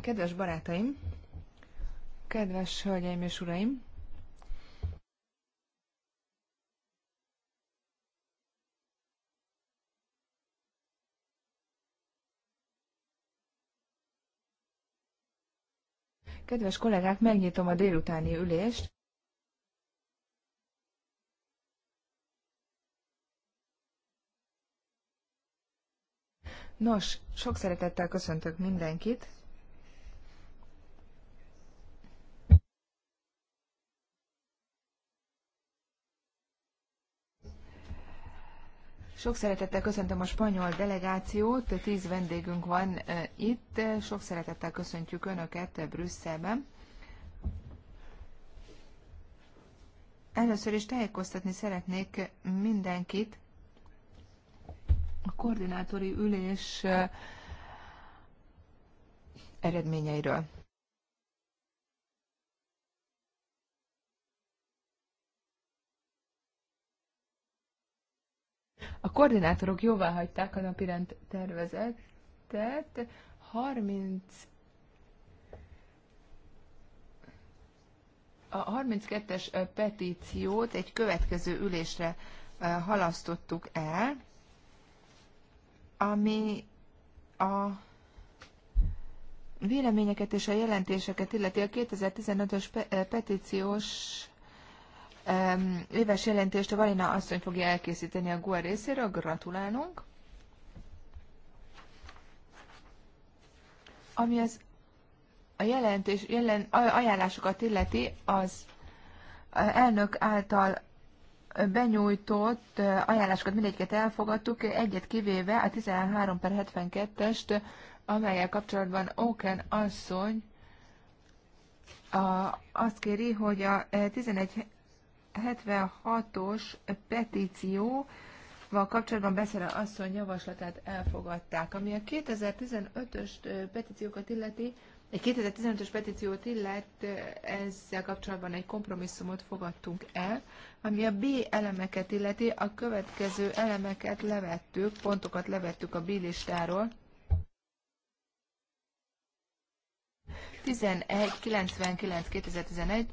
Kedves barátaim, kedves hölgyeim és uraim, Kedves kollégák, megnyitom a délutáni ülést. Nos, sok szeretettel köszöntök mindenkit. Sok szeretettel köszöntöm a spanyol delegációt, tíz vendégünk van eh, itt, sok szeretettel köszöntjük Önöket Brüsszelben. Először is tájékoztatni szeretnék mindenkit a koordinátori ülés eredményeiről. A koordinátorok jóvá hagyták a napirend tervezetet, 30 a 32-es petíciót egy következő ülésre halasztottuk el ami a véleményeket és a jelentéseket illeti a 2015-ös eh, petíciós éves jelentést a Valina asszony fogja elkészíteni a GUA részéről. Gratulálunk! Ami az a jelentés, jelen, ajánlásokat illeti, az elnök által benyújtott ajánlásokat mindegyiket elfogadtuk, egyet kivéve a 13 per 72-est, amelyel kapcsolatban Oken asszony a, azt kéri, hogy a 1176-os petícióval kapcsolatban beszélő asszony javaslatát elfogadták. Ami a 2015-ös petíciókat illeti, egy 2015-ös petíciót illet, ezzel kapcsolatban egy kompromisszumot fogadtunk el, ami a B elemeket illeti, a következő elemeket levettük, pontokat levettük a B listáról. 11, 99, 2011,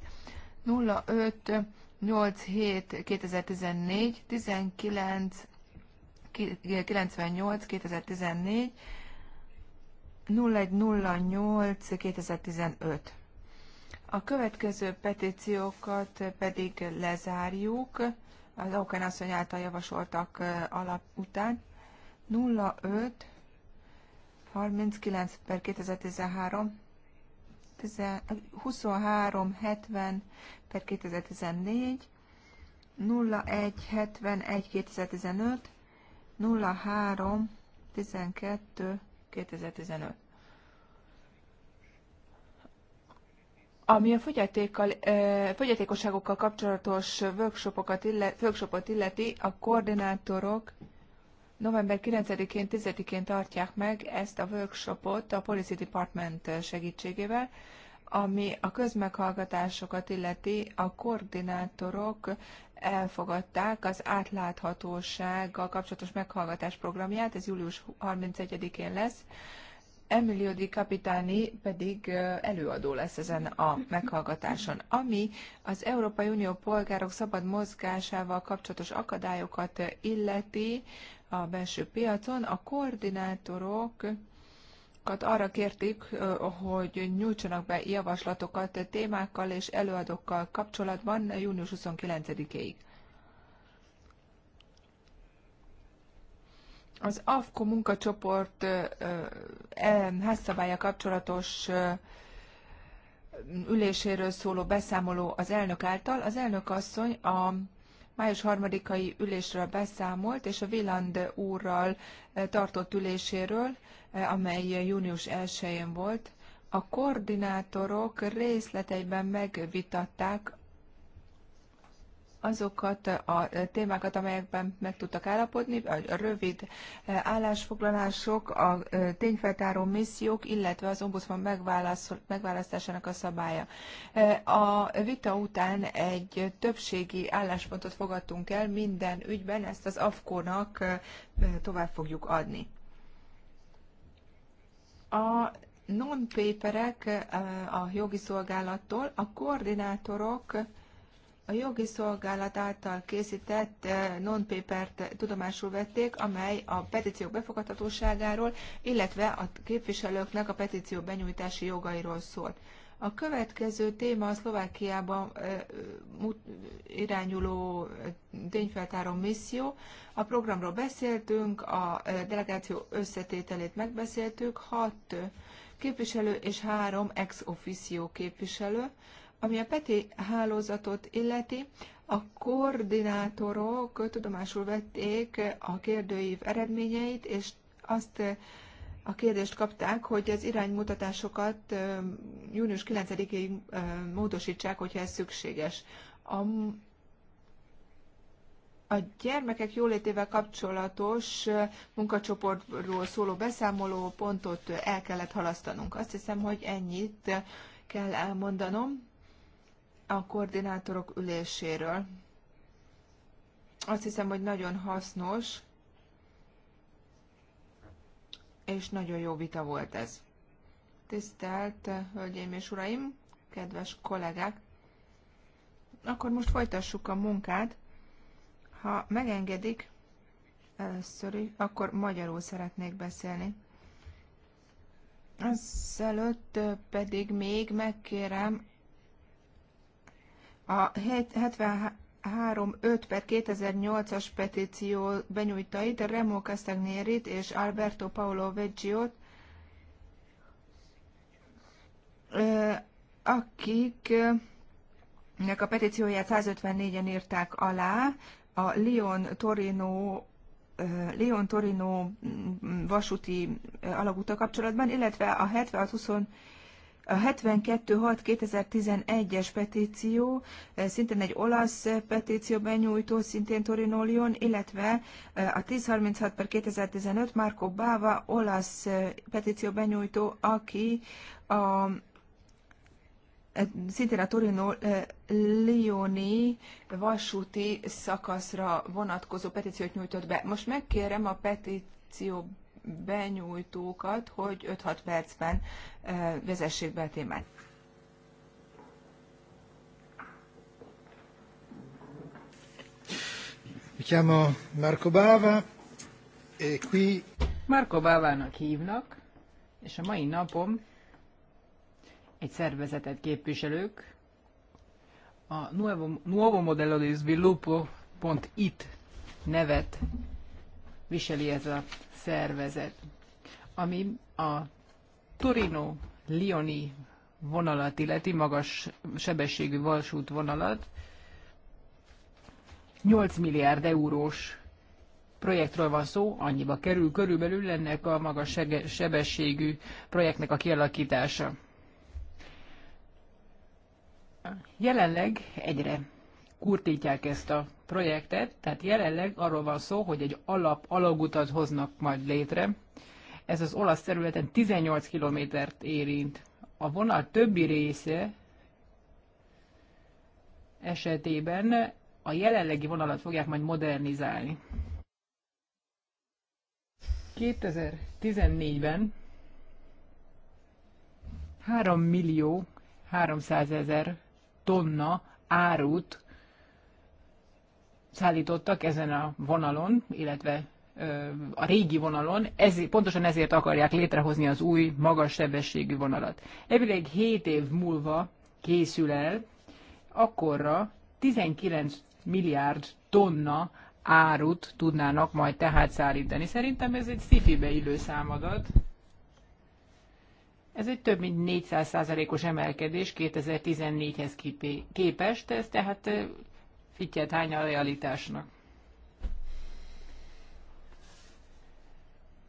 05, 87, 2014, 19, 98, 2014, 0108 2015. A következő petíciókat pedig lezárjuk, az Auken asszony által javasoltak alap után. 05 39 per 2013 23 70 per 2014 01 71 2015 03 12 2015. Ami a fogyatékkal, fogyatékosságokkal kapcsolatos workshopokat illet, workshopot illeti, a koordinátorok november 9-én, 10-én tartják meg ezt a workshopot a Policy Department segítségével, ami a közmeghallgatásokat illeti, a koordinátorok elfogadták az átláthatósággal kapcsolatos meghallgatás programját, ez július 31-én lesz. Emilio Di Capitani pedig előadó lesz ezen a meghallgatáson, ami az Európai Unió polgárok szabad mozgásával kapcsolatos akadályokat illeti a belső piacon. A koordinátorok hallgatókat arra kérték, hogy nyújtsanak be javaslatokat témákkal és előadókkal kapcsolatban június 29-ig. Az AFKO munkacsoport e, házszabálya kapcsolatos üléséről szóló beszámoló az elnök által. Az elnök asszony a május harmadikai ülésről beszámolt, és a Villand úrral tartott üléséről, amely június 1-én volt, a koordinátorok részleteiben megvitatták azokat a témákat, amelyekben meg tudtak állapodni, a rövid állásfoglalások, a tényfeltáró missziók, illetve az ombudsman megválasztásának a szabálya. A vita után egy többségi álláspontot fogadtunk el minden ügyben, ezt az AFKO-nak tovább fogjuk adni a non-paperek eh, a jogi szolgálattól, a koordinátorok a jogi szolgálat által készített eh, non-papert tudomásul vették, amely a petíciók befogadhatóságáról, illetve a képviselőknek a petíció benyújtási jogairól szólt. A következő téma a Szlovákiában irányuló tényfeltáró misszió. A programról beszéltünk, a delegáció összetételét megbeszéltük, hat képviselő és három ex officio képviselő. Ami a PETI hálózatot illeti, a koordinátorok tudomásul vették a kérdőív eredményeit, és azt a kérdést kapták, hogy az iránymutatásokat június 9-ig módosítsák, hogyha ez szükséges. A, a gyermekek jólétével kapcsolatos munkacsoportról szóló beszámoló pontot el kellett halasztanunk. Azt hiszem, hogy ennyit kell elmondanom a koordinátorok üléséről. Azt hiszem, hogy nagyon hasznos és nagyon jó vita volt ez. Tisztelt Hölgyeim és Uraim, kedves kollégák! Akkor most folytassuk a munkát. Ha megengedik, először akkor magyarul szeretnék beszélni. Ezelőtt pedig még megkérem a 73 3-5 per 2008-as petíció benyújtait, Remo Castagnérit és Alberto Paolo Veggiot, akiknek a petícióját 154-en írták alá, a Lyon-Torino Lyon-Torino mm, vasúti alagúta kapcsolatban, illetve a 76 a 726-2011-es petíció, eh, szintén egy olasz eh, petíció benyújtó, szintén Lyon, illetve eh, a 1036 per 2015 Marco Bava, olasz petíció benyújtó, aki a szintén a Torino Lioni vasúti szakaszra vonatkozó petíciót nyújtott be. Most megkérem a petíció benyújtókat, hogy 5-6 percben vezessék be a témát. Mi chiamo Marco Bava, e qui... Marco Bávának hívnak, és a mai napom egy szervezetet képviselők, a Nuovo, Nuovo Modello di Sviluppo.it nevet viseli ez a szervezet. Ami a Torino-Lioni vonalat illeti, magas sebességű valsút vonalat, 8 milliárd eurós projektről van szó, annyiba kerül körülbelül ennek a magas sebességű projektnek a kialakítása. Jelenleg egyre kurtítják ezt a projektet, tehát jelenleg arról van szó, hogy egy alap alagutat hoznak majd létre. Ez az olasz területen 18 kilométert érint. A vonal többi része esetében a jelenlegi vonalat fogják majd modernizálni. 2014-ben 3 millió 300 ezer tonna árut szállítottak ezen a vonalon, illetve a régi vonalon, ez, pontosan ezért akarják létrehozni az új magas sebességű vonalat. Elvileg 7 év múlva készül el, akkorra 19 milliárd tonna árut tudnának majd tehát szállítani. Szerintem ez egy szifibe illő számadat. Ez egy több mint 400%-os emelkedés 2014-hez képest, ez tehát fittyet hány a realitásnak.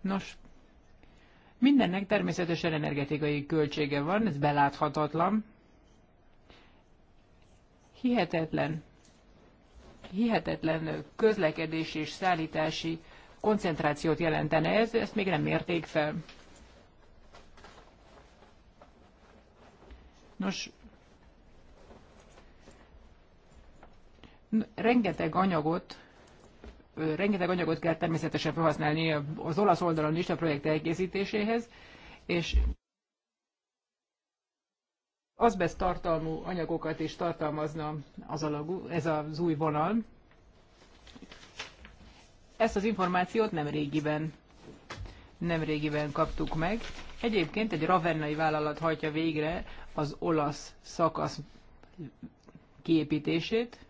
Nos, mindennek természetesen energetikai költsége van, ez beláthatatlan. Hihetetlen, hihetetlen közlekedési és szállítási koncentrációt jelentene ez, ezt még nem mérték fel. Nos, rengeteg anyagot rengeteg anyagot kell természetesen felhasználni az olasz oldalon is a projekt elkészítéséhez, és besz tartalmú anyagokat is tartalmazna az alagú, ez az új vonal. Ezt az információt nem régiben, nem régiben kaptuk meg. Egyébként egy ravennai vállalat hajtja végre az olasz szakasz kiépítését,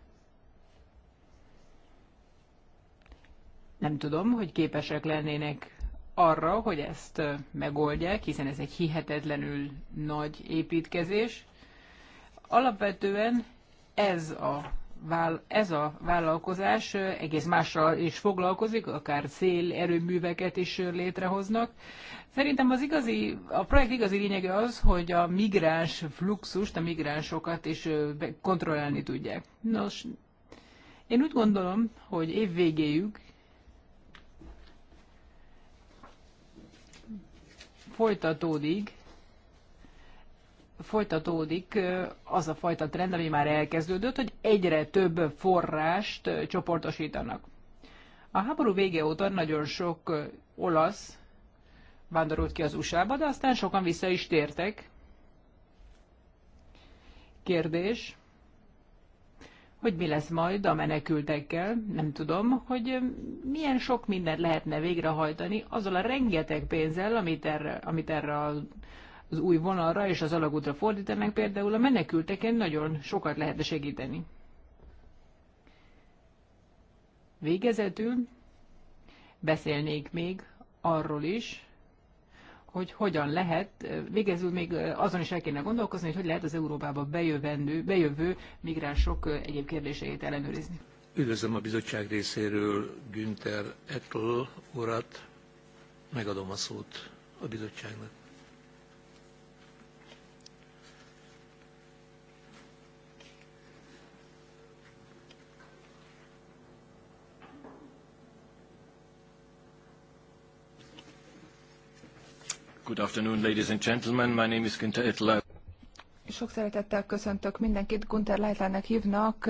Nem tudom, hogy képesek lennének arra, hogy ezt megoldják, hiszen ez egy hihetetlenül nagy építkezés. Alapvetően ez a ez a vállalkozás egész mással is foglalkozik, akár szél erőműveket is létrehoznak. Szerintem az igazi, a projekt igazi lényege az, hogy a migráns fluxust, a migránsokat is kontrollálni tudják. Nos, én úgy gondolom, hogy év végéig folytatódik, folytatódik az a fajta trend, ami már elkezdődött, hogy egyre több forrást csoportosítanak. A háború vége óta nagyon sok olasz vándorolt ki az USA-ba, de aztán sokan vissza is tértek. Kérdés, hogy mi lesz majd a menekültekkel, nem tudom, hogy milyen sok mindent lehetne végrehajtani azzal a rengeteg pénzzel, amit erre, amit erre az új vonalra és az alagútra fordítanak, például a menekülteken nagyon sokat lehetne segíteni. Végezetül beszélnék még arról is, hogy hogyan lehet, végezül még azon is el kéne gondolkozni, hogy hogy lehet az Európába bejövendő, bejövő migránsok egyéb kérdéseit ellenőrizni. Üdvözlöm a bizottság részéről Günther Ettl urat, megadom a szót a bizottságnak. Good afternoon, ladies and gentlemen. My name is Günther Sok szeretettel köszöntök mindenkit. Gunther Leitlernek hívnak.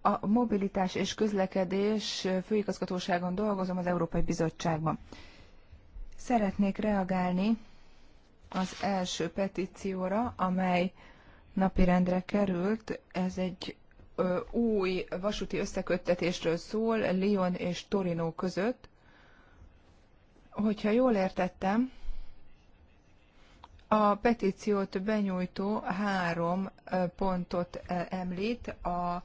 A mobilitás és közlekedés főigazgatóságon dolgozom az Európai Bizottságban. Szeretnék reagálni az első petícióra, amely napirendre került. Ez egy új vasúti összeköttetésről szól Lyon és Torino között. Hogyha jól értettem, a petíciót benyújtó három pontot említ, a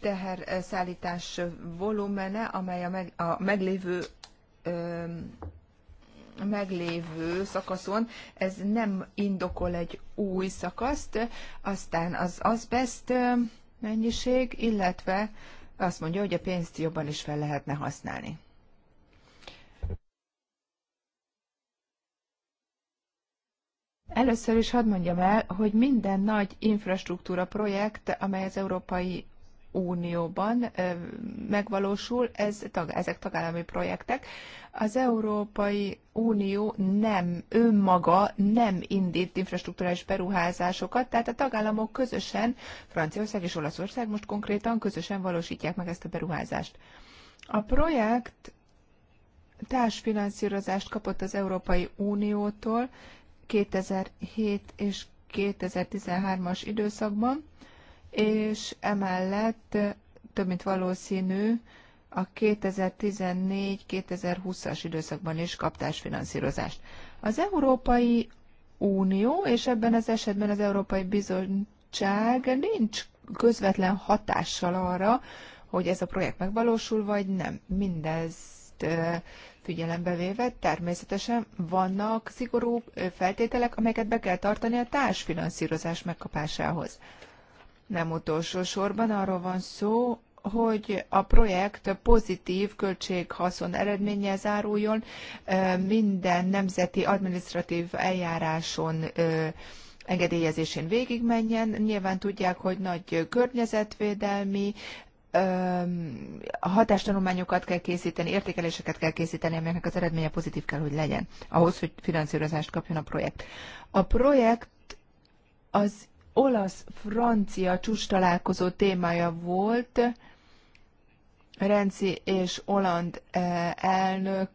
teherszállítás volumene, amely a, meg, a meglévő meglévő szakaszon, ez nem indokol egy új szakaszt, aztán az azbest mennyiség, illetve azt mondja, hogy a pénzt jobban is fel lehetne használni. Először is hadd mondjam el, hogy minden nagy infrastruktúra projekt, amely az Európai Unióban megvalósul, ez, ezek tagállami projektek. Az Európai Unió nem, önmaga nem indít infrastruktúrális beruházásokat, tehát a tagállamok közösen, Franciaország és Olaszország most konkrétan közösen valósítják meg ezt a beruházást. A projekt társfinanszírozást kapott az Európai Uniótól, 2007 és 2013-as időszakban, és emellett több mint valószínű a 2014-2020-as időszakban is finanszírozást. Az Európai Unió, és ebben az esetben az Európai Bizottság nincs közvetlen hatással arra, hogy ez a projekt megvalósul, vagy nem. Mindezt figyelembe véve természetesen vannak szigorú feltételek, amelyeket be kell tartani a társfinanszírozás megkapásához. Nem utolsó sorban arról van szó, hogy a projekt pozitív költséghaszon eredménye záruljon, minden nemzeti administratív eljáráson engedélyezésén végigmenjen. Nyilván tudják, hogy nagy környezetvédelmi hatástanulmányokat kell készíteni, értékeléseket kell készíteni, amelyeknek az eredménye pozitív kell, hogy legyen, ahhoz, hogy finanszírozást kapjon a projekt. A projekt az olasz-francia csúcs találkozó témája volt, Renzi és Oland elnök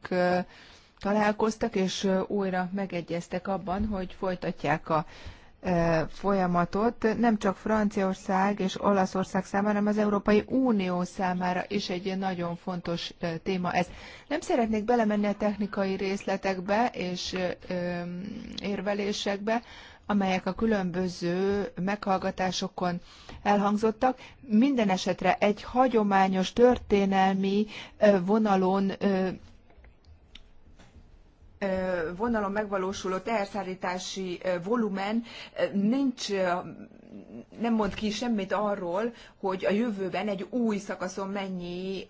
találkoztak, és újra megegyeztek abban, hogy folytatják a folyamatot nem csak Franciaország és Olaszország számára, hanem az Európai Unió számára is egy nagyon fontos téma ez. Nem szeretnék belemenni a technikai részletekbe és érvelésekbe, amelyek a különböző meghallgatásokon elhangzottak. Minden esetre egy hagyományos történelmi vonalon vonalon megvalósuló teherszállítási volumen nincs nem mond ki semmit arról, hogy a jövőben egy új szakaszon mennyi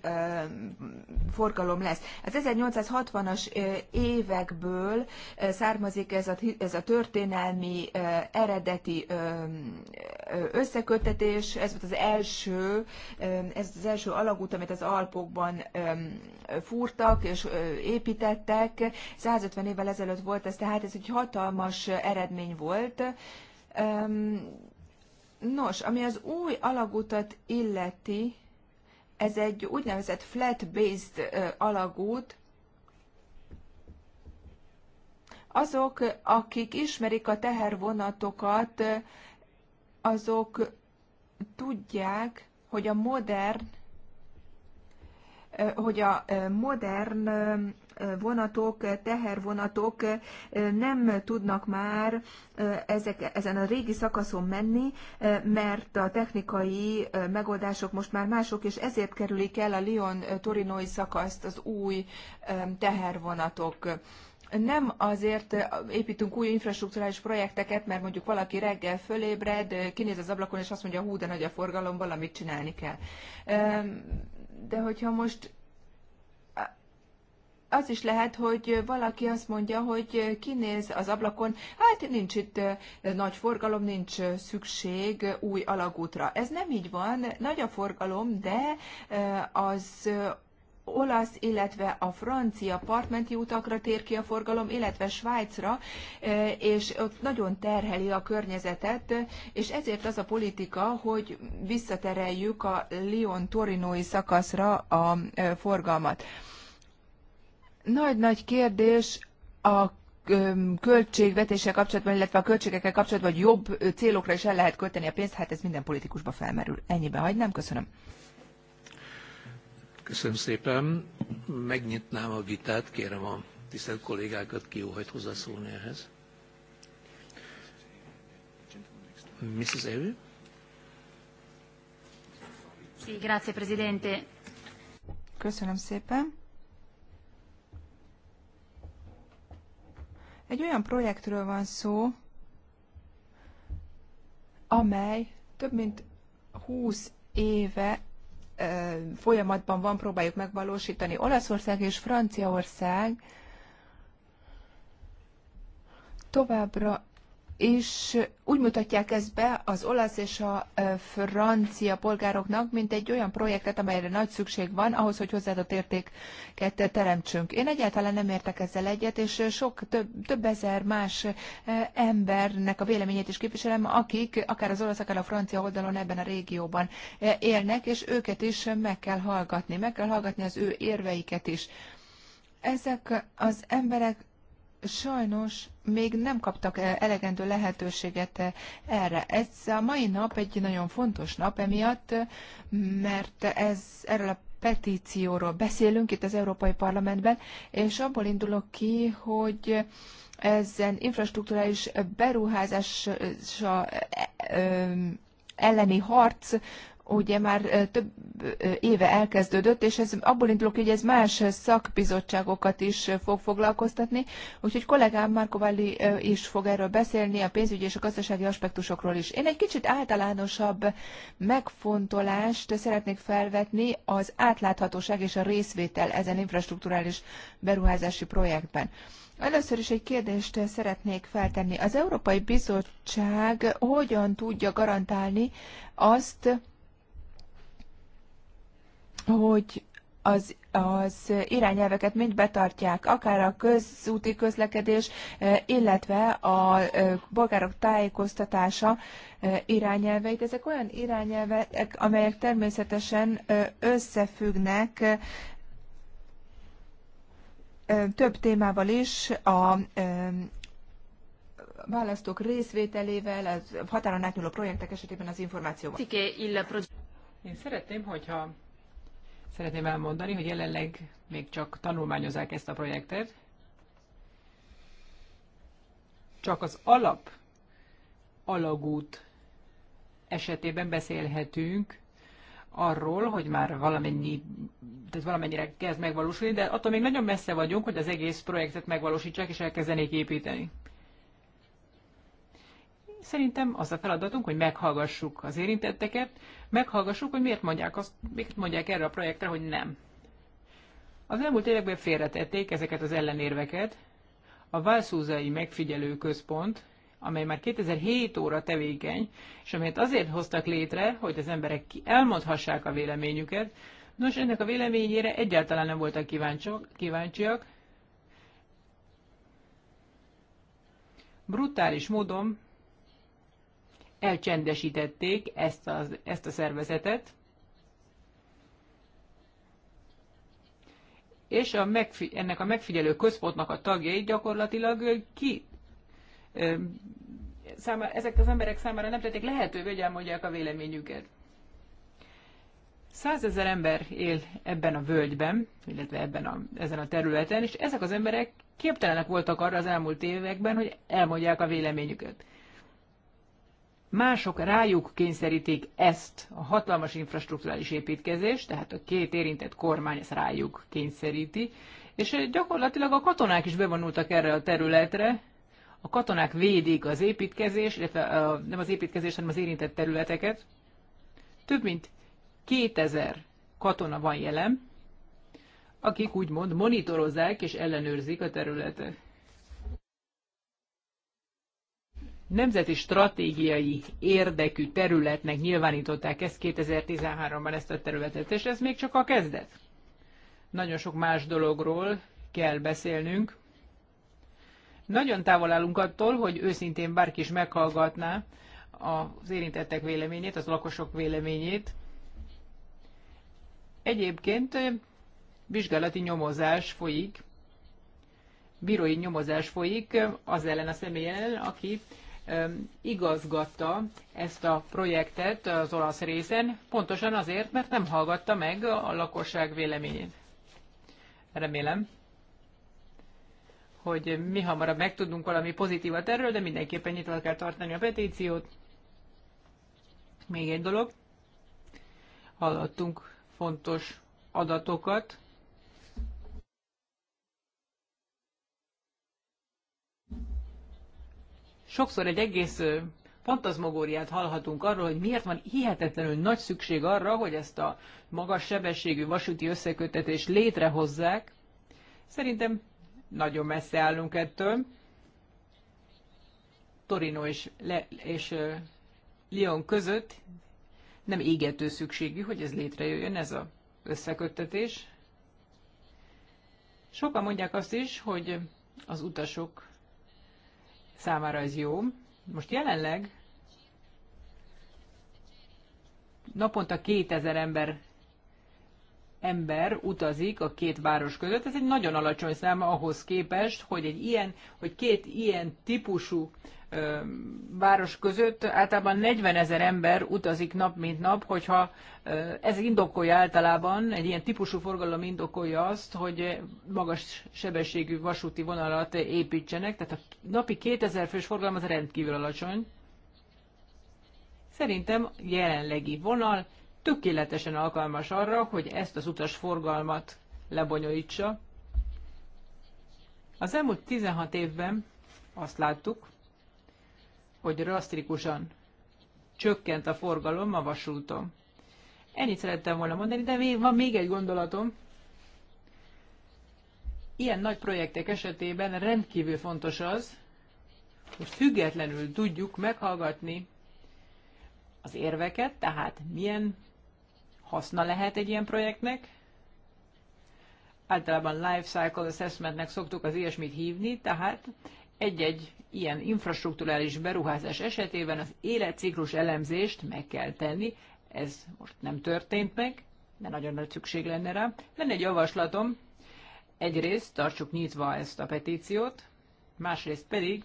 forgalom lesz. Az 1860-as évekből származik ez a, ez a történelmi eredeti összekötetés, ez volt az első, ez az első alagút, amit az Alpokban fúrtak és építettek. 150 évvel ezelőtt volt ez, tehát ez egy hatalmas eredmény volt. Nos, ami az új alagutat illeti, ez egy úgynevezett flat-based alagút, azok, akik ismerik a tehervonatokat, azok tudják, hogy a modern hogy a modern vonatok, tehervonatok nem tudnak már ezek, ezen a régi szakaszon menni, mert a technikai megoldások most már mások, és ezért kerülik el a Lyon-Torinoi szakaszt az új tehervonatok nem azért építünk új infrastruktúrális projekteket, mert mondjuk valaki reggel fölébred, kinéz az ablakon, és azt mondja, hú, de nagy a forgalom, valamit csinálni kell de hogyha most az is lehet, hogy valaki azt mondja, hogy kinéz az ablakon, hát nincs itt nagy forgalom, nincs szükség új alagútra. Ez nem így van, nagy a forgalom, de az olasz, illetve a francia partmenti utakra tér ki a forgalom, illetve Svájcra, e, és ott nagyon terheli a környezetet, és ezért az a politika, hogy visszatereljük a Lyon-Torinói szakaszra a e, forgalmat. Nagy-nagy kérdés a e, költségvetéssel kapcsolatban, illetve a költségekkel kapcsolatban, hogy jobb célokra is el lehet költeni a pénzt, hát ez minden politikusba felmerül. Ennyibe hagynám, köszönöm. Köszönöm szépen. Megnyitnám a vitát, kérem a tisztelt kollégákat, ki óhajt hozzászólni ehhez. Mrs. Evi? Sí, grazie, Presidente. Köszönöm szépen. Egy olyan projektről van szó, amely több mint 20 éve folyamatban van, próbáljuk megvalósítani. Olaszország és Franciaország továbbra és úgy mutatják ezt be az olasz és a francia polgároknak, mint egy olyan projektet, amelyre nagy szükség van ahhoz, hogy hozzáadott értéket teremtsünk. Én egyáltalán nem értek ezzel egyet, és sok több, több ezer más embernek a véleményét is képviselem, akik akár az olasz, akár a francia oldalon ebben a régióban élnek, és őket is meg kell hallgatni, meg kell hallgatni az ő érveiket is. Ezek az emberek sajnos még nem kaptak e- elegendő lehetőséget e- erre. Ez a mai nap egy nagyon fontos nap emiatt, mert ez erről a petícióról beszélünk itt az Európai Parlamentben, és abból indulok ki, hogy ezen infrastruktúrális beruházás e- elleni harc ugye már több éve elkezdődött, és ez abból indulok, hogy ez más szakbizottságokat is fog foglalkoztatni, úgyhogy kollégám Marko Valli is fog erről beszélni, a pénzügyi és a gazdasági aspektusokról is. Én egy kicsit általánosabb megfontolást szeretnék felvetni az átláthatóság és a részvétel ezen infrastruktúrális beruházási projektben. Először is egy kérdést szeretnék feltenni. Az Európai Bizottság hogyan tudja garantálni azt, hogy az, az irányelveket mind betartják, akár a közúti közlekedés, e, illetve a bolgárok e, tájékoztatása e, irányelveit. Ezek olyan irányelvek, amelyek természetesen összefüggnek több témával is, a választók részvételével, a határon átnyúló projektek esetében az információval. Én szeretném, hogyha szeretném elmondani, hogy jelenleg még csak tanulmányozzák ezt a projektet. Csak az alap alagút esetében beszélhetünk arról, hogy már valamennyi, tehát valamennyire kezd megvalósulni, de attól még nagyon messze vagyunk, hogy az egész projektet megvalósítsák és elkezdenék építeni. Szerintem az a feladatunk, hogy meghallgassuk az érintetteket, meghallgassuk, hogy miért mondják, azt, miért mondják erre a projektre, hogy nem. Az elmúlt években félretették ezeket az ellenérveket. A Válszúzai Megfigyelő Központ, amely már 2007 óra tevékeny, és amelyet azért hoztak létre, hogy az emberek elmondhassák a véleményüket, nos, ennek a véleményére egyáltalán nem voltak kíváncsiak. Brutális módon elcsendesítették ezt, az, ezt a szervezetet, és a ennek a megfigyelő központnak a tagjai gyakorlatilag ki ö, számára, ezek az emberek számára nem tették lehetővé, hogy elmondják a véleményüket. Százezer ember él ebben a völgyben, illetve ebben a, ezen a területen, és ezek az emberek képtelenek voltak arra az elmúlt években, hogy elmondják a véleményüket mások rájuk kényszerítik ezt a hatalmas infrastruktúrális építkezést, tehát a két érintett kormány ezt rájuk kényszeríti, és eh, gyakorlatilag a katonák is bevonultak erre a területre, a katonák védik az építkezés, illetve eh, a, nem az építkezés, hanem az érintett területeket. Több mint 2000 katona van jelen, akik úgymond monitorozzák és ellenőrzik a területet. nemzeti stratégiai érdekű területnek nyilvánították ezt 2013-ban ezt a területet, és ez még csak a kezdet. Nagyon sok más dologról kell beszélnünk. Nagyon távol állunk attól, hogy őszintén bárki is meghallgatná az érintettek véleményét, az lakosok véleményét. Egyébként vizsgálati nyomozás folyik, bírói nyomozás folyik az ellen a személy ellen, aki igazgatta ezt a projektet az olasz részen, pontosan azért, mert nem hallgatta meg a lakosság véleményét. Remélem, hogy mi hamarabb megtudunk valami pozitívat erről, de mindenképpen nyitva kell tartani a petíciót. Még egy dolog. Hallottunk fontos adatokat sokszor egy egész fantazmogóriát hallhatunk arról, hogy miért van hihetetlenül nagy szükség arra, hogy ezt a magas sebességű vasúti összekötetést létrehozzák. Szerintem nagyon messze állunk ettől. Torino és, Le- és Lyon között nem égető szükségű, hogy ez létrejöjjön, ez az összeköttetés. Sokan mondják azt is, hogy az utasok számára ez jó. Most jelenleg naponta 2000 ember ember utazik a két város között. Ez egy nagyon alacsony szám ahhoz képest, hogy egy ilyen, hogy két ilyen típusú ö, város között általában 40 ezer ember utazik nap mint nap, hogyha ö, ez indokolja általában, egy ilyen típusú forgalom indokolja azt, hogy magas sebességű vasúti vonalat építsenek, tehát a napi 2000 fős forgalom az rendkívül alacsony. Szerintem jelenlegi vonal tökéletesen alkalmas arra, hogy ezt az utas forgalmat lebonyolítsa. Az elmúlt 16 évben azt láttuk, hogy rasztrikusan csökkent a forgalom a vasúton. Ennyit szerettem volna mondani, de még, van még egy gondolatom. Ilyen nagy projektek esetében rendkívül fontos az, hogy függetlenül tudjuk meghallgatni az érveket, tehát milyen haszna lehet egy ilyen projektnek. Általában life cycle assessmentnek szoktuk az ilyesmit hívni, tehát egy-egy ilyen infrastruktúrális beruházás esetében az életciklus elemzést meg kell tenni. Ez most nem történt meg, de nagyon nagy szükség lenne rá. Lenne egy javaslatom, egyrészt tartsuk nyitva ezt a petíciót, másrészt pedig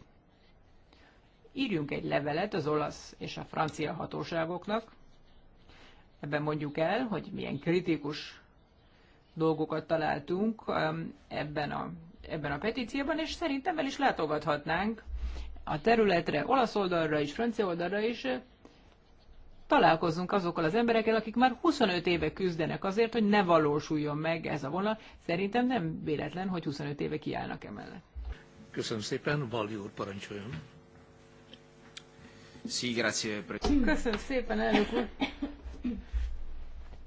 írjunk egy levelet az olasz és a francia hatóságoknak, Ebben mondjuk el, hogy milyen kritikus dolgokat találtunk um, ebben a, ebben a petícióban, és szerintem el is látogathatnánk a területre, olasz oldalra is, francia oldalra is, találkozunk azokkal az emberekkel, akik már 25 éve küzdenek azért, hogy ne valósuljon meg ez a vonal. Szerintem nem véletlen, hogy 25 éve kiállnak emellett. Köszönöm szépen, Valli úr parancsoljon. Köszönöm szépen, elnök úr.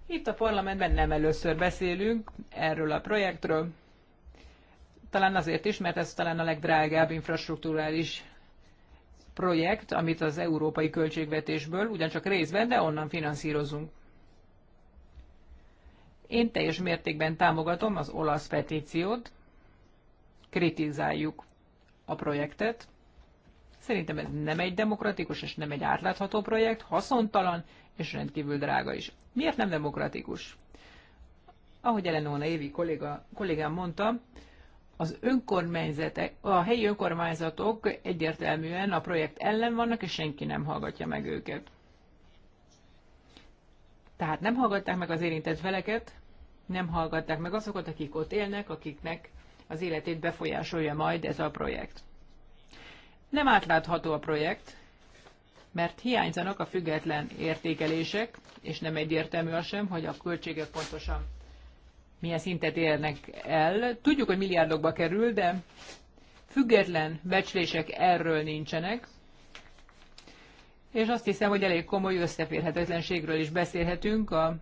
Itt a parlamentben nem először beszélünk erről a projektről, talán azért is, mert ez talán a legdrágább infrastruktúrális projekt, amit az európai költségvetésből ugyancsak részben, de onnan finanszírozunk. Én teljes mértékben támogatom az olasz petíciót, kritizáljuk a projektet, Szerintem ez nem egy demokratikus és nem egy átlátható projekt, haszontalan és rendkívül drága is. Miért nem demokratikus? Ahogy Elenóna Évi kolléga, kollégám mondta, az önkormányzatok, a helyi önkormányzatok egyértelműen a projekt ellen vannak, és senki nem hallgatja meg őket. Tehát nem hallgatták meg az érintett feleket, nem hallgatták meg azokat, akik ott élnek, akiknek az életét befolyásolja majd ez a projekt. Nem átlátható a projekt, mert hiányzanak a független értékelések, és nem egyértelmű az sem, hogy a költségek pontosan milyen szintet érnek el. Tudjuk, hogy milliárdokba kerül, de független becslések erről nincsenek, és azt hiszem, hogy elég komoly összeférhetetlenségről is beszélhetünk a,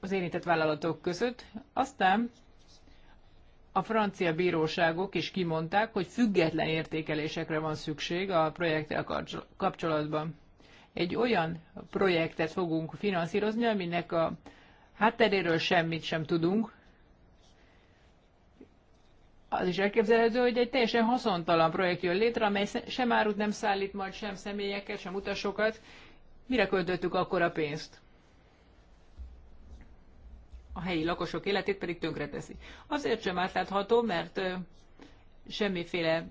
az érintett vállalatok között. Aztán a francia bíróságok is kimondták, hogy független értékelésekre van szükség a projekttel kapcsolatban. Egy olyan projektet fogunk finanszírozni, aminek a hátteréről semmit sem tudunk. Az is elképzelhető, hogy egy teljesen haszontalan projekt jön létre, amely sem árut nem szállít majd, sem személyeket, sem utasokat. Mire költöttük akkor a pénzt? a helyi lakosok életét pedig tönkreteszi. Azért sem átlátható, mert semmiféle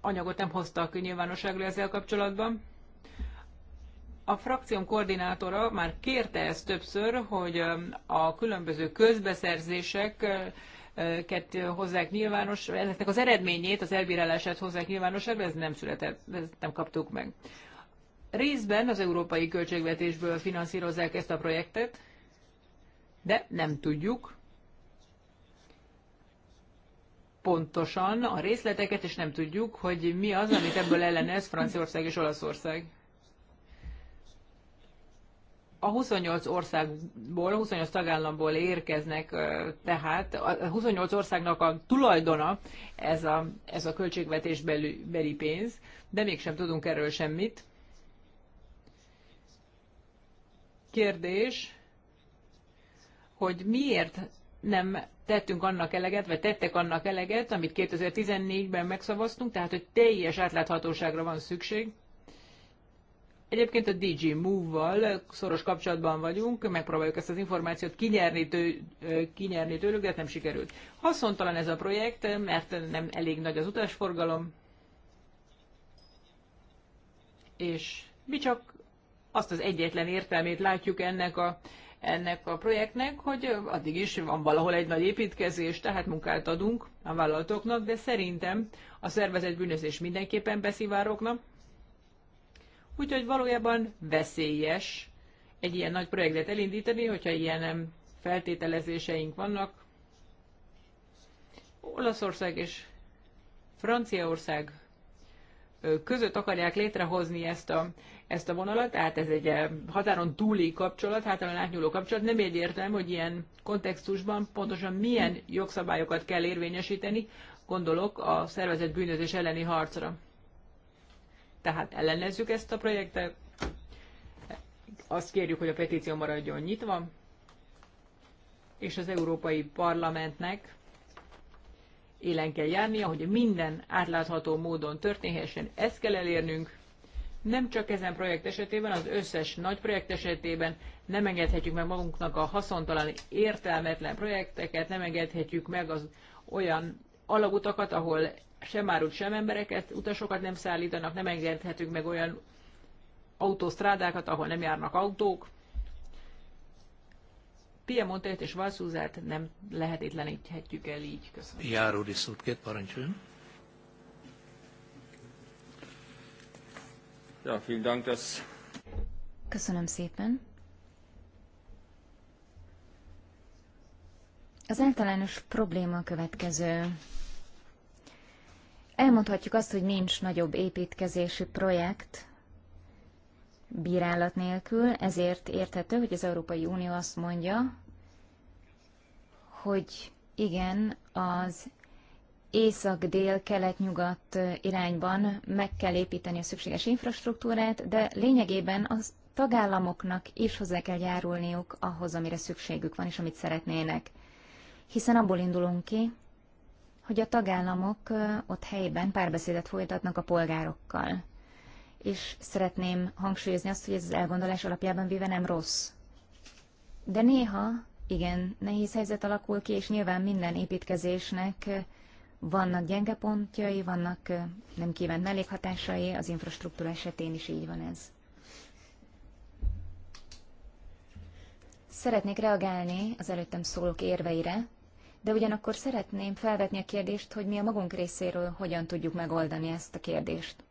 anyagot nem hoztak nyilvánosságra ezzel kapcsolatban. A frakcióm koordinátora már kérte ezt többször, hogy a különböző közbeszerzések hozzák nyilvános, ezeknek az eredményét, az elbírálását hozzák nyilvánosságra, ez nem született, ezt nem kaptuk meg. Részben az európai költségvetésből finanszírozzák ezt a projektet, de nem tudjuk pontosan a részleteket, és nem tudjuk, hogy mi az, amit ebből ellenez Franciaország és Olaszország. A 28 országból, 28 tagállamból érkeznek, tehát a 28 országnak a tulajdona ez a, ez a költségvetésbeli pénz, de mégsem tudunk erről semmit. Kérdés, hogy miért nem tettünk annak eleget, vagy tettek annak eleget, amit 2014-ben megszavaztunk, tehát hogy teljes átláthatóságra van szükség. Egyébként a DG Move-val szoros kapcsolatban vagyunk, megpróbáljuk ezt az információt kinyerni, tő, kinyerni tőlük, de hát nem sikerült. Haszontalan ez a projekt, mert nem elég nagy az utasforgalom, és mi csak azt az egyetlen értelmét látjuk ennek a ennek a projektnek, hogy addig is van valahol egy nagy építkezés, tehát munkát adunk a vállalatoknak, de szerintem a szervezet bűnözés mindenképpen beszivárogna. Úgyhogy valójában veszélyes egy ilyen nagy projektet elindítani, hogyha ilyen feltételezéseink vannak. Olaszország és Franciaország között akarják létrehozni ezt a ezt a vonalat, tehát ez egy eh, határon túli kapcsolat, határon átnyúló kapcsolat. Nem értem, hogy ilyen kontextusban pontosan milyen jogszabályokat kell érvényesíteni, gondolok a szervezett bűnözés elleni harcra. Tehát ellenezzük ezt a projektet, azt kérjük, hogy a petíció maradjon nyitva, és az Európai Parlamentnek élen kell járnia, hogy minden átlátható módon történhessen. Ezt kell elérnünk, nem csak ezen projekt esetében, az összes nagy projekt esetében nem engedhetjük meg magunknak a haszontalan, értelmetlen projekteket, nem engedhetjük meg az olyan alagutakat, ahol sem árut, sem embereket, utasokat nem szállítanak, nem engedhetünk meg olyan autósztrádákat, ahol nem járnak autók. Piemontét és Valszúzát nem lehetetleníthetjük el így. Köszönöm. Járó diszút két parancsoljon. Ja, vielen Dank, dass... Köszönöm szépen. Az általános probléma a következő. Elmondhatjuk azt, hogy nincs nagyobb építkezési projekt bírálat nélkül, ezért érthető, hogy az Európai Unió azt mondja, hogy igen, az észak-dél-kelet-nyugat irányban meg kell építeni a szükséges infrastruktúrát, de lényegében az tagállamoknak is hozzá kell járulniuk ahhoz, amire szükségük van és amit szeretnének. Hiszen abból indulunk ki, hogy a tagállamok ott helyben párbeszédet folytatnak a polgárokkal. És szeretném hangsúlyozni azt, hogy ez az elgondolás alapjában véve nem rossz. De néha, igen, nehéz helyzet alakul ki, és nyilván minden építkezésnek vannak gyenge pontjai, vannak nem kívánt mellékhatásai, az infrastruktúra esetén is így van ez. Szeretnék reagálni az előttem szólók érveire, de ugyanakkor szeretném felvetni a kérdést, hogy mi a magunk részéről hogyan tudjuk megoldani ezt a kérdést.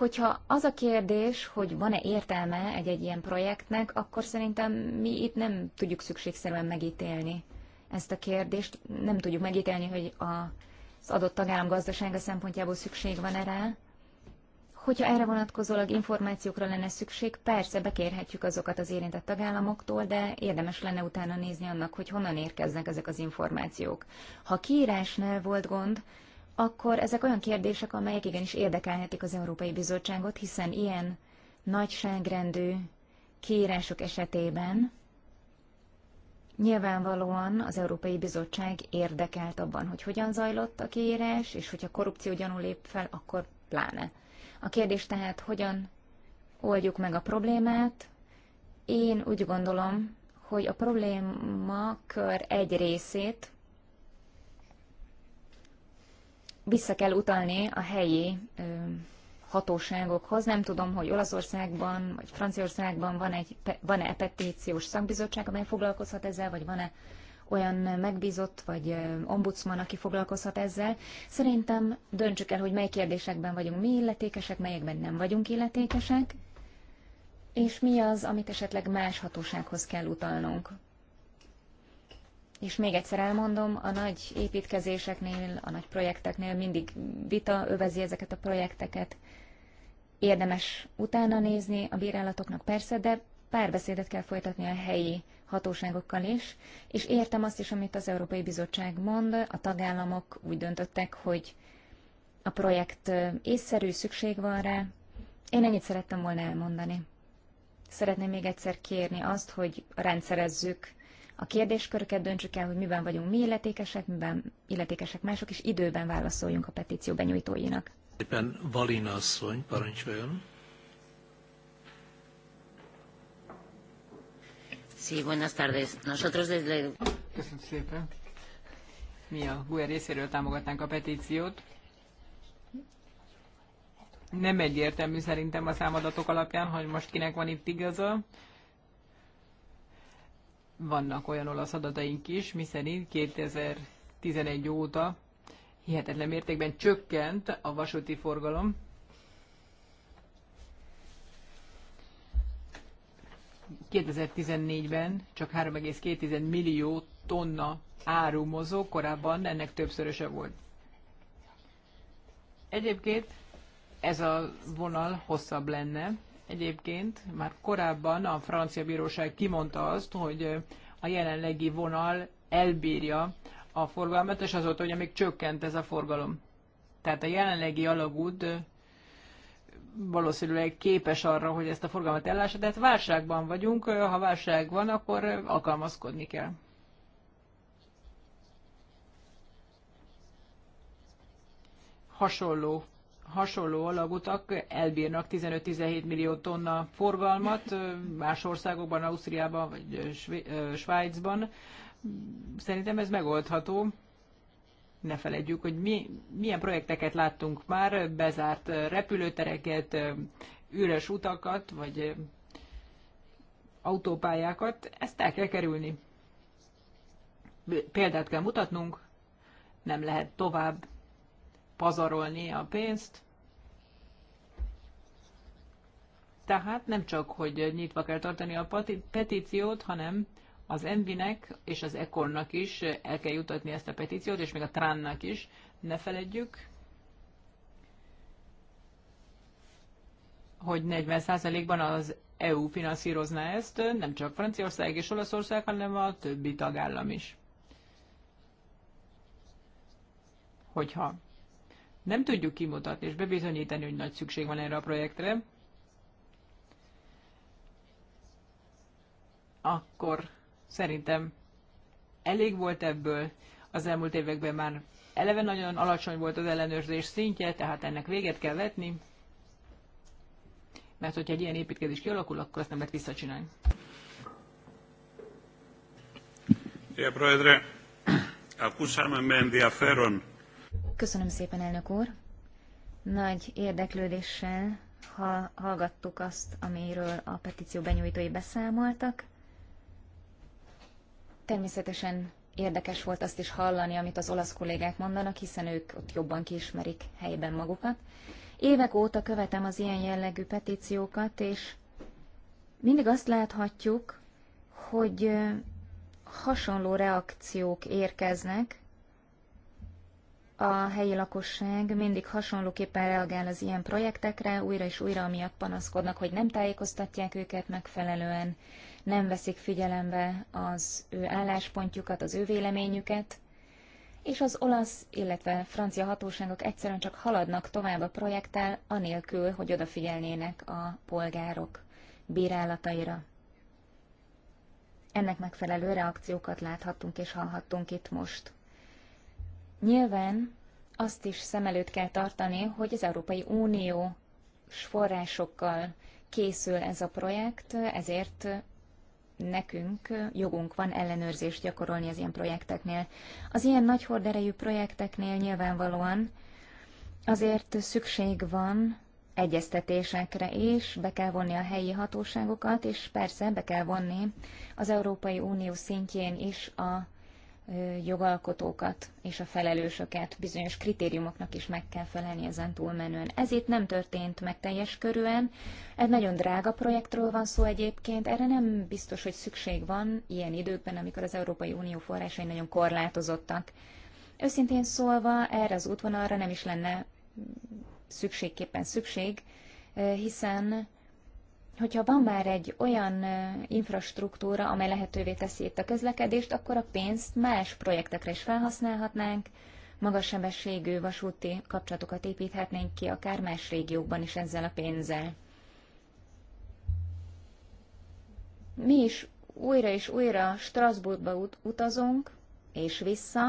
Hogyha az a kérdés, hogy van-e értelme egy-egy ilyen projektnek, akkor szerintem mi itt nem tudjuk szükségszerűen megítélni ezt a kérdést. Nem tudjuk megítélni, hogy a, az adott tagállam gazdasága szempontjából szükség van erre. Hogyha erre vonatkozólag információkra lenne szükség, persze bekérhetjük azokat az érintett tagállamoktól, de érdemes lenne utána nézni annak, hogy honnan érkeznek ezek az információk. Ha kiírásnál volt gond, akkor ezek olyan kérdések, amelyek igenis érdekelhetik az Európai Bizottságot, hiszen ilyen nagyságrendű kiírások esetében nyilvánvalóan az Európai Bizottság érdekelt abban, hogy hogyan zajlott a kiírás, és hogyha korrupció gyanú lép fel, akkor pláne. A kérdés tehát, hogyan oldjuk meg a problémát, én úgy gondolom, hogy a probléma kör egy részét vissza kell utalni a helyi hatóságokhoz. Nem tudom, hogy Olaszországban vagy Franciaországban van egy, van-e petíciós szakbizottság, amely foglalkozhat ezzel, vagy van-e olyan megbízott vagy ombudsman, aki foglalkozhat ezzel. Szerintem döntsük el, hogy mely kérdésekben vagyunk mi illetékesek, melyekben nem vagyunk illetékesek, és mi az, amit esetleg más hatósághoz kell utalnunk. És még egyszer elmondom, a nagy építkezéseknél, a nagy projekteknél mindig vita övezi ezeket a projekteket. Érdemes utána nézni a bírálatoknak persze, de párbeszédet kell folytatni a helyi hatóságokkal is, és értem azt is, amit az Európai Bizottság mond, a tagállamok úgy döntöttek, hogy a projekt észszerű, szükség van rá. Én ennyit szerettem volna elmondani. Szeretném még egyszer kérni azt, hogy rendszerezzük a kérdésköröket döntsük el, hogy miben vagyunk mi illetékesek, miben illetékesek mások, és időben válaszoljunk a petíció benyújtóinak. Éppen Valina asszony, parancsoljon. Sí, buenas tardes. Nosotros desde... Köszönöm szépen. Mi a GUE részéről támogatnánk a petíciót. Nem egyértelmű szerintem a számadatok alapján, hogy most kinek van itt igaza vannak olyan olasz adataink is, miszerint 2011 óta hihetetlen mértékben csökkent a vasúti forgalom. ben csak 3,2 millió tonna áru mozog, korábban ennek többszöröse volt. Egyébként ez a vonal hosszabb lenne, Egyébként már korábban a francia bíróság kimondta azt, hogy a jelenlegi vonal elbírja a forgalmat, és azóta ugye még csökkent ez a forgalom. Tehát a jelenlegi alagút valószínűleg képes arra, hogy ezt a forgalmat ellássa, de hát válságban vagyunk, ha válság van, akkor alkalmazkodni kell. Hasonló hasonló alagutak elbírnak 15-17 millió tonna forgalmat más országokban, Ausztriában vagy Svájcban. Szerintem ez megoldható. Ne feledjük, hogy mi, milyen projekteket láttunk már, bezárt repülőtereket, üres utakat, vagy autópályákat, ezt el kell kerülni. Példát kell mutatnunk, nem lehet tovább pazarolni a pénzt. Tehát nem csak, hogy nyitva kell tartani a petíciót, hanem az Envinek és az Ekornak is el kell jutatni ezt a petíciót, és még a Tránnak is, ne feledjük, hogy 40%-ban az EU finanszírozná ezt, nem csak Franciaország és Olaszország, hanem a többi tagállam is. Hogyha nem tudjuk kimutatni és bebizonyítani, hogy nagy szükség van erre a projektre, akkor szerintem elég volt ebből. Az elmúlt években már eleve nagyon alacsony volt az ellenőrzés szintje, tehát ennek véget kell vetni, mert hogyha egy ilyen építkezés kialakul, akkor azt nem lehet visszacsinálni. Κύριε Πρόεδρε, ακούσαμε με ενδιαφέρον Köszönöm szépen, elnök úr. Nagy érdeklődéssel ha hallgattuk azt, amiről a petíció benyújtói beszámoltak. Természetesen érdekes volt azt is hallani, amit az olasz kollégák mondanak, hiszen ők ott jobban kiismerik helyben magukat. Évek óta követem az ilyen jellegű petíciókat, és mindig azt láthatjuk, hogy hasonló reakciók érkeznek a helyi lakosság mindig hasonlóképpen reagál az ilyen projektekre, újra és újra amiatt panaszkodnak, hogy nem tájékoztatják őket megfelelően, nem veszik figyelembe az ő álláspontjukat, az ő véleményüket, és az olasz, illetve francia hatóságok egyszerűen csak haladnak tovább a projekttel, anélkül, hogy odafigyelnének a polgárok bírálataira. Ennek megfelelő reakciókat láthattunk és hallhattunk itt most. Nyilván azt is szem előtt kell tartani, hogy az Európai Unió forrásokkal készül ez a projekt, ezért nekünk jogunk van ellenőrzést gyakorolni az ilyen projekteknél. Az ilyen nagy horderejű projekteknél nyilvánvalóan azért szükség van egyeztetésekre is, be kell vonni a helyi hatóságokat, és persze be kell vonni az Európai Unió szintjén is a jogalkotókat és a felelősöket bizonyos kritériumoknak is meg kell felelni ezen túlmenően. Ez itt nem történt meg teljes körűen. Ez nagyon drága projektről van szó egyébként. Erre nem biztos, hogy szükség van ilyen időkben, amikor az Európai Unió forrásai nagyon korlátozottak. Őszintén szólva, erre az útvonalra nem is lenne szükségképpen szükség, hiszen hogyha van már egy olyan infrastruktúra, amely lehetővé teszi itt a közlekedést, akkor a pénzt más projektekre is felhasználhatnánk, magas sebességű vasúti kapcsolatokat építhetnénk ki akár más régiókban is ezzel a pénzzel. Mi is újra és újra Strasbourgba ut- utazunk, és vissza.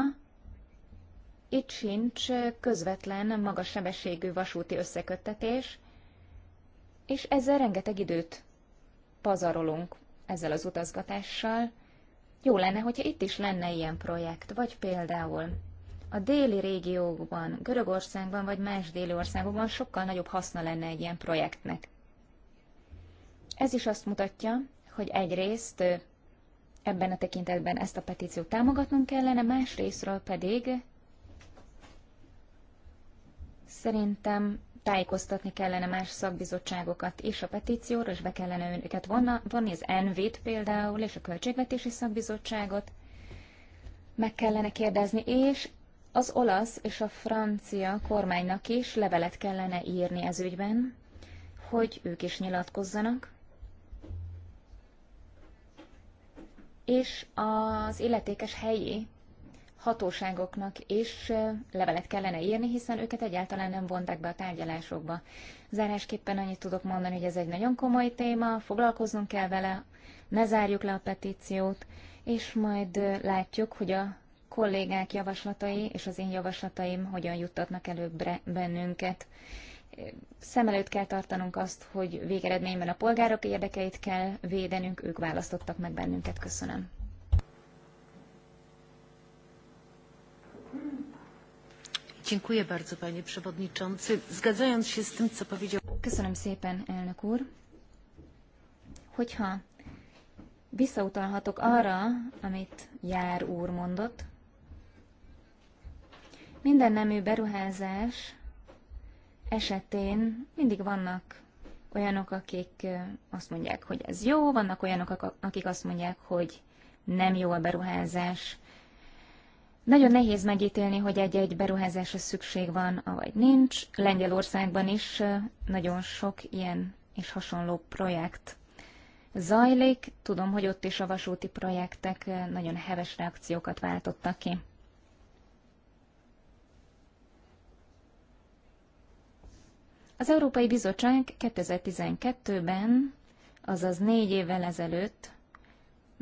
Itt sincs közvetlen magas sebességű vasúti összeköttetés – és ezzel rengeteg időt pazarolunk ezzel az utazgatással. Jó lenne, hogyha itt is lenne ilyen projekt, vagy például a déli régióban, Görögországban vagy más déli országokban sokkal nagyobb haszna lenne egy ilyen projektnek. Ez is azt mutatja, hogy egyrészt ebben a tekintetben ezt a petíciót támogatnunk kellene, másrésztről pedig szerintem tájékoztatni kellene más szakbizottságokat és a petícióra, és be kellene őket vonni, az NV-t például, és a költségvetési szakbizottságot, meg kellene kérdezni, és az olasz és a francia kormánynak is levelet kellene írni ez ügyben, hogy ők is nyilatkozzanak. És az illetékes helyi hatóságoknak is levelet kellene írni, hiszen őket egyáltalán nem vonták be a tárgyalásokba. Zárásképpen annyit tudok mondani, hogy ez egy nagyon komoly téma, foglalkoznunk kell vele, ne zárjuk le a petíciót, és majd látjuk, hogy a kollégák javaslatai és az én javaslataim hogyan juttatnak előbb bennünket. Szem előtt kell tartanunk azt, hogy végeredményben a polgárok érdekeit kell védenünk, ők választottak meg bennünket. Köszönöm. Dziękuję bardzo, panie przewodniczący. Zgadzając się z tym, co powiedział... Köszönöm szépen, elnök úr. Hogyha visszautalhatok arra, amit Jár úr mondott, minden nemű beruházás esetén mindig vannak olyanok, akik azt mondják, hogy ez jó, vannak olyanok, akik azt mondják, hogy nem jó a beruházás. Nagyon nehéz megítélni, hogy egy-egy beruházásra szükség van, vagy nincs. Lengyelországban is nagyon sok ilyen és hasonló projekt zajlik. Tudom, hogy ott is a vasúti projektek nagyon heves reakciókat váltottak ki. Az Európai Bizottság 2012-ben, azaz négy évvel ezelőtt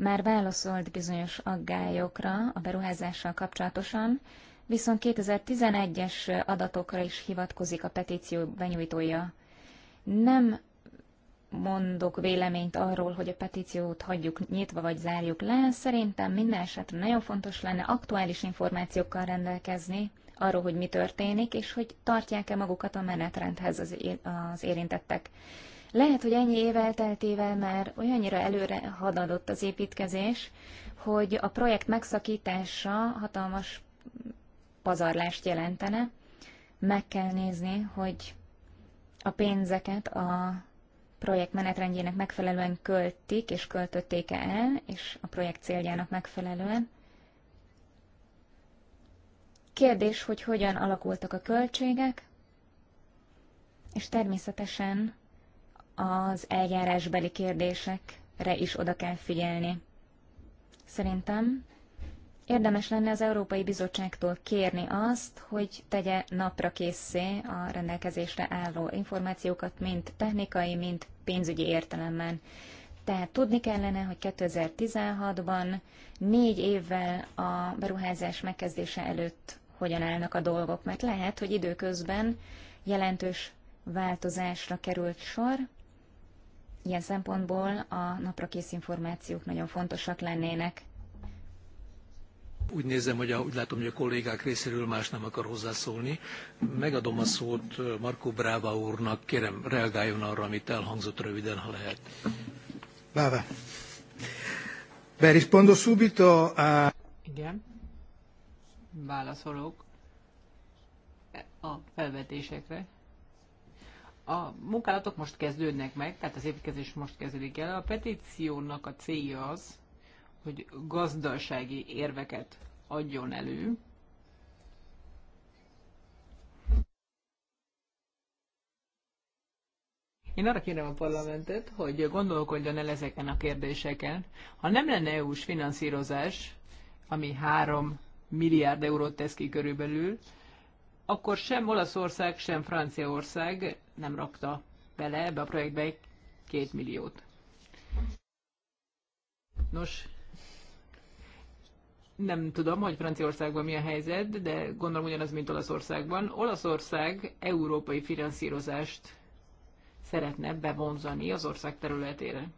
már válaszolt bizonyos aggályokra a beruházással kapcsolatosan, viszont 2011-es adatokra is hivatkozik a petíció benyújtója. Nem mondok véleményt arról, hogy a petíciót hagyjuk nyitva vagy zárjuk le. Szerintem minden esetre nagyon fontos lenne aktuális információkkal rendelkezni arról, hogy mi történik, és hogy tartják-e magukat a menetrendhez az érintettek. Lehet, hogy ennyi év elteltével már olyannyira előre hadadott az építkezés, hogy a projekt megszakítása hatalmas pazarlást jelentene. Meg kell nézni, hogy a pénzeket a projekt menetrendjének megfelelően költik és költötték e el, és a projekt céljának megfelelően. Kérdés, hogy hogyan alakultak a költségek, és természetesen az eljárásbeli kérdésekre is oda kell figyelni. Szerintem érdemes lenne az Európai Bizottságtól kérni azt, hogy tegye napra készé a rendelkezésre álló információkat, mind technikai, mind pénzügyi értelemben. Tehát tudni kellene, hogy 2016-ban, négy évvel a beruházás megkezdése előtt hogyan állnak a dolgok, mert lehet, hogy időközben jelentős változásra került sor, Ilyen szempontból a napra kész információk nagyon fontosak lennének. Úgy nézem, hogy a, úgy látom, hogy a kollégák részéről más nem akar hozzászólni. Megadom a szót Markó Bráva úrnak, kérem reagáljon arra, amit elhangzott röviden, ha lehet. Báva. Beh, subito a... Igen. Válaszolok a felvetésekre a munkálatok most kezdődnek meg, tehát az építkezés most kezdődik el. A petíciónak a célja az, hogy gazdasági érveket adjon elő. Én arra kérem a parlamentet, hogy gondolkodjon el ezeken a kérdéseken. Ha nem lenne EU-s finanszírozás, ami 3 milliárd eurót tesz ki körülbelül, akkor sem Olaszország, sem Franciaország nem rakta bele ebbe a projektbe egy két milliót. Nos, nem tudom, hogy Franciaországban mi a helyzet, de gondolom ugyanaz, mint Olaszországban. Olaszország európai finanszírozást szeretne bevonzani az ország területére.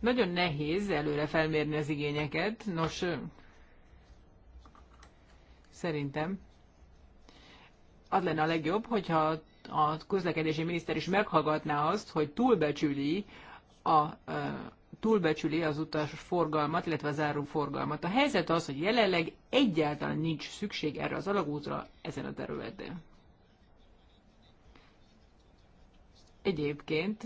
Nagyon nehéz előre felmérni az igényeket, nos, szerintem az lenne a legjobb, hogyha a közlekedési miniszter is meghallgatná azt, hogy túlbecsüli a túlbecsüli az utas forgalmat, illetve a záró forgalmat. A helyzet az, hogy jelenleg egyáltalán nincs szükség erre az alagútra ezen a területen. Egyébként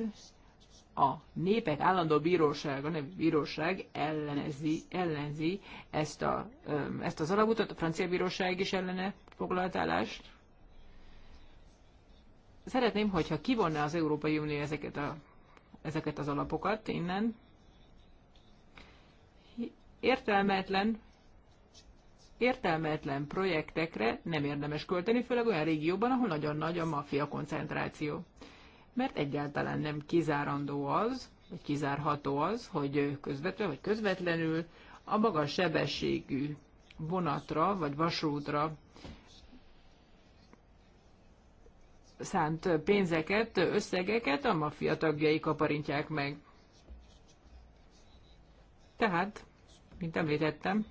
a Népek Állandó Bírósága, nem bíróság ellenezi, ellenzi ezt, a, ezt az alagútat, a francia bíróság is ellene foglalt állást. Szeretném, hogyha kivonna az Európai Unió ezeket, a, ezeket az alapokat innen. Értelmetlen, értelmetlen projektekre nem érdemes költeni, főleg olyan régióban, ahol nagyon nagy a maffia koncentráció. Mert egyáltalán nem kizárandó az, vagy kizárható az, hogy közvetve vagy közvetlenül a magas sebességű vonatra vagy vasútra szánt pénzeket, összegeket a maffia tagjai kaparintják meg. Tehát, mint említettem,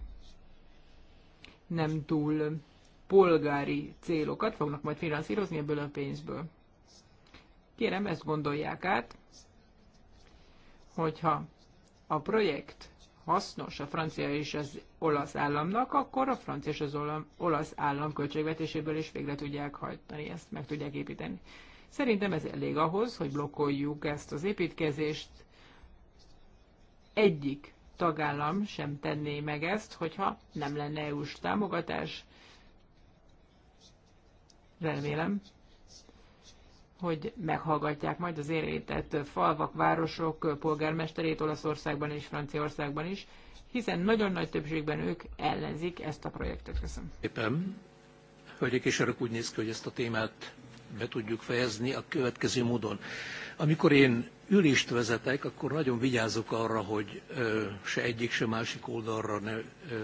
nem túl polgári célokat fognak majd finanszírozni ebből a pénzből. Kérem, ezt gondolják át, hogyha a projekt hasznos a francia és az olasz államnak, akkor a francia és az olasz állam költségvetéséből is végre tudják hajtani, ezt meg tudják építeni. Szerintem ez elég ahhoz, hogy blokkoljuk ezt az építkezést. Egyik tagállam sem tenné meg ezt, hogyha nem lenne EU-s támogatás. Remélem, hogy meghallgatják majd az érintett falvak, városok polgármesterét Olaszországban és Franciaországban is, hiszen nagyon nagy többségben ők ellenzik ezt a projektet. Köszönöm. Éppen. Hölgyek és Örök úgy néz ki, hogy ezt a témát be tudjuk fejezni a következő módon. Amikor én ülést vezetek, akkor nagyon vigyázok arra, hogy se egyik, se másik oldalra ne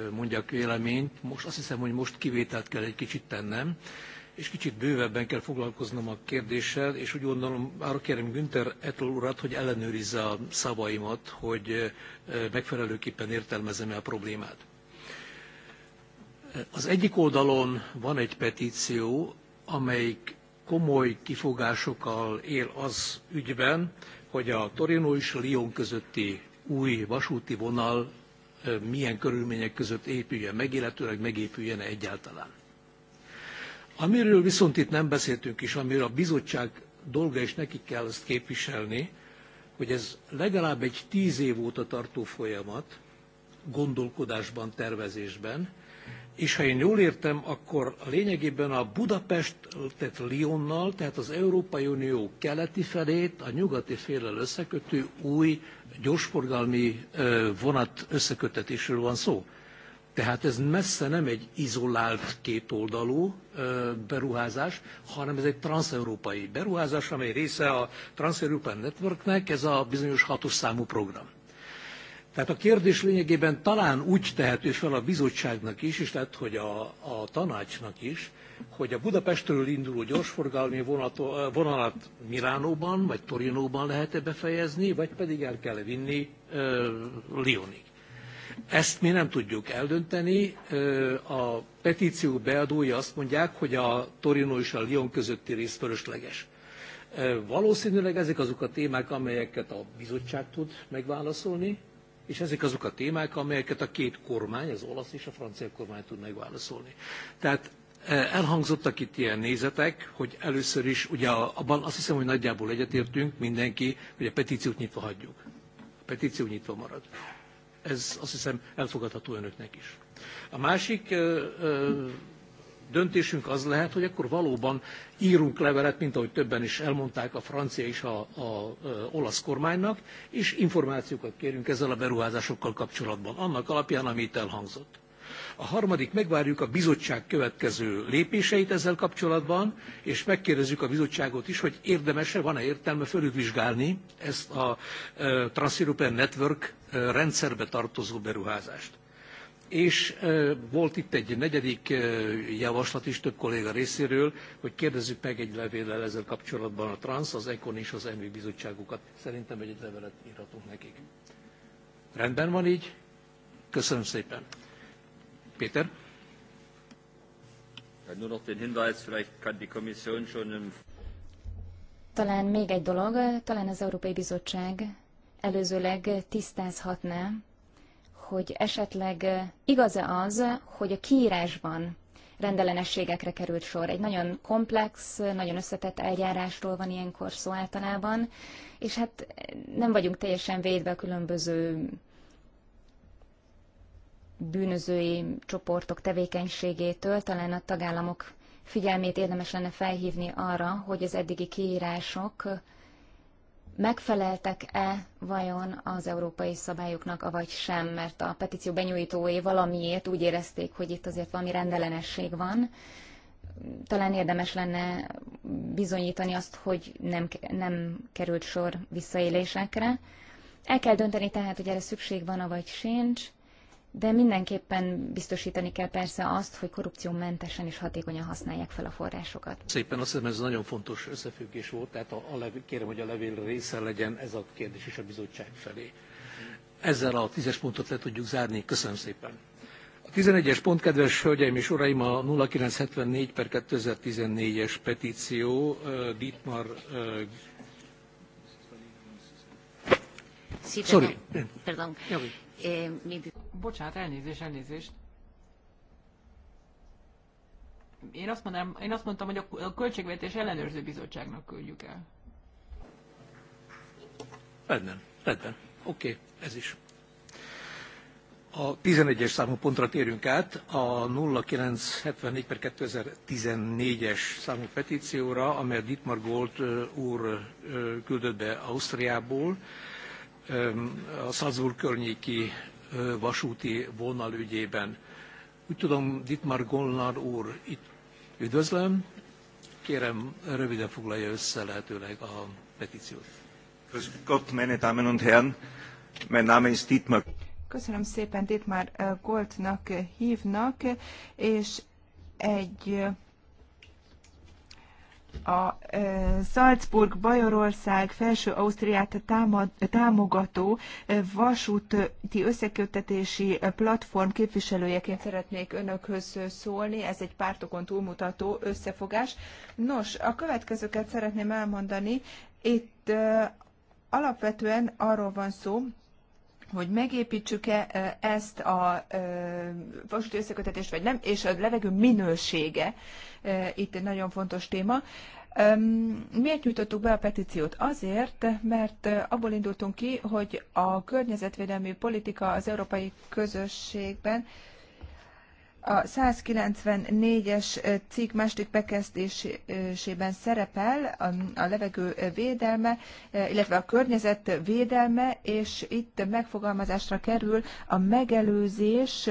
mondjak véleményt. Most azt hiszem, hogy most kivételt kell egy kicsit tennem, és kicsit bővebben kell foglalkoznom a kérdéssel, és úgy gondolom, arra kérem Günther Etl urat, hogy ellenőrizze a szavaimat, hogy megfelelőképpen értelmezem-e a problémát. Az egyik oldalon van egy petíció, amelyik komoly kifogásokkal él az ügyben, hogy a Torino és Lyon közötti új vasúti vonal milyen körülmények között épüljön meg, illetőleg megépüljön -e egyáltalán. Amiről viszont itt nem beszéltünk is, amiről a bizottság dolga, és nekik kell ezt képviselni, hogy ez legalább egy tíz év óta tartó folyamat, gondolkodásban, tervezésben, és ha én jól értem, akkor lényegében a Budapest, tehát Lyonnal, tehát az Európai Unió keleti felét a nyugati félel összekötő új gyorsforgalmi vonat összekötetésről van szó. Tehát ez messze nem egy izolált kétoldalú beruházás, hanem ez egy transeurópai beruházás, amely része a Trans-European Networknek, ez a bizonyos hatos számú program. Tehát a kérdés lényegében talán úgy tehető fel a bizottságnak is, és lehet, hogy a, a tanácsnak is, hogy a Budapestről induló gyorsforgalmi vonato, vonalat Milánóban vagy Torinóban lehet-e befejezni, vagy pedig el kell vinni Lyonig. Ezt mi nem tudjuk eldönteni. A petíció beadói azt mondják, hogy a Torino és a Lyon közötti rész fölösleges. Valószínűleg ezek azok a témák, amelyeket a bizottság tud megválaszolni, és ezek azok a témák, amelyeket a két kormány, az olasz és a francia kormány tud megválaszolni. Tehát elhangzottak itt ilyen nézetek, hogy először is, ugye abban azt hiszem, hogy nagyjából egyetértünk mindenki, hogy a petíciót nyitva hagyjuk. A petíció nyitva marad. Ez azt hiszem elfogadható önöknek is. A másik döntésünk az lehet, hogy akkor valóban írunk levelet, mint ahogy többen is elmondták, a francia és a, a, a olasz kormánynak, és információkat kérünk ezzel a beruházásokkal kapcsolatban, annak alapján, ami itt elhangzott. A harmadik, megvárjuk a bizottság következő lépéseit ezzel kapcsolatban, és megkérdezzük a bizottságot is, hogy érdemese, van-e értelme fölülvizsgálni ezt a e, Trans-European Network e, rendszerbe tartozó beruházást. És e, volt itt egy negyedik javaslat is több kolléga részéről, hogy kérdezzük meg egy levéllel ezzel kapcsolatban a TRANS, az ECON és az ENVI bizottságukat. Szerintem egy levelet írhatunk nekik. Rendben van így? Köszönöm szépen. Peter? Talán még egy dolog, talán az Európai Bizottság előzőleg tisztázhatná, hogy esetleg eh, igaz-e az, hogy a kiírásban rendellenességekre került sor. Egy nagyon komplex, eh, nagyon összetett eljárásról van ilyenkor szó általában, és hát eh, nem vagyunk teljesen védve a különböző bűnözői csoportok tevékenységétől, talán a tagállamok figyelmét érdemes lenne felhívni arra, hogy az eddigi kiírások megfeleltek-e vajon az európai szabályoknak, avagy sem, mert a petíció benyújtói valamiért úgy érezték, hogy itt azért valami rendellenesség van. Talán érdemes lenne bizonyítani azt, hogy nem, nem került sor visszaélésekre. El kell dönteni tehát, hogy erre szükség van, avagy sincs de mindenképpen biztosítani kell persze azt, hogy korrupciómentesen és hatékonyan használják fel a forrásokat. Szépen azt hiszem ez nagyon fontos összefüggés volt, tehát a, a levél, kérem, hogy a levél része legyen ez a kérdés is a bizottság felé. Ezzel a tízes pontot le tudjuk zárni. Köszönöm szépen. A 11-es pont, kedves hölgyeim és uraim, a 0974 per 2014-es petíció uh, Dietmar Sí, Sorry. Perdón. Eh, Bocsánat, elnézést, elnézést. Én azt, mondanám, én azt mondtam, hogy a Költségvetés Ellenőrző Bizottságnak küldjük el. Rendben, rendben. Oké, okay, ez is. A 11-es számú pontra térünk át, a 0974 per 2014-es számú petícióra, amelyet Dietmar Gold úr küldött be Ausztriából a Szazur környéki vasúti vonal ügyében. Úgy tudom, Dietmar Golnar úr itt üdvözlöm. Kérem, röviden foglalja össze lehetőleg a petíciót. Gott, meine Damen und Herren, mein Name ist Dietmar. Köszönöm szépen, Dietmar Goldnak hívnak, és egy a Salzburg Bajorország felső Ausztriát támogató vasúti összekötetési platform képviselőjeként szeretnék önökhöz szólni. Ez egy pártokon túlmutató összefogás. Nos, a következőket szeretném elmondani. Itt alapvetően arról van szó, hogy megépítsük-e ezt a vasúti összekötetést, vagy nem, és a levegő minősége itt egy nagyon fontos téma. Miért nyújtottuk be a petíciót? Azért, mert abból indultunk ki, hogy a környezetvédelmi politika az európai közösségben a 194-es cikk második bekezdésében szerepel a levegő védelme, illetve a környezet védelme, és itt megfogalmazásra kerül a megelőzés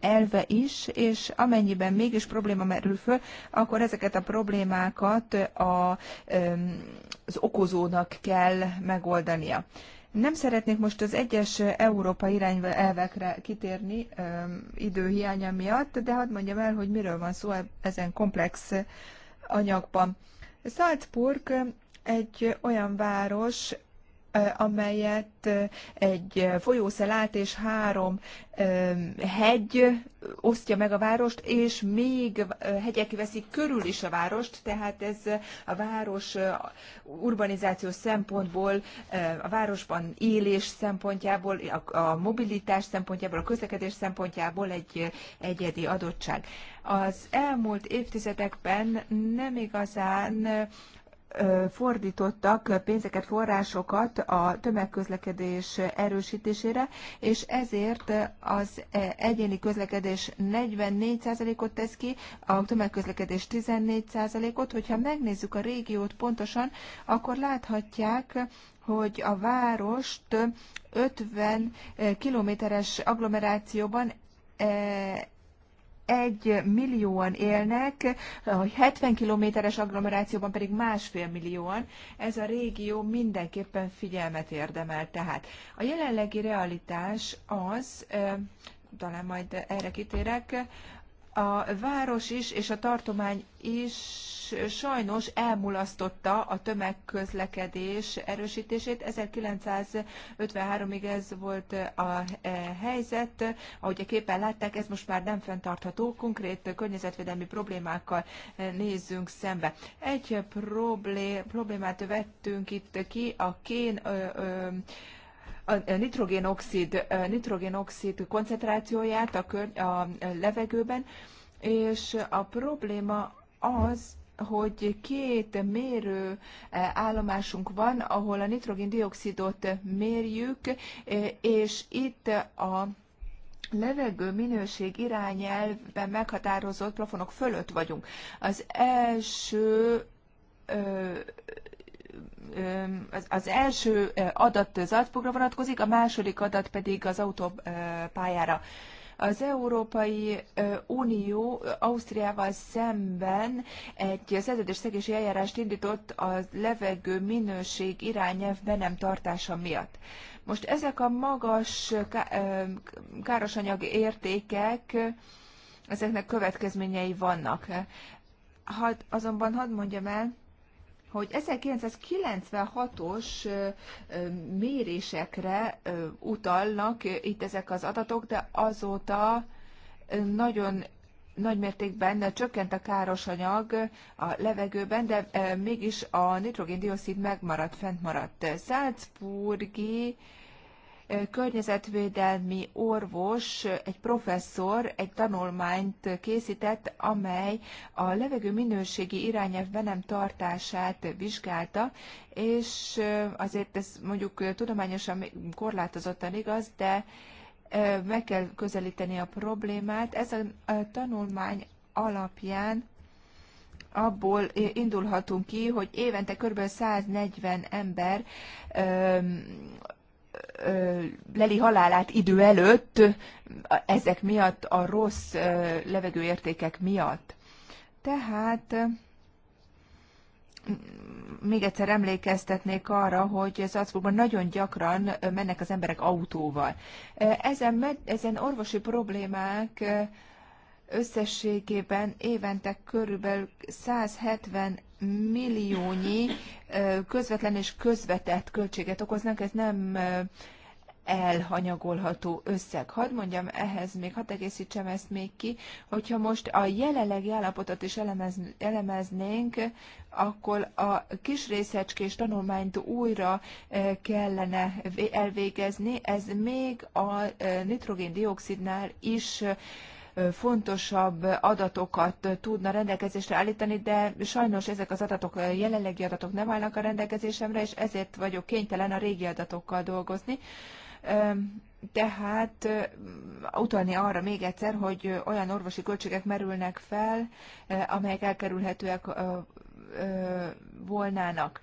elve is, és amennyiben mégis probléma merül föl, akkor ezeket a problémákat a, az okozónak kell megoldania. Nem szeretnék most az egyes Európa irányelvekre kitérni időhiánya miatt, de hadd mondjam el, hogy miről van szó ezen komplex anyagban. Salzburg egy olyan város, Eh, amelyet eh, egy folyószel át, és három eh, hegy osztja meg a várost, és még hegyek veszik körül is a várost, tehát ez a város urbanizáció szempontból, a városban élés szempontjából, a mobilitás szempontjából, a közlekedés szempontjából egy egyedi adottság. Az elmúlt évtizedekben nem igazán fordítottak pénzeket, forrásokat a tömegközlekedés erősítésére, és ezért az egyéni közlekedés 44%-ot tesz ki, a tömegközlekedés 14%-ot. Hogyha megnézzük a régiót pontosan, akkor láthatják, hogy a várost 50 kilométeres agglomerációban e, egy millióan élnek, a 70 kilométeres agglomerációban pedig másfél millióan. Ez a régió mindenképpen figyelmet érdemel. Tehát a jelenlegi realitás az, talán majd erre kitérek, a város is és a tartomány is sajnos elmulasztotta a tömegközlekedés erősítését. 1953-ig ez volt a e, helyzet. Ahogy a képen látták, ez most már nem fenntartható, konkrét környezetvédelmi problémákkal e, nézzünk szembe. Egy problémát vettünk itt ki, a kén ö, ö, a nitrogénoxid, nitrogénoxid koncentrációját a, kör, a levegőben, és a probléma az, hogy két mérő e, állomásunk van, ahol a nitrogéndioxidot mérjük, e, és itt a levegő minőség irányelvben meghatározott plafonok fölött vagyunk. Az első az első adat Salzburgra vonatkozik, a második adat pedig az autópályára. Az Európai Unió Ausztriával szemben egy szegési eljárást indított a levegő minőség irányelv be nem tartása miatt. Most ezek a magas károsanyag értékek, ezeknek következményei vannak. Had, azonban hadd mondjam el, hogy 1996-os mérésekre utalnak itt ezek az adatok, de azóta nagyon nagy mértékben csökkent a káros anyag a levegőben, de mégis a nitrogéndioszid megmaradt, fent maradt. Salzburgi környezetvédelmi orvos, egy professzor egy tanulmányt készített, amely a levegő minőségi irányelv be nem tartását vizsgálta, és azért ez mondjuk tudományosan korlátozottan igaz, de meg kell közelíteni a problémát. Ez a tanulmány alapján abból indulhatunk ki, hogy évente kb. 140 ember Leli halálát idő előtt, ezek miatt, a rossz levegőértékek miatt. Tehát még egyszer emlékeztetnék arra, hogy Salzburgban nagyon gyakran mennek az emberek autóval. Ezen, med, ezen orvosi problémák összességében évente körülbelül 170 milliónyi közvetlen és közvetett költséget okoznak, ez nem elhanyagolható összeg. Hadd mondjam ehhez még, hadd egészítsem ezt még ki, hogyha most a jelenlegi állapotot is elemez, elemeznénk, akkor a kis részecskés tanulmányt újra kellene elvégezni. Ez még a nitrogén-dioxidnál is fontosabb adatokat tudna rendelkezésre állítani, de sajnos ezek az adatok, jelenlegi adatok nem állnak a rendelkezésemre, és ezért vagyok kénytelen a régi adatokkal dolgozni. Tehát utalni arra még egyszer, hogy olyan orvosi költségek merülnek fel, amelyek elkerülhetőek volnának.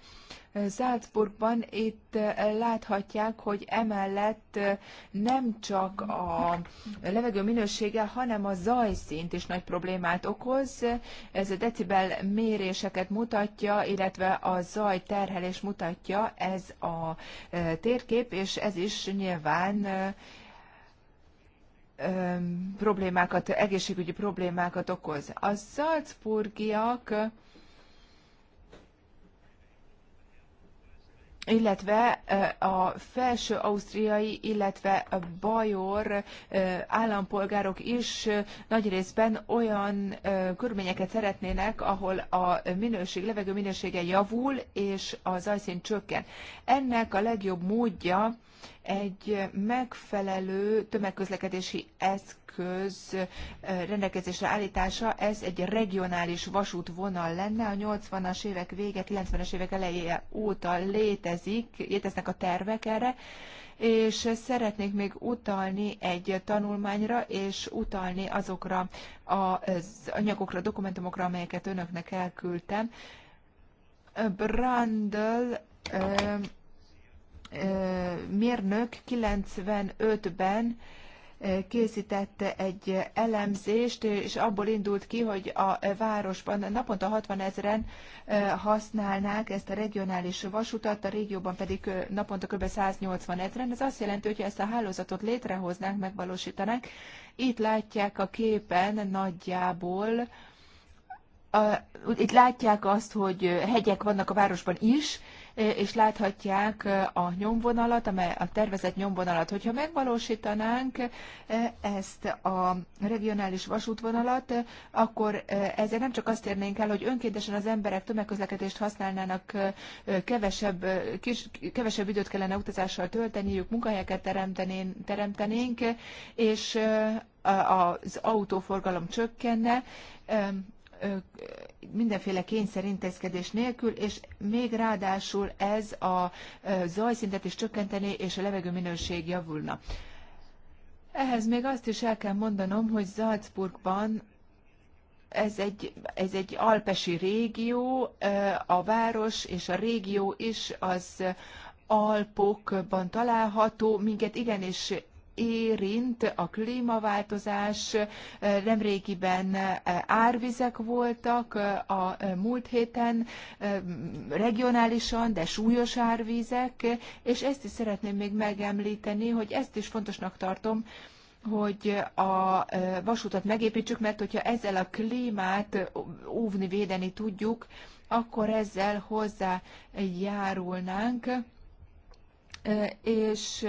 Salzburgban itt láthatják, hogy emellett nem csak a levegő minősége, hanem a zajszint is nagy problémát okoz. Ez a decibel méréseket mutatja, illetve a zaj terhelés mutatja ez a e, térkép, és ez is nyilván e, e, problémákat, egészségügyi problémákat okoz. A Salzburgiak illetve eh, a felső ausztriai, illetve a bajor eh, állampolgárok is eh, nagy részben olyan körülményeket szeretnének, ahol a minőség, levegő minősége javul, és az zajszint csökken. Ennek a legjobb módja egy megfelelő tömegközlekedési eszköz, eszköz rendelkezésre állítása, ez egy regionális vasútvonal lenne, a 80-as évek vége, 90-es évek eleje óta létezik, léteznek a tervek erre, és szeretnék még utalni egy tanulmányra, és utalni azokra az anyagokra, dokumentumokra, amelyeket önöknek elküldtem. Brandl mérnök 95-ben készített egy elemzést, és abból indult ki, hogy a városban naponta 60 ezeren használnák ezt a regionális vasutat, a régióban pedig naponta kb. 180 ezeren. Ez azt jelenti, hogy ezt a hálózatot létrehoznánk, megvalósítanánk. Itt látják a képen nagyjából, a, itt látják azt, hogy hegyek vannak a városban is, és láthatják eh, a nyomvonalat, amely a tervezett nyomvonalat. Hogyha megvalósítanánk eh, ezt a regionális vasútvonalat, eh, akkor ezzel nem csak azt érnénk el, hogy önkéntesen az emberek tömegközlekedést használnának, kevesebb, kis, kevesebb időt kellene utazással tölteniük, munkahelyeket teremtenénk, és az autóforgalom csökkenne, mindenféle kényszerintézkedés nélkül, és még ráadásul ez a zajszintet is csökkenteni, és a levegő minőség javulna. Ehhez még azt is el kell mondanom, hogy Salzburgban ez egy, ez egy alpesi régió, a város és a régió is az Alpokban található, minket igenis érint a klímaváltozás. Nemrégiben eh, árvizek voltak eh, a eh, múlt héten, regionálisan, de súlyos árvizek, és ezt is szeretném még megemlíteni, hogy ezt is fontosnak tartom, hogy a vasútat megépítsük, mert hogyha ezzel a klímát óvni, védeni tudjuk, akkor ezzel hozzájárulnánk, és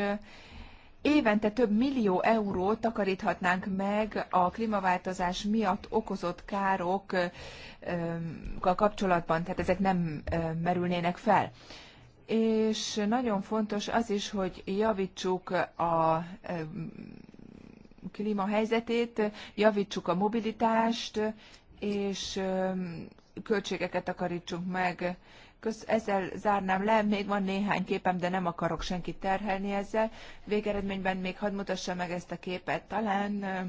évente több millió eurót takaríthatnánk meg a klímaváltozás miatt okozott károkkal kapcsolatban, tehát ezek nem merülnének fel. És nagyon fontos az is, hogy javítsuk a klímahelyzetét, javítsuk a mobilitást, és költségeket takarítsunk meg Kösz, ezzel zárnám le, még van néhány képem, de nem akarok senkit terhelni ezzel. Végeredményben még hadd mutassa meg ezt a képet, talán eh,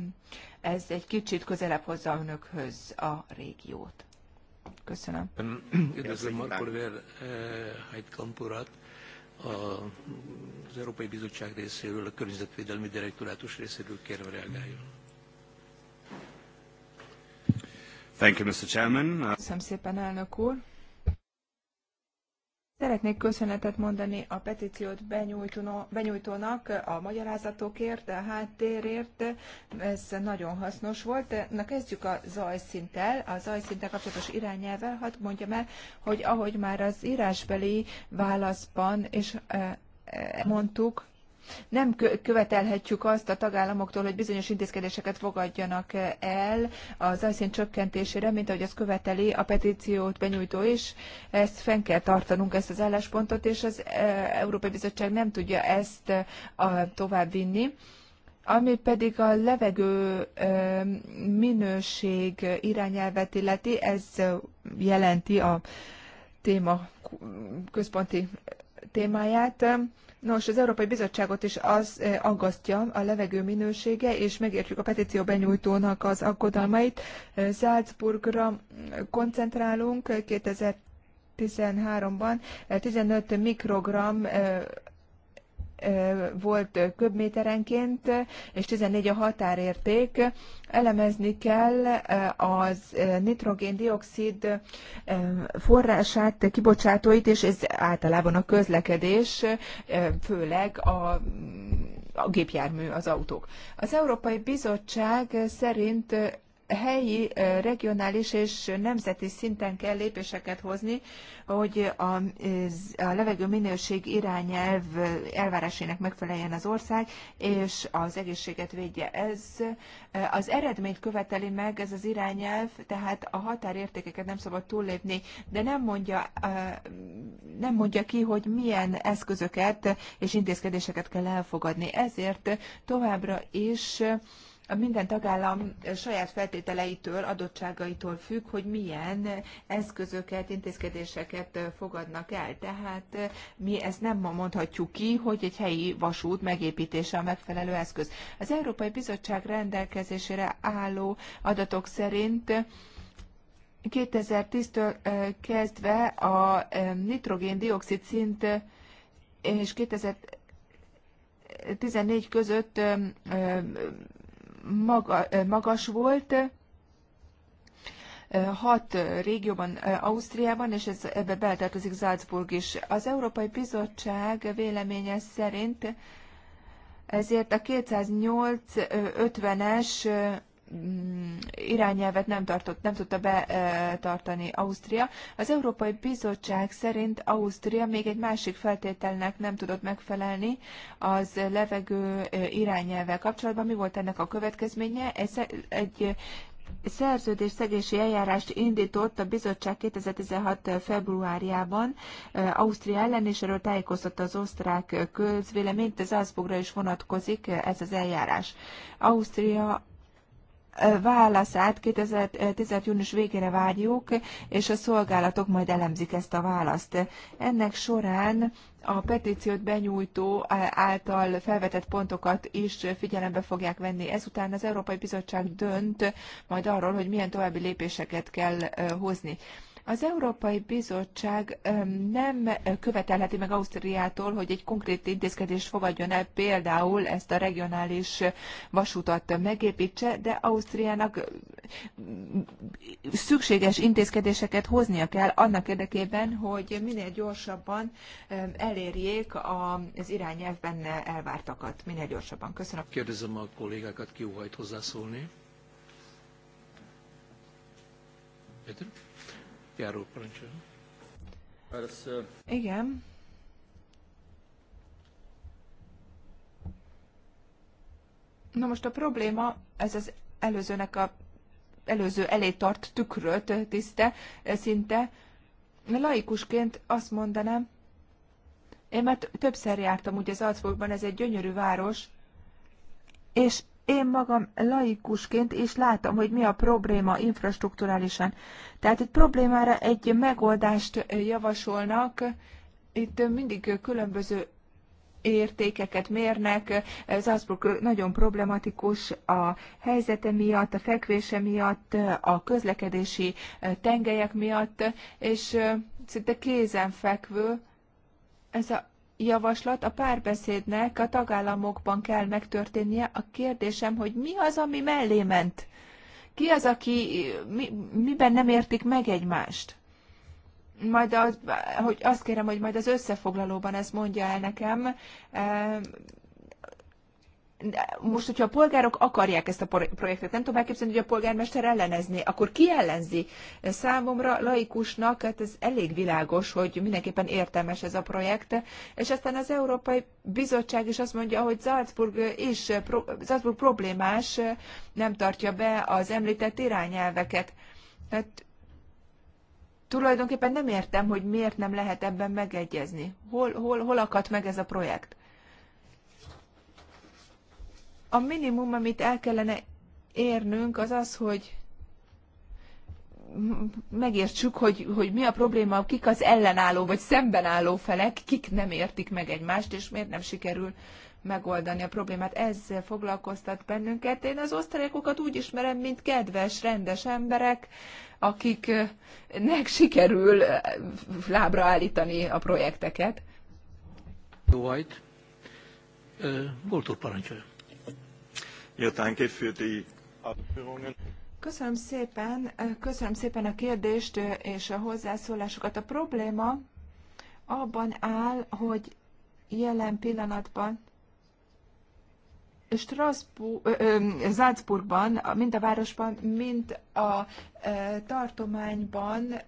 ez egy kicsit közelebb hozza önökhöz a régiót. Köszönöm. Üdvözlöm Marko Löver Heidkampurat eh, az Európai Bizottság részéről, a Környezetvédelmi Direktorátus részéről kérem reagáljon. Thank you, Mr. Chairman. Köszönöm szépen, elnök úr. Szeretnék köszönetet mondani a petíciót benyújtónak a magyarázatokért, a háttérért. Ez nagyon hasznos volt. Na kezdjük a zajszinttel, a zajszinttel kapcsolatos irányelvel. Hadd mondjam el, hogy ahogy már az írásbeli válaszban és eh, eh, mondtuk, nem követelhetjük azt a tagállamoktól, hogy bizonyos intézkedéseket fogadjanak el az ajszín csökkentésére, mint ahogy azt követeli a petíciót benyújtó is. Ezt fenn kell tartanunk, ezt az álláspontot, és az e, Európai Bizottság nem tudja ezt e, tovább vinni ami pedig a levegő e, minőség irányelvet illeti, ez jelenti a téma központi témáját. Nos, az Európai Bizottságot is az eh, aggasztja a levegő minősége, és megértjük a petíció benyújtónak az aggodalmait. Eh, Salzburgra koncentrálunk 2013-ban eh, 15 mikrogram volt köbméterenként, és 14 a határérték. Elemezni kell az nitrogén-dioxid forrását, kibocsátóit, és ez általában a közlekedés, főleg a a gépjármű, az autók. Az Európai Bizottság szerint helyi, regionális és nemzeti szinten kell lépéseket hozni, hogy a, a levegő minőség irányelv elvárásainak megfeleljen az ország, és az egészséget védje. Ez az eredményt követeli meg, ez az irányelv, tehát a határértékeket nem szabad túllépni, de nem mondja, nem mondja ki, hogy milyen eszközöket és intézkedéseket kell elfogadni. Ezért továbbra is a minden tagállam saját feltételeitől, adottságaitól függ, hogy milyen eszközöket, intézkedéseket fogadnak el. Tehát mi ezt nem mondhatjuk ki, hogy egy helyi vasút megépítése a megfelelő eszköz. Az Európai Bizottság rendelkezésére álló adatok szerint 2010-től kezdve a nitrogén-dioxid szint és 2014 között maga, magas volt, hat régióban, Ausztriában, és ez, ebbe beletartozik Salzburg is. Az Európai Bizottság véleménye szerint ezért a 208-50-es Mm, irányelvet nem, tartott, nem tudta betartani Ausztria. Az Európai Bizottság szerint Ausztria még egy másik feltételnek nem tudott megfelelni az levegő irányelvvel kapcsolatban. Mi volt ennek a következménye? E, egy, egy szegési eljárást indított a bizottság 2016. februárjában Ausztria ellen, és erről tájékoztatta az osztrák közvéleményt, ez Salzburgra is vonatkozik ez az eljárás. Ausztria válaszát 2010. június végére várjuk, és a szolgálatok majd elemzik ezt a választ. Ennek során a petíciót benyújtó által felvetett pontokat is figyelembe fogják venni. Ezután az Európai Bizottság dönt majd arról, hogy milyen további lépéseket kell hozni. Az Európai Bizottság nem követelheti meg Ausztriától, hogy egy konkrét intézkedést fogadjon el, például ezt a regionális vasutat megépítse, de Ausztriának szükséges intézkedéseket hoznia kell annak érdekében, hogy minél gyorsabban elérjék az irányelvben elvártakat. Minél gyorsabban. Köszönöm. Kérdezem a kollégákat, ki óhajt hozzászólni. Peter? járó Igen. Na most a probléma, ez az előzőnek a előző elé tart tükröt tiszte, szinte. Laikusként azt mondanám, én már többször jártam ugye az Alcfogban, ez egy gyönyörű város, és én magam laikusként is látom, hogy mi a probléma infrastruktúrálisan. Tehát egy problémára egy megoldást javasolnak, itt mindig különböző értékeket mérnek. Ez az nagyon problematikus a helyzete miatt, a fekvése miatt, a közlekedési tengelyek miatt, és szinte kézenfekvő ez a javaslat a párbeszédnek a tagállamokban kell megtörténnie. A kérdésem, hogy mi az, ami mellé ment? Ki az, aki mi, miben nem értik meg egymást? Majd az, hogy azt kérem, hogy majd az összefoglalóban ezt mondja el nekem, most, hogyha a polgárok akarják ezt a projektet, nem tudom elképzelni, hogy a polgármester ellenezné, akkor ki ellenzi? Számomra laikusnak, hát ez elég világos, hogy mindenképpen értelmes ez a projekt, és aztán az Európai Bizottság is azt mondja, hogy Salzburg is, Salzburg problémás, nem tartja be az említett irányelveket. Hát tulajdonképpen nem értem, hogy miért nem lehet ebben megegyezni. Hol, hol, hol akadt meg ez a projekt? A minimum, amit el kellene érnünk, az az, hogy megértsük, hogy, hogy mi a probléma, kik az ellenálló vagy szembenálló felek, kik nem értik meg egymást, és miért nem sikerül megoldani a problémát. Ez foglalkoztat bennünket. Én az osztályokat úgy ismerem, mint kedves, rendes emberek, akiknek sikerül lábra állítani a projekteket. Jó, White. Goltó parancsolja. Köszönöm szépen, köszönöm szépen a kérdést és a hozzászólásokat. A probléma abban áll, hogy jelen pillanatban Strasbourg, Salzburgban, mind a városban, mind a tartományban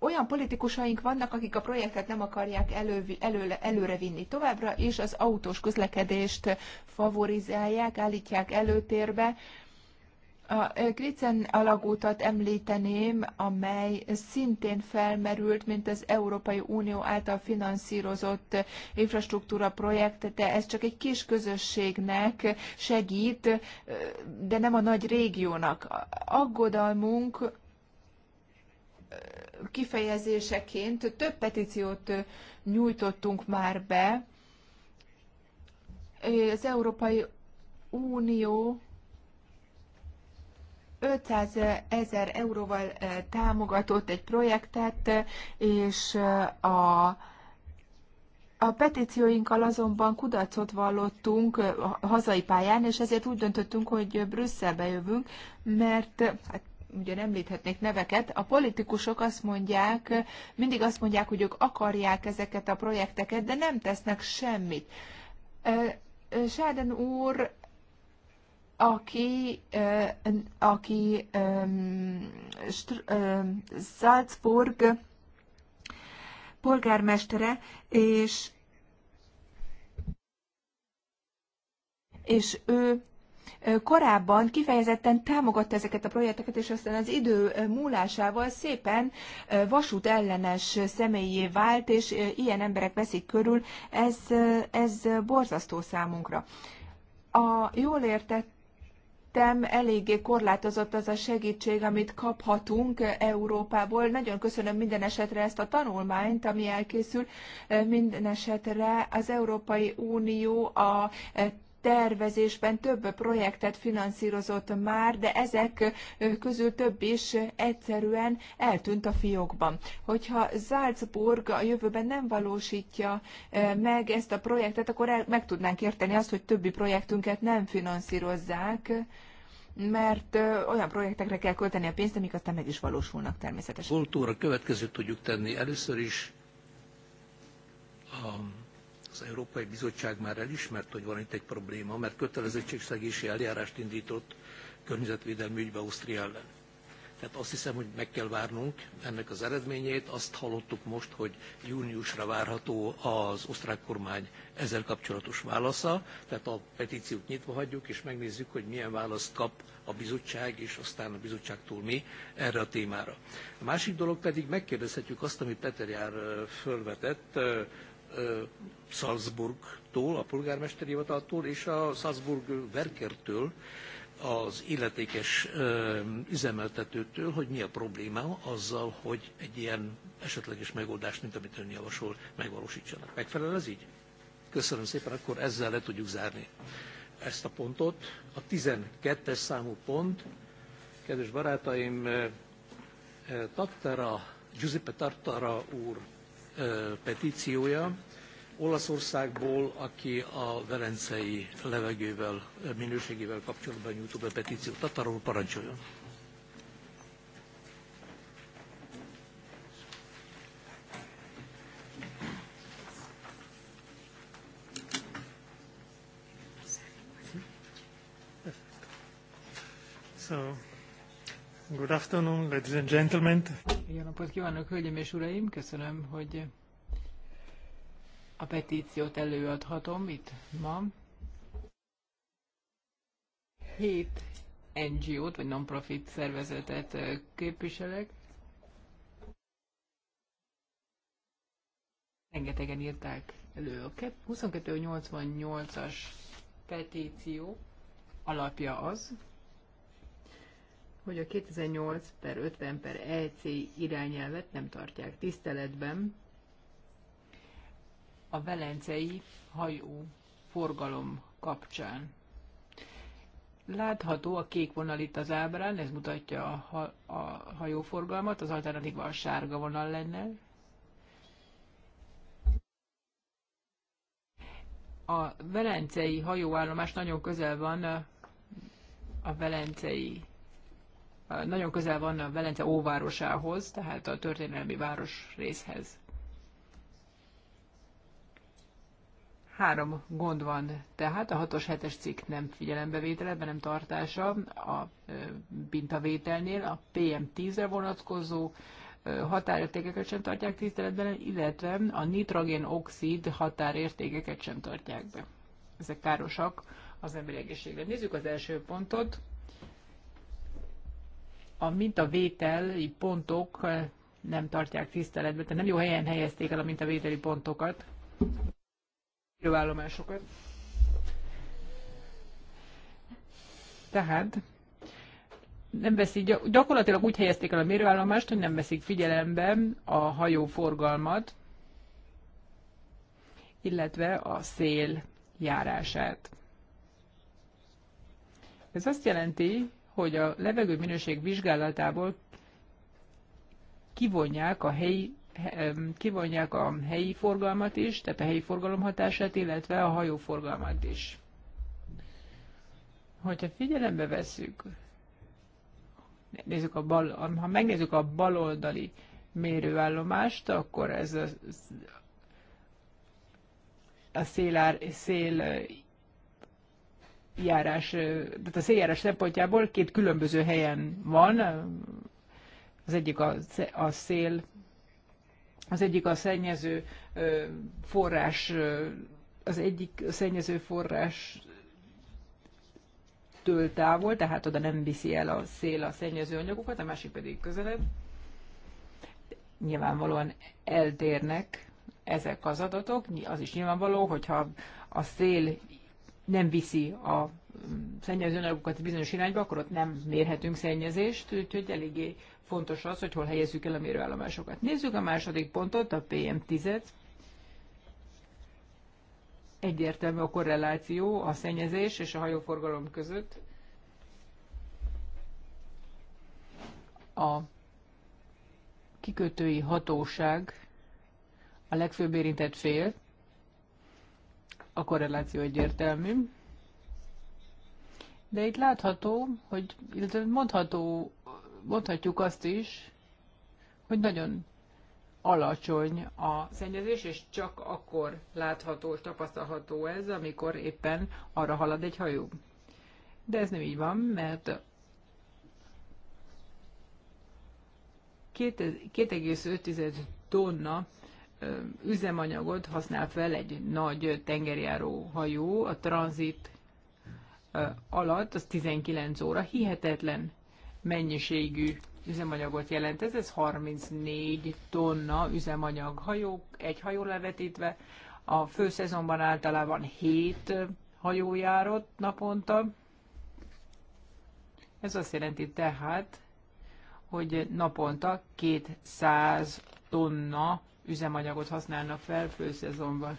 olyan politikusaink vannak, akik a projektet nem akarják elő, elő, előrevinni továbbra, és az autós közlekedést favorizálják, állítják előtérbe. A Gricen alagútat említeném, amely szintén felmerült, mint az Európai Unió által finanszírozott infrastruktúra projekt, de ez csak egy kis közösségnek segít, de nem a nagy régiónak. Aggodalmunk kifejezéseként több petíciót nyújtottunk már be. Az Európai Unió 500 ezer euróval támogatott egy projektet, és a a petícióinkkal azonban kudarcot vallottunk a hazai pályán, és ezért úgy döntöttünk, hogy Brüsszelbe jövünk, mert hát nem említhetnék neveket, a politikusok azt mondják, mindig azt mondják, hogy ők akarják ezeket a projekteket, de nem tesznek semmit. Sáden úr aki, aki Salzburg polgármestere, és, és ő korábban kifejezetten támogatta ezeket a projekteket, és aztán az idő múlásával szépen vasút ellenes személyé vált, és ilyen emberek veszik körül, ez, ez borzasztó számunkra. A jól értett tettem, eléggé korlátozott az a segítség, amit kaphatunk Európából. Nagyon köszönöm minden esetre ezt a tanulmányt, ami elkészül. Minden esetre az Európai Unió a tervezésben több projektet finanszírozott már, de ezek közül több is egyszerűen eltűnt a fiókban. Hogyha Salzburg a jövőben nem valósítja meg ezt a projektet, akkor el, meg tudnánk érteni azt, hogy többi projektünket nem finanszírozzák, mert olyan projektekre kell költeni a pénzt, amik aztán meg is valósulnak természetesen. Kultúra következőt tudjuk tenni. Először is a az Európai Bizottság már elismert, hogy van itt egy probléma, mert kötelezettségszegési eljárást indított környezetvédelmi ügybe Ausztria ellen. Tehát azt hiszem, hogy meg kell várnunk ennek az eredményét. Azt hallottuk most, hogy júniusra várható az osztrák kormány ezzel kapcsolatos válasza. Tehát a petíciót nyitva hagyjuk, és megnézzük, hogy milyen választ kap a bizottság, és aztán a bizottságtól mi erre a témára. A másik dolog pedig megkérdezhetjük azt, amit Peter Jár fölvetett, Salzburgtól, a polgármesteri hivataltól és a Salzburg Werkertől, az illetékes üzemeltetőtől, hogy mi a probléma azzal, hogy egy ilyen esetleges megoldást, mint amit ön javasol, megvalósítsanak. Megfelel ez így? Köszönöm szépen, akkor ezzel le tudjuk zárni ezt a pontot. A 12-es számú pont, kedves barátaim, Tattara, Giuseppe Tartara úr petíciója. Olaszországból, aki a velencei levegővel, minőségével kapcsolatban nyújtott be petíciót. úr parancsoljon! So Good afternoon, ladies and gentlemen. Jó napot kívánok, hölgyeim és uraim! Köszönöm, hogy a petíciót előadhatom itt ma. Hét NGO-t, vagy non-profit szervezetet képviselek. Rengetegen írták elő a 2288-as petíció alapja az, hogy a 2008 per 50 per EC irányelvet nem tartják tiszteletben a velencei hajó forgalom kapcsán. Látható a kék vonal itt az ábrán, ez mutatja a, ha- a hajóforgalmat, az alternatíva a sárga vonal lenne. A velencei hajóállomás nagyon közel van a velencei nagyon közel van a Velence óvárosához, tehát a történelmi város részhez. Három gond van, tehát a 6-os 7-es cikk nem figyelembevétele, nem tartása a bintavételnél, a PM10-re vonatkozó határértékeket sem tartják tiszteletben, illetve a nitrogén oxid határértékeket sem tartják be. Ezek károsak az emberi egészségre. Nézzük az első pontot a mintavételi pontok nem tartják tiszteletbe, tehát nem jó helyen helyezték el a mintavételi pontokat, íróállomásokat. Tehát nem veszik, gyakorlatilag úgy helyezték el a mérőállomást, hogy nem veszik figyelembe a hajó forgalmat, illetve a szél járását. Ez azt jelenti, hogy a levegő minőség vizsgálatából kivonják a helyi kivonják a helyi forgalmat is, tehát a helyi forgalom hatását, illetve a hajó forgalmat is. Hogyha figyelembe veszük, nézzük a bal, ha megnézzük a baloldali mérőállomást, akkor ez a, a szélár, szél járás, tehát a széljárás szempontjából két különböző helyen van. Az egyik a, a szél, az egyik a szennyező forrás, az egyik a szennyező forrás től távol, tehát oda nem viszi el a szél a szennyező anyagokat, a másik pedig közelebb. Nyilvánvalóan eltérnek ezek az adatok, az is nyilvánvaló, hogyha a szél nem viszi a mm, szennyezőanyagokat bizonyos irányba, akkor ott nem mérhetünk szennyezést, úgyhogy eléggé fontos az, hogy hol helyezzük el a mérőállomásokat. Nézzük a második pontot, a PM10-et. Egyértelmű a korreláció a szennyezés és a hajóforgalom között. A kikötői hatóság a legfőbb érintett fél, a korreláció egyértelmű. De itt látható, hogy, illetve mondható, mondhatjuk azt is, hogy nagyon alacsony a szennyezés, és csak akkor látható és tapasztalható ez, amikor éppen arra halad egy hajó. De ez nem így van, mert 2,5 tonna üzemanyagot használ fel egy nagy tengerjáró hajó a tranzit alatt, az 19 óra, hihetetlen mennyiségű üzemanyagot jelent. Ez, ez 34 tonna üzemanyag hajó, egy hajó levetítve. A főszezonban általában 7 hajó járott naponta. Ez azt jelenti tehát, hogy naponta 200 tonna üzemanyagot használnak fel főszezonban.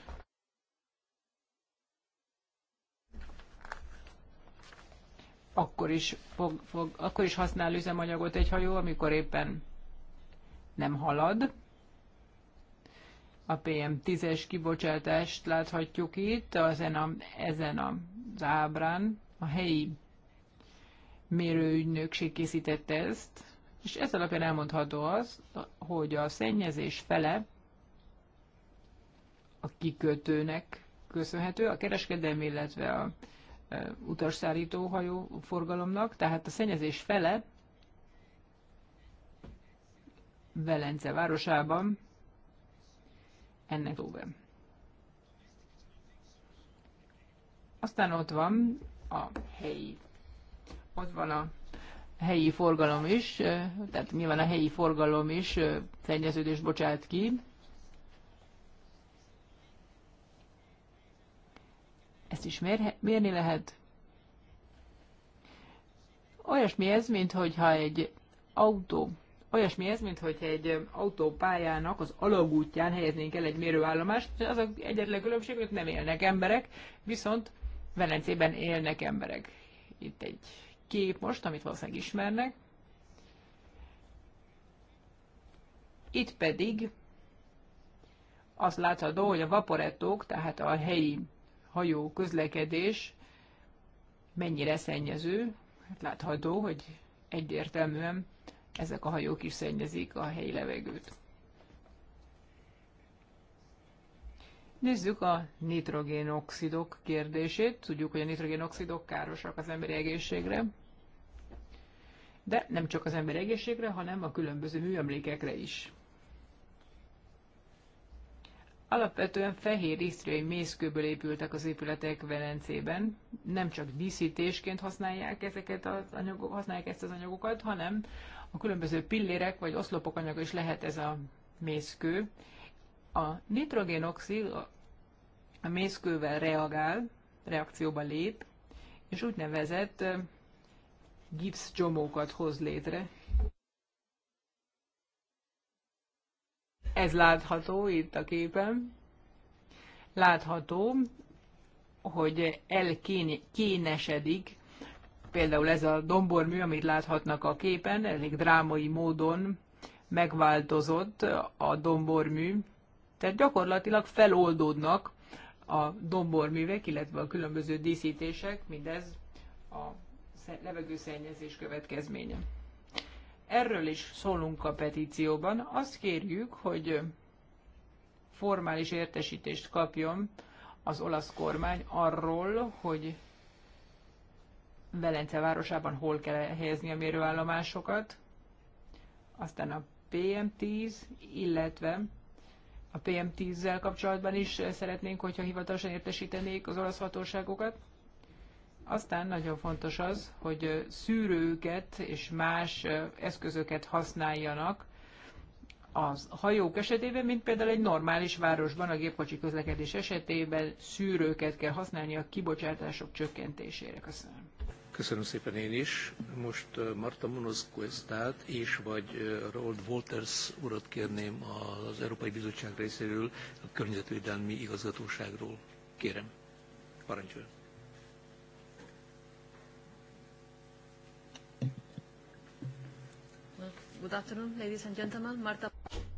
Akkor is, fog, fog, akkor is használ üzemanyagot egy hajó, amikor éppen nem halad. A PM10-es kibocsátást láthatjuk itt, ezen, a, ezen az ábrán. A helyi mérőügynökség készítette ezt, és ez alapján elmondható az, hogy a szennyezés fele a kikötőnek köszönhető, a kereskedelmi, illetve a e, utasszállító hajó forgalomnak, tehát a szennyezés fele Velence városában ennek óve. Aztán ott van a helyi. Ott van a helyi forgalom is, e, tehát nyilván a helyi forgalom is e, szennyeződést bocsát ki, Ezt is mérni lehet. Olyasmi ez, mint hogyha egy autó olyasmi ez, mint hogy egy um, autópályának az alagútján helyeznénk el egy mérőállomást, az a egyetlen különbség, hogy nem élnek emberek, viszont Velencében élnek emberek. Itt egy kép most, amit valószínűleg ismernek. Itt pedig az látható, hogy a vaporettók, tehát a helyi hajó közlekedés mennyire szennyező. Hát látható, hogy egyértelműen ezek a hajók is szennyezik a helyi levegőt. Nézzük a nitrogénoxidok kérdését. Tudjuk, hogy a nitrogénoxidok károsak az emberi egészségre, de nem csak az emberi egészségre, hanem a különböző műemlékekre is. Alapvetően fehér isztriai mészkőből épültek az épületek Velencében. Nem csak díszítésként használják, ezeket az anyagok, használják ezt az anyagokat, hanem a különböző pillérek vagy oszlopok anyaga is lehet ez a mészkő. A nitrogénoxid a mészkővel reagál, reakcióba lép, és úgynevezett gipsz csomókat hoz létre, Ez látható itt a képen. Látható, hogy elkénesedik például ez a dombormű, amit láthatnak a képen, elég drámai módon megváltozott a dombormű, tehát gyakorlatilag feloldódnak a domborművek, illetve a különböző díszítések, mindez a levegőszennyezés következménye. Erről is szólunk a petícióban. Azt kérjük, hogy formális értesítést kapjon az olasz kormány arról, hogy Velence városában hol kell helyezni a mérőállomásokat, aztán a PM10, illetve a PM10-zel kapcsolatban is szeretnénk, hogyha hivatalosan értesítenék az olasz hatóságokat. Aztán nagyon fontos az, hogy szűrőket és más eszközöket használjanak A hajók esetében, mint például egy normális városban a gépkocsi közlekedés esetében szűrőket kell használni a kibocsátások csökkentésére. Köszönöm. Köszönöm szépen én is. Most Marta Monoszkoesztát és vagy Rold Walters urat kérném az Európai Bizottság részéről, a Környezetvédelmi Igazgatóságról. Kérem, parancsoljon. Good afternoon, ladies and gentlemen. Marta.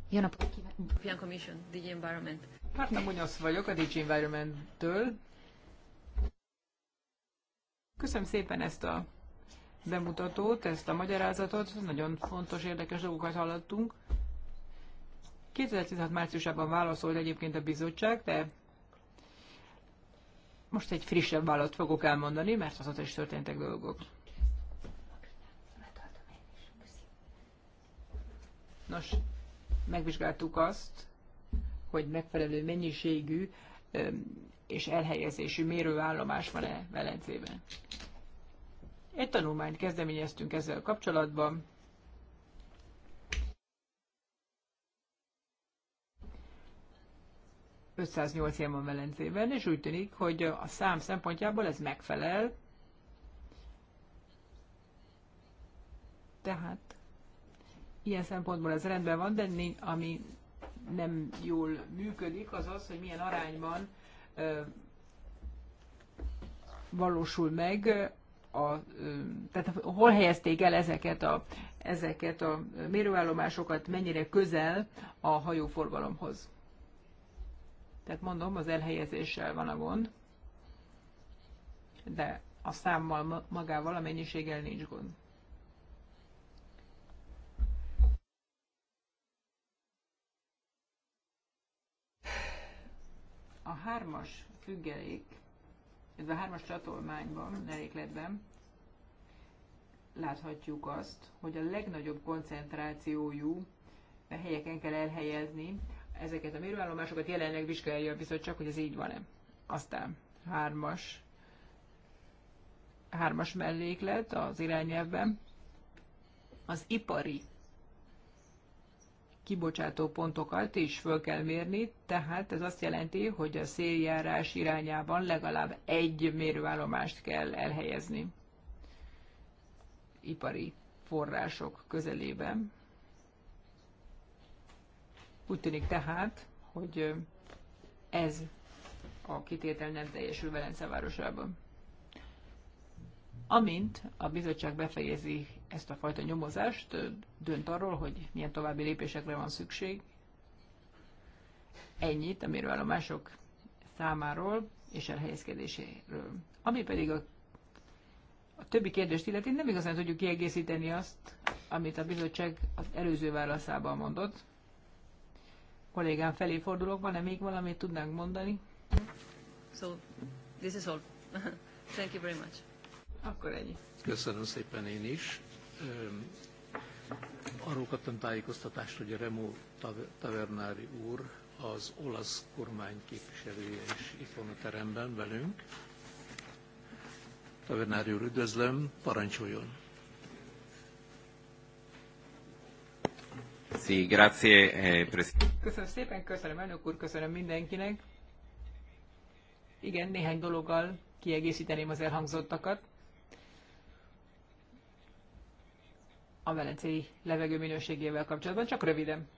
Jó napot kívánok. Commission, DG Environment. Marta Munyosz vagyok a DG Environment-től. Köszönöm szépen ezt a bemutatót, ezt a magyarázatot. Nagyon fontos, érdekes dolgokat hallottunk. 2016 márciusában válaszolt egyébként a bizottság, de most egy frissebb választ fogok elmondani, mert azóta is történtek dolgok. Nos, megvizsgáltuk azt, hogy megfelelő mennyiségű és elhelyezésű mérőállomás van-e Velencében. Egy tanulmányt kezdeményeztünk ezzel kapcsolatban. ilyen van Velencében, és úgy tűnik, hogy a szám szempontjából ez megfelel. Tehát ilyen szempontból ez rendben van, de ami nem jól működik, az az, hogy milyen arányban ö, valósul meg, a, ö, tehát hol helyezték el ezeket a, ezeket a mérőállomásokat, mennyire közel a hajóforgalomhoz. Tehát mondom, az elhelyezéssel van a gond, de a számmal magával, a mennyiséggel nincs gond. a hármas függelék, illetve a hármas csatolmányban, elékletben láthatjuk azt, hogy a legnagyobb koncentrációjú helyeken kell elhelyezni ezeket a mérőállomásokat, jelenleg vizsgálja a bizottság, hogy ez így van-e. Aztán hármas, hármas melléklet az irányelvben, az ipari kibocsátó pontokat is föl kell mérni, tehát ez azt jelenti, hogy a széljárás irányában legalább egy mérőállomást kell elhelyezni ipari források közelében. Úgy tűnik tehát, hogy ez a kitétel nem teljesül Velence városában. Amint a bizottság befejezi ezt a fajta nyomozást, dönt arról, hogy milyen további lépésekre van szükség. Ennyit a mások számáról és elhelyezkedéséről. Ami pedig a, a többi kérdést illeti, nem igazán tudjuk kiegészíteni azt, amit a bizottság az előző válaszában mondott. Kollégám felé fordulok, van-e még valamit tudnánk mondani? So, this is all. Thank you very much. Akkor ennyi. Köszönöm szépen én is arról kaptam tájékoztatást, hogy a Remo Tavernári úr az olasz kormány képviselője is itt van a teremben velünk. Tavernári úr, üdvözlöm, parancsoljon! grazie, eh, köszönöm szépen, köszönöm elnök úr, köszönöm mindenkinek. Igen, néhány dologgal kiegészíteném az elhangzottakat. a velencei levegő minőségével kapcsolatban, csak röviden.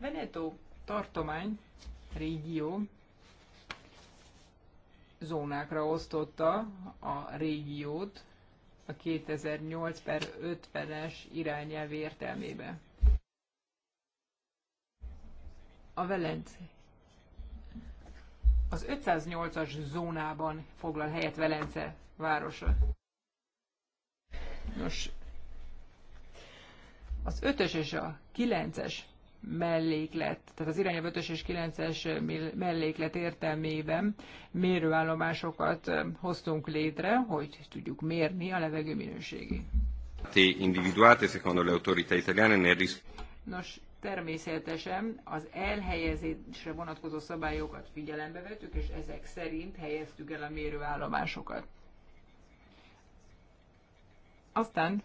Veneto tartomány, régió, zónákra osztotta a régiót a 2008 per 50-es irányelv értelmébe. A Velence az 508-as zónában foglal helyet Velence városa. Nos, az 5-ös és a 9-es melléklet, tehát az irányelv 5-ös és 9-es melléklet értelmében mérőállomásokat hoztunk létre, hogy tudjuk mérni a levegő minőségét. individuate secondo le autorità italiane nel rischio. Nos, természetesen az elhelyezésre vonatkozó szabályokat figyelembe vettük, és ezek szerint helyeztük el a mérőállomásokat. Aztán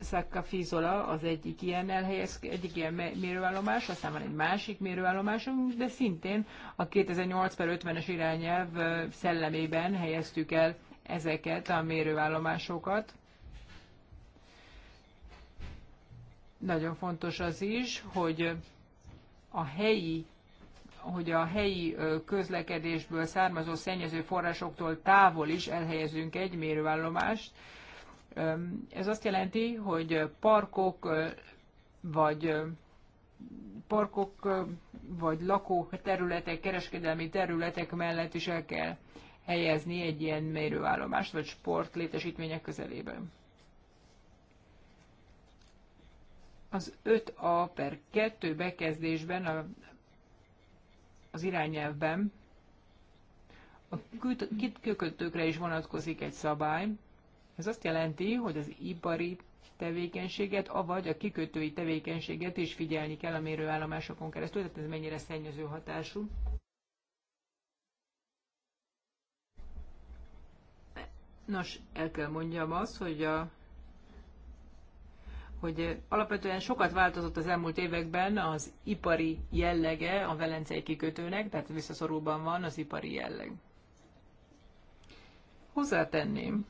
Szakka Fizola az egyik ilyen elhelyez, egyik ilyen mérőállomás, aztán van egy másik mérőállomásunk, de szintén a 2008 per 50-es irányelv szellemében helyeztük el ezeket a mérőállomásokat. Nagyon fontos az is, hogy a helyi hogy a helyi közlekedésből származó szennyező forrásoktól távol is elhelyezünk egy mérőállomást, ez azt jelenti, hogy parkok vagy parkok vagy lakó területek, kereskedelmi területek mellett is el kell helyezni egy ilyen mérőállomást, vagy sport létesítmények közelében. Az 5A per 2 bekezdésben a, az irányelvben a kütkökötőkre is vonatkozik egy szabály, ez azt jelenti, hogy az ipari tevékenységet, avagy a kikötői tevékenységet is figyelni kell a mérőállomásokon keresztül, tehát ez mennyire szennyező hatású. Nos, el kell mondjam azt, hogy a hogy alapvetően sokat változott az elmúlt években az ipari jellege a velencei kikötőnek, tehát visszaszorulban van az ipari jelleg. Hozzátenném,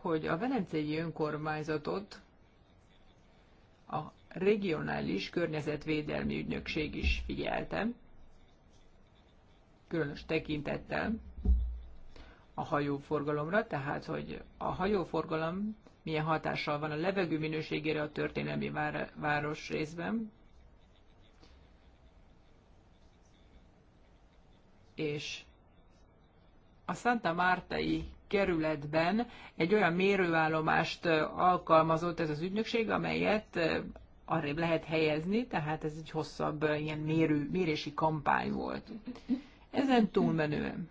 hogy a velencei önkormányzatot a regionális környezetvédelmi ügynökség is figyelte, különös tekintettel a hajóforgalomra, tehát hogy a hajóforgalom milyen hatással van a levegő minőségére a történelmi város részben, és a Santa Mártai kerületben egy olyan mérőállomást alkalmazott ez az ügynökség, amelyet arrébb lehet helyezni, tehát ez egy hosszabb ilyen mérő, mérési kampány volt. Ezen túlmenően,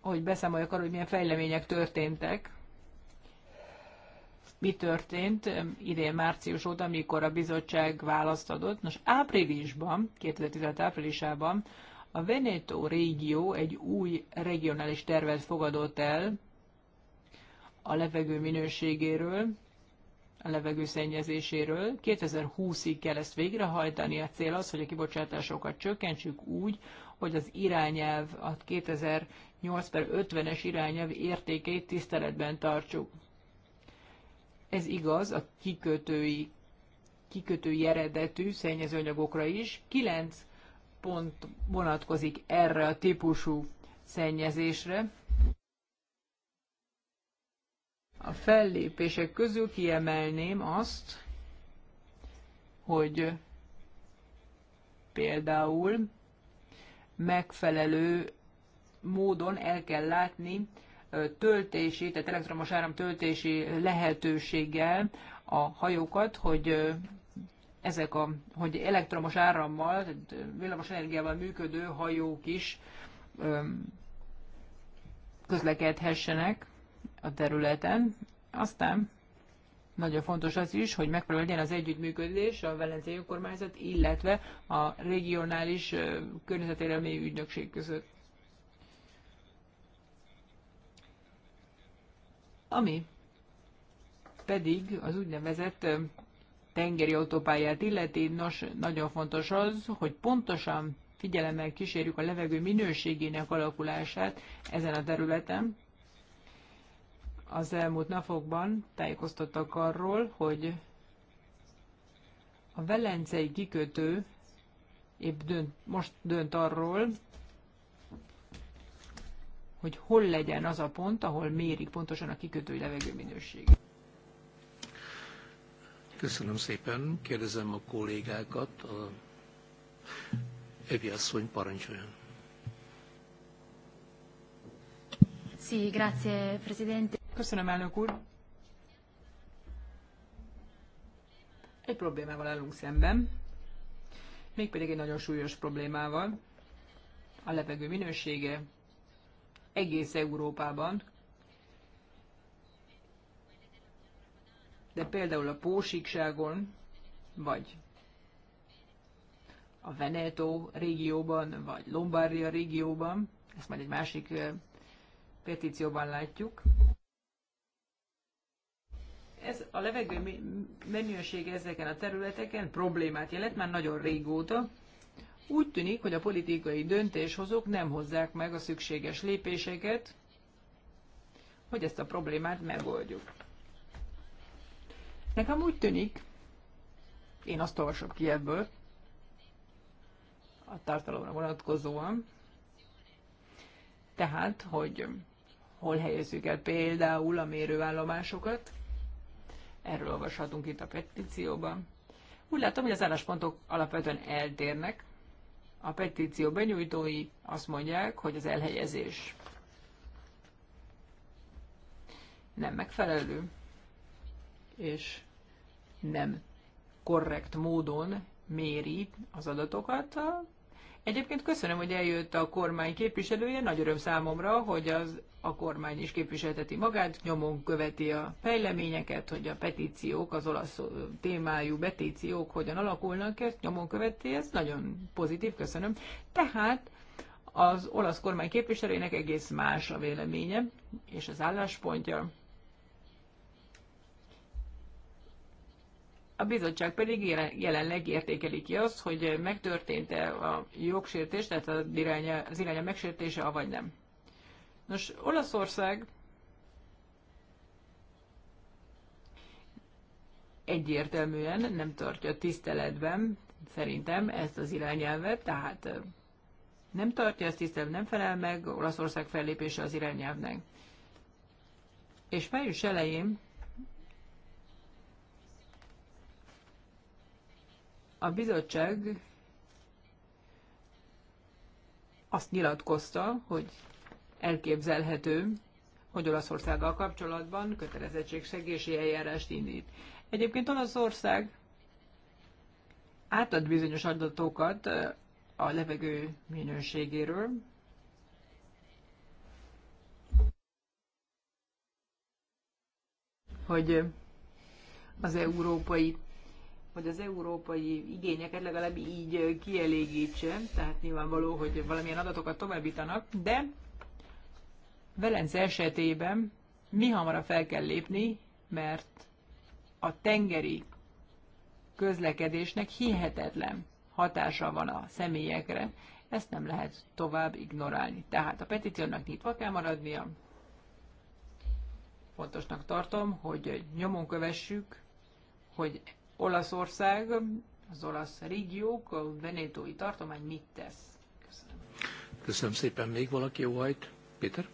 hogy beszámoljak arról, hogy milyen fejlemények történtek, mi történt idén március óta, amikor a bizottság választ adott. Nos, áprilisban, 2015 áprilisában a Veneto régió egy új regionális tervet fogadott el a levegő minőségéről, a levegő szennyezéséről. 2020-ig kell ezt végrehajtani. A cél az, hogy a kibocsátásokat csökkentsük úgy, hogy az irányelv, a 2008 per 50-es irányelv értékeit tiszteletben tartsuk. Ez igaz a kikötői, kikötői eredetű szennyezőanyagokra is. Kilenc pont vonatkozik erre a típusú szennyezésre. A fellépések közül kiemelném azt, hogy például megfelelő módon el kell látni töltési, tehát elektromos áram töltési lehetőséggel a hajókat, hogy ezek a, hogy elektromos árammal, villamos energiával működő hajók is közlekedhessenek a területen. Aztán nagyon fontos az is, hogy megfelelő legyen az együttműködés a Velencei Önkormányzat, illetve a regionális környezetélelmi ügynökség között. Ami pedig az úgynevezett tengeri autópályát illeti, nos, nagyon fontos az, hogy pontosan figyelemmel kísérjük a levegő minőségének alakulását ezen a területen. Az elmúlt napokban tájékoztattak arról, hogy a velencei kikötő épp dönt, most dönt arról, hogy hol legyen az a pont, ahol mérik pontosan a levegő minőségét. Köszönöm szépen. Kérdezem a kollégákat. A Evi asszony parancsoljon. Sí, grazie, Presidente. Köszönöm, elnök úr. Egy problémával állunk szemben, mégpedig egy nagyon súlyos problémával. A levegő minősége egész Európában de például a Pósíkságon, vagy a Veneto régióban, vagy Lombardia régióban, ezt majd egy másik petícióban látjuk. Ez a levegő mennyőség ezeken a területeken problémát jelent már nagyon régóta. Úgy tűnik, hogy a politikai döntéshozók nem hozzák meg a szükséges lépéseket, hogy ezt a problémát megoldjuk. Nekem úgy tűnik, én azt olvasok ki ebből, a tartalomra vonatkozóan, tehát, hogy hol helyezzük el például a mérőállomásokat, erről olvashatunk itt a petícióban. Úgy látom, hogy az álláspontok alapvetően eltérnek. A petíció benyújtói azt mondják, hogy az elhelyezés nem megfelelő, és nem korrekt módon méri az adatokat. Egyébként köszönöm, hogy eljött a kormány képviselője. Nagy öröm számomra, hogy az a kormány is képviselteti magát, nyomon követi a fejleményeket, hogy a petíciók, az olasz témájú petíciók hogyan alakulnak, ezt nyomon követi, ez nagyon pozitív, köszönöm. Tehát az olasz kormány képviselőjének egész más a véleménye és az álláspontja. A bizottság pedig jelenleg értékeli ki azt, hogy megtörtént-e a jogsértés, tehát az iránya, az iránya megsértése, avagy nem. Nos, Olaszország egyértelműen nem tartja tiszteletben, szerintem, ezt az irányelvet, tehát nem tartja ezt tiszteletben, nem felel meg Olaszország fellépése az irányelvnek. És május elején A bizottság azt nyilatkozta, hogy elképzelhető, hogy Olaszországgal kapcsolatban kötelezettségsegési eljárást indít. Egyébként Olaszország átad bizonyos adatokat a levegő minőségéről, hogy az európai hogy az európai igényeket legalább így kielégítse, tehát nyilvánvaló, hogy valamilyen adatokat továbbítanak, de Velence esetében mi hamarabb fel kell lépni, mert a tengeri közlekedésnek hihetetlen hatása van a személyekre, ezt nem lehet tovább ignorálni. Tehát a petíciónak nyitva kell maradnia. Fontosnak tartom, hogy nyomon kövessük, hogy Olaszország, az olasz régiók, a venétói tartomány mit tesz? Köszönöm. Köszönöm szépen. Még valaki óhajt? Péter?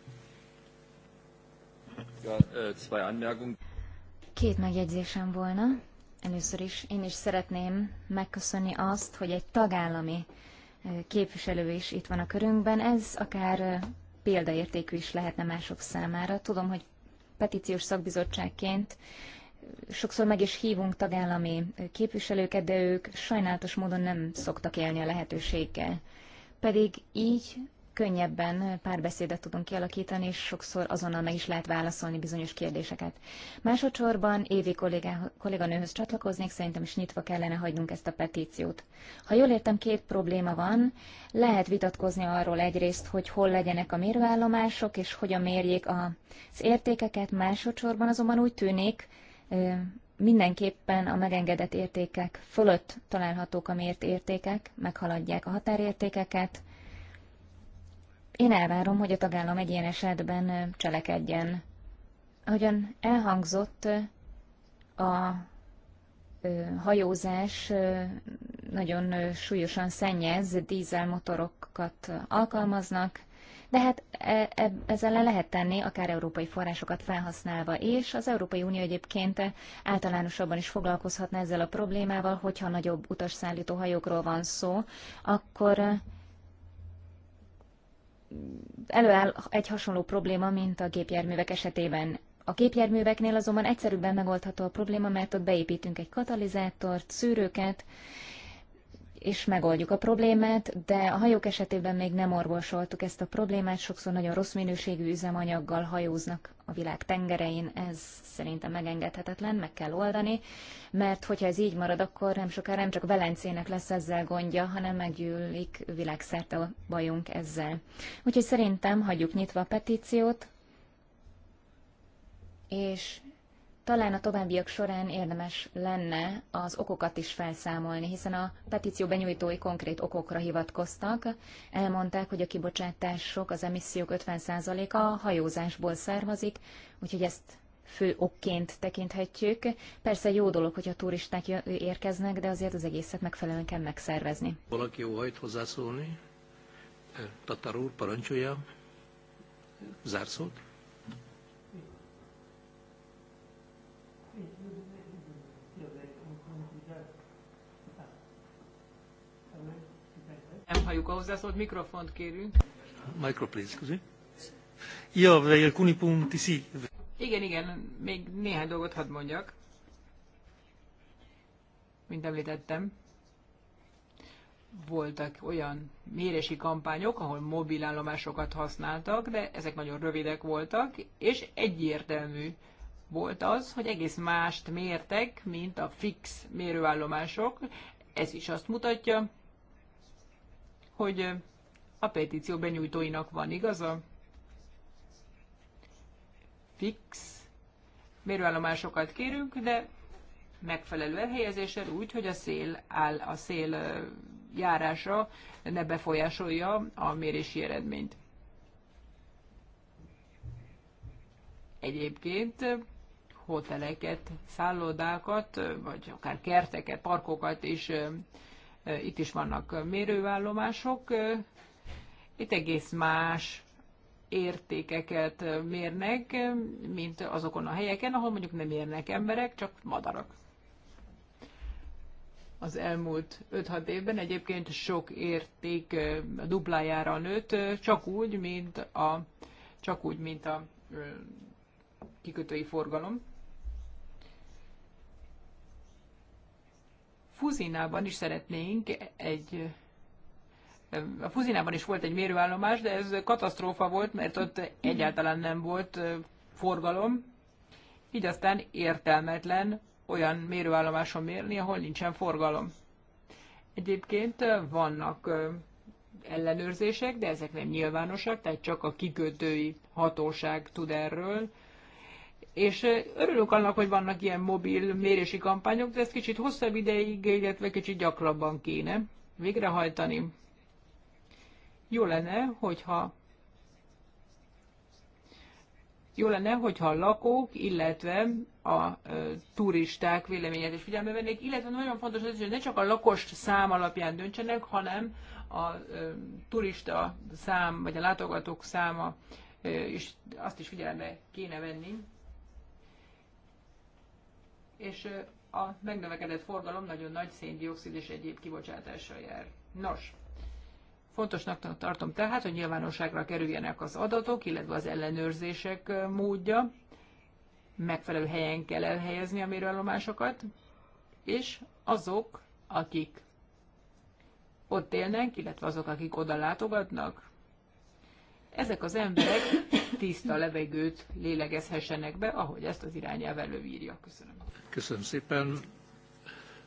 Két megjegyzésem volna. Először is én is szeretném megköszönni azt, hogy egy tagállami képviselő is itt van a körünkben. Ez akár példaértékű is lehetne mások számára. Tudom, hogy petíciós szakbizottságként sokszor meg is hívunk tagállami képviselőket, de ők sajnálatos módon nem szoktak élni a lehetőséggel. Pedig így könnyebben párbeszédet tudunk kialakítani, és sokszor azonnal meg is lehet válaszolni bizonyos kérdéseket. Másodszorban Évi kollégá, kolléganőhöz csatlakoznék, szerintem is nyitva kellene hagynunk ezt a petíciót. Ha jól értem, két probléma van. Lehet vitatkozni arról egyrészt, hogy hol legyenek a mérvállomások, és hogyan mérjék az értékeket, másodszorban azonban úgy tűnik, mindenképpen a megengedett értékek fölött találhatók a mért értékek, meghaladják a határértékeket. Én elvárom, hogy a tagállam egy ilyen esetben cselekedjen. Ahogyan elhangzott, a hajózás nagyon súlyosan szennyez, dízelmotorokat alkalmaznak, de hát e, e, ezzel le lehet tenni, akár európai forrásokat felhasználva, és az Európai Unió egyébként általánosabban is foglalkozhatna ezzel a problémával, hogyha nagyobb utasszállító hajókról van szó, akkor előáll egy hasonló probléma, mint a gépjárművek esetében. A gépjárműveknél azonban egyszerűbben megoldható a probléma, mert ott beépítünk egy katalizátort, szűrőket, és megoldjuk a problémát, de a hajók esetében még nem orvosoltuk ezt a problémát, sokszor nagyon rossz minőségű üzemanyaggal hajóznak a világ tengerein, ez szerintem megengedhetetlen, meg kell oldani, mert hogyha ez így marad, akkor nem sokára nem csak Velencének lesz ezzel gondja, hanem meggyűlik világszerte a bajunk ezzel. Úgyhogy szerintem hagyjuk nyitva a petíciót, és talán a továbbiak során érdemes lenne az okokat is felszámolni, hiszen a petíció benyújtói konkrét okokra hivatkoztak. Elmondták, hogy a kibocsátások, az emissziók 50%-a hajózásból származik, úgyhogy ezt fő okként tekinthetjük. Persze jó dolog, hogy a turisták érkeznek, de azért az egészet megfelelően kell megszervezni. Valaki hajt, hozzászólni? Tatar úr, parancsolja. Zárszót. Nem halljuk a hozzászólt, mikrofont kérünk. Micro, please, scusi. Io avrei alcuni punti, sì. Igen, igen, még néhány dolgot hadd mondjak. Mint említettem, voltak olyan mérési kampányok, ahol mobilállomásokat használtak, de ezek nagyon rövidek voltak, és egyértelmű volt az, hogy egész mást mértek, mint a fix mérőállomások. Ez is azt mutatja, hogy a petíció benyújtóinak van igaza. Fix mérőállomásokat kérünk, de megfelelő elhelyezéssel úgy, hogy a szél, áll, a szél járása ne befolyásolja a mérési eredményt. Egyébként hoteleket, szállodákat, vagy akár kerteket, parkokat is Eh, itt is vannak eh, mérőállomások. Eh, itt egész más értékeket mérnek, mint azokon a helyeken, ahol mondjuk nem érnek emberek, csak madarak. Az elmúlt 5-6 évben egyébként sok érték duplájára nőtt, csak úgy, mint a, csak úgy, mint a kikötői forgalom. Fuzinában is szeretnénk egy a Fuzinában is volt egy mérőállomás, de ez katasztrófa volt, mert ott egyáltalán nem volt forgalom, így aztán értelmetlen olyan mérőállomáson mérni, ahol nincsen forgalom. Egyébként vannak ellenőrzések, de ezek nem nyilvánosak, tehát csak a kikötői hatóság tud erről, és örülök annak, hogy vannak ilyen mobil mérési kampányok, de ez kicsit hosszabb ideig, illetve kicsit gyakrabban kéne végrehajtani. Jó lenne, hogyha jó lenne, hogyha a lakók, illetve a e, turisták véleményét is figyelme vennék, illetve nagyon fontos az, hogy ne csak a lakos szám alapján döntsenek, hanem a e, turista szám, vagy a látogatók száma e, is, azt is figyelembe kéne venni és a megnövekedett forgalom nagyon nagy széndiokszid és egyéb kibocsátással jár. Nos, fontosnak tartom tehát, hogy nyilvánosságra kerüljenek az adatok, illetve az ellenőrzések módja, megfelelő helyen kell elhelyezni a mérőállomásokat, és azok, akik ott élnek, illetve azok, akik oda látogatnak, ezek az emberek tiszta levegőt lélegezhessenek be, ahogy ezt az irányelv előírja. Köszönöm. Köszönöm szépen.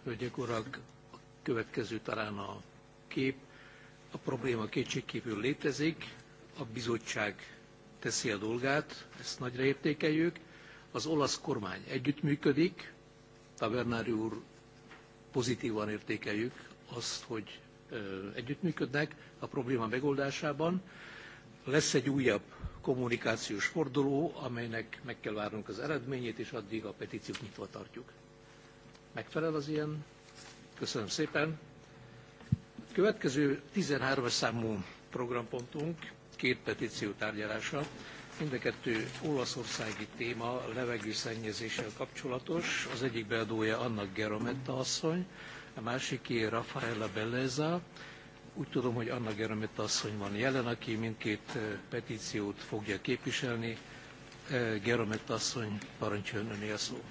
Hölgyek, urak, a következő talán a kép. A probléma kétségkívül létezik, a bizottság teszi a dolgát, ezt nagyra értékeljük. Az olasz kormány együttműködik, Tavernári úr pozitívan értékeljük azt, hogy együttműködnek a probléma megoldásában lesz egy újabb kommunikációs forduló, amelynek meg kell várnunk az eredményét, és addig a petíciót nyitva tartjuk. Megfelel az ilyen? Köszönöm szépen. A következő 13 számú programpontunk két petíció tárgyalása. Mind a kettő olaszországi téma levegőszennyezéssel kapcsolatos. Az egyik beadója Anna Gerometta asszony, a másiké Rafaela Belleza, úgy tudom, hogy Anna Geremett asszony van jelen, aki mindkét petíciót fogja képviselni. Geremett asszony, parancsoljon öné a szó.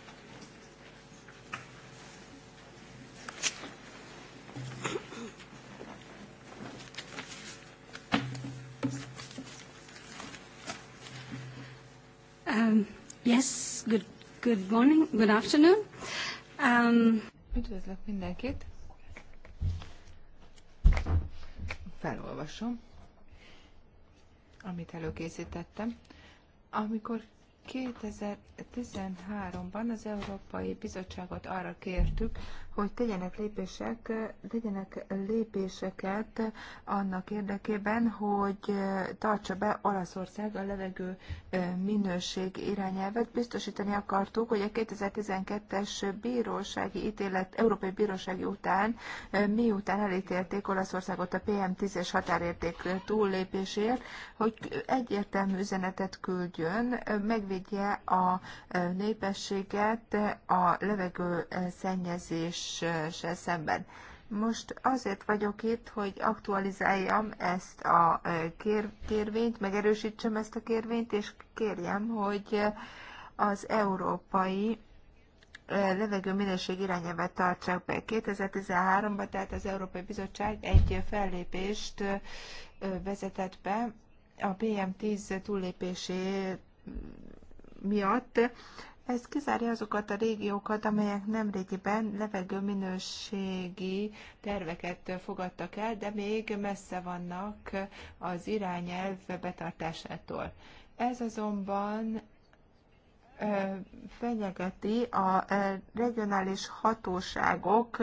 Um, yes, good, good morning, good afternoon. Um, Üdvözlök mindenkit! felolvasom, amit előkészítettem. Amikor 2013-ban az Európai Bizottságot arra kértük, hogy tegyenek lépések, tegyenek lépéseket annak érdekében, hogy tartsa be Olaszország a levegő minőség irányelvet. Biztosítani akartuk, hogy a 2012-es bírósági ítélet, Európai Bírósági után, miután elítélték Olaszországot a PM10-es határérték túllépésért, hogy egyértelmű üzenetet küldjön, megvédje a népességet a levegő szennyezés kérdéssel szemben. Most azért vagyok itt, hogy aktualizáljam ezt a kér, kérvényt, megerősítsem ezt a kérvényt, és kérjem, hogy az európai levegő minőség irányelvet tartsák be. 2013-ban tehát az Európai Bizottság egy fellépést vezetett be a PM10 túllépésé miatt ez kizárja azokat a régiókat, amelyek nemrégiben levegőminőségi terveket fogadtak el, de még messze vannak az irányelv betartásától. Ez azonban fenyegeti a regionális hatóságok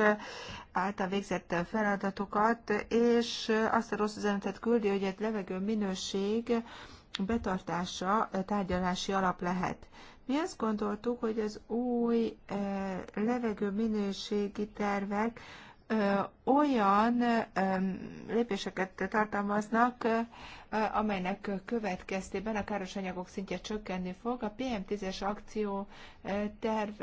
által végzett feladatokat, és azt a rossz üzenetet küldi, hogy egy levegő minőség betartása tárgyalási alap lehet. Mi azt gondoltuk, hogy az új eh, levegő minőségi tervek olyan lépéseket tartalmaznak, amelynek következtében a káros anyagok szintje csökkenni fog. A PM10-es akció terv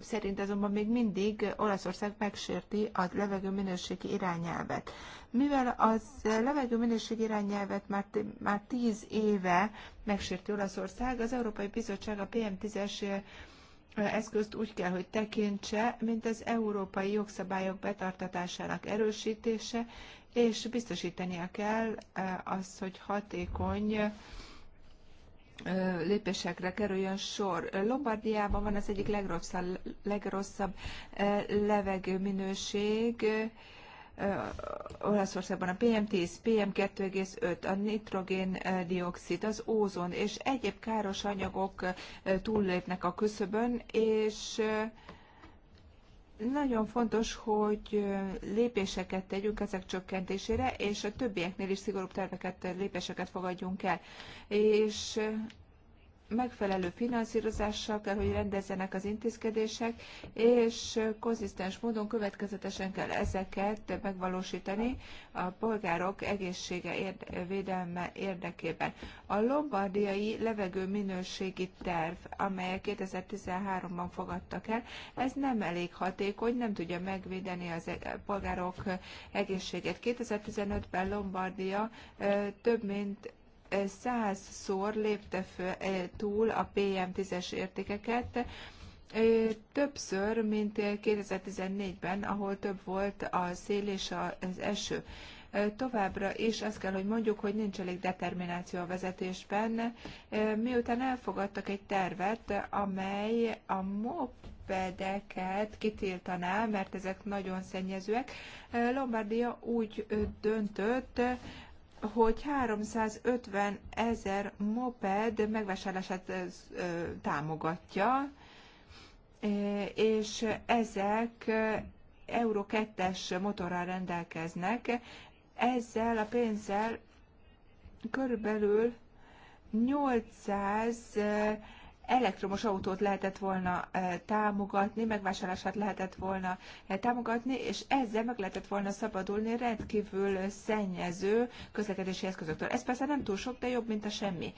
szerint azonban még mindig Olaszország megsérti a levegőminőségi irányelvet. Mivel az levegőminőségi irányelvet már, már 10 éve megsérti Olaszország, az Európai Bizottság a PM10-es eszközt úgy kell, hogy tekintse, mint az európai jogszabályok betartatásának erősítése, és biztosítania kell az, hogy hatékony lépésekre kerüljön sor. Lombardiában van az egyik legrosszabb, legrosszabb levegőminőség, minőség, Olaszországban a PM10, PM2,5, a nitrogén-dioxid, az ózon és egyéb káros anyagok túllépnek a küszöbön, és nagyon fontos, hogy lépéseket tegyünk ezek csökkentésére, és a többieknél is szigorúbb terveket, lépéseket fogadjunk el. És megfelelő finanszírozással kell, hogy rendezzenek az intézkedések, és konzisztens módon következetesen kell ezeket megvalósítani a polgárok egészsége érde, védelme érdekében. A lombardiai levegőminőségi terv, amelyet 2013-ban fogadtak el, ez nem elég hatékony, nem tudja megvédeni az e-, polgárok egészségét. 2015-ben Lombardia több mint százszor lépte föl, eh, túl a PM10-es értékeket, eh, többször, mint 2014-ben, ahol több volt a szél és az eső. Eh, továbbra is azt kell, hogy mondjuk, hogy nincs elég determináció a vezetésben, miután elfogadtak egy tervet, amely a MOP mopedeket kitiltaná, mert ezek nagyon szennyezőek. Lombardia úgy döntött, hogy 350 ezer moped megvásárlását támogatja, és ezek Euro 2-es motorral rendelkeznek. Ezzel a pénzzel körülbelül 800 elektromos autót lehetett volna e, támogatni, megvásárlását lehetett volna e, támogatni, és ezzel meg lehetett volna szabadulni rendkívül szennyező közlekedési eszközöktől. Ez persze nem túl sok, de jobb, mint a semmi.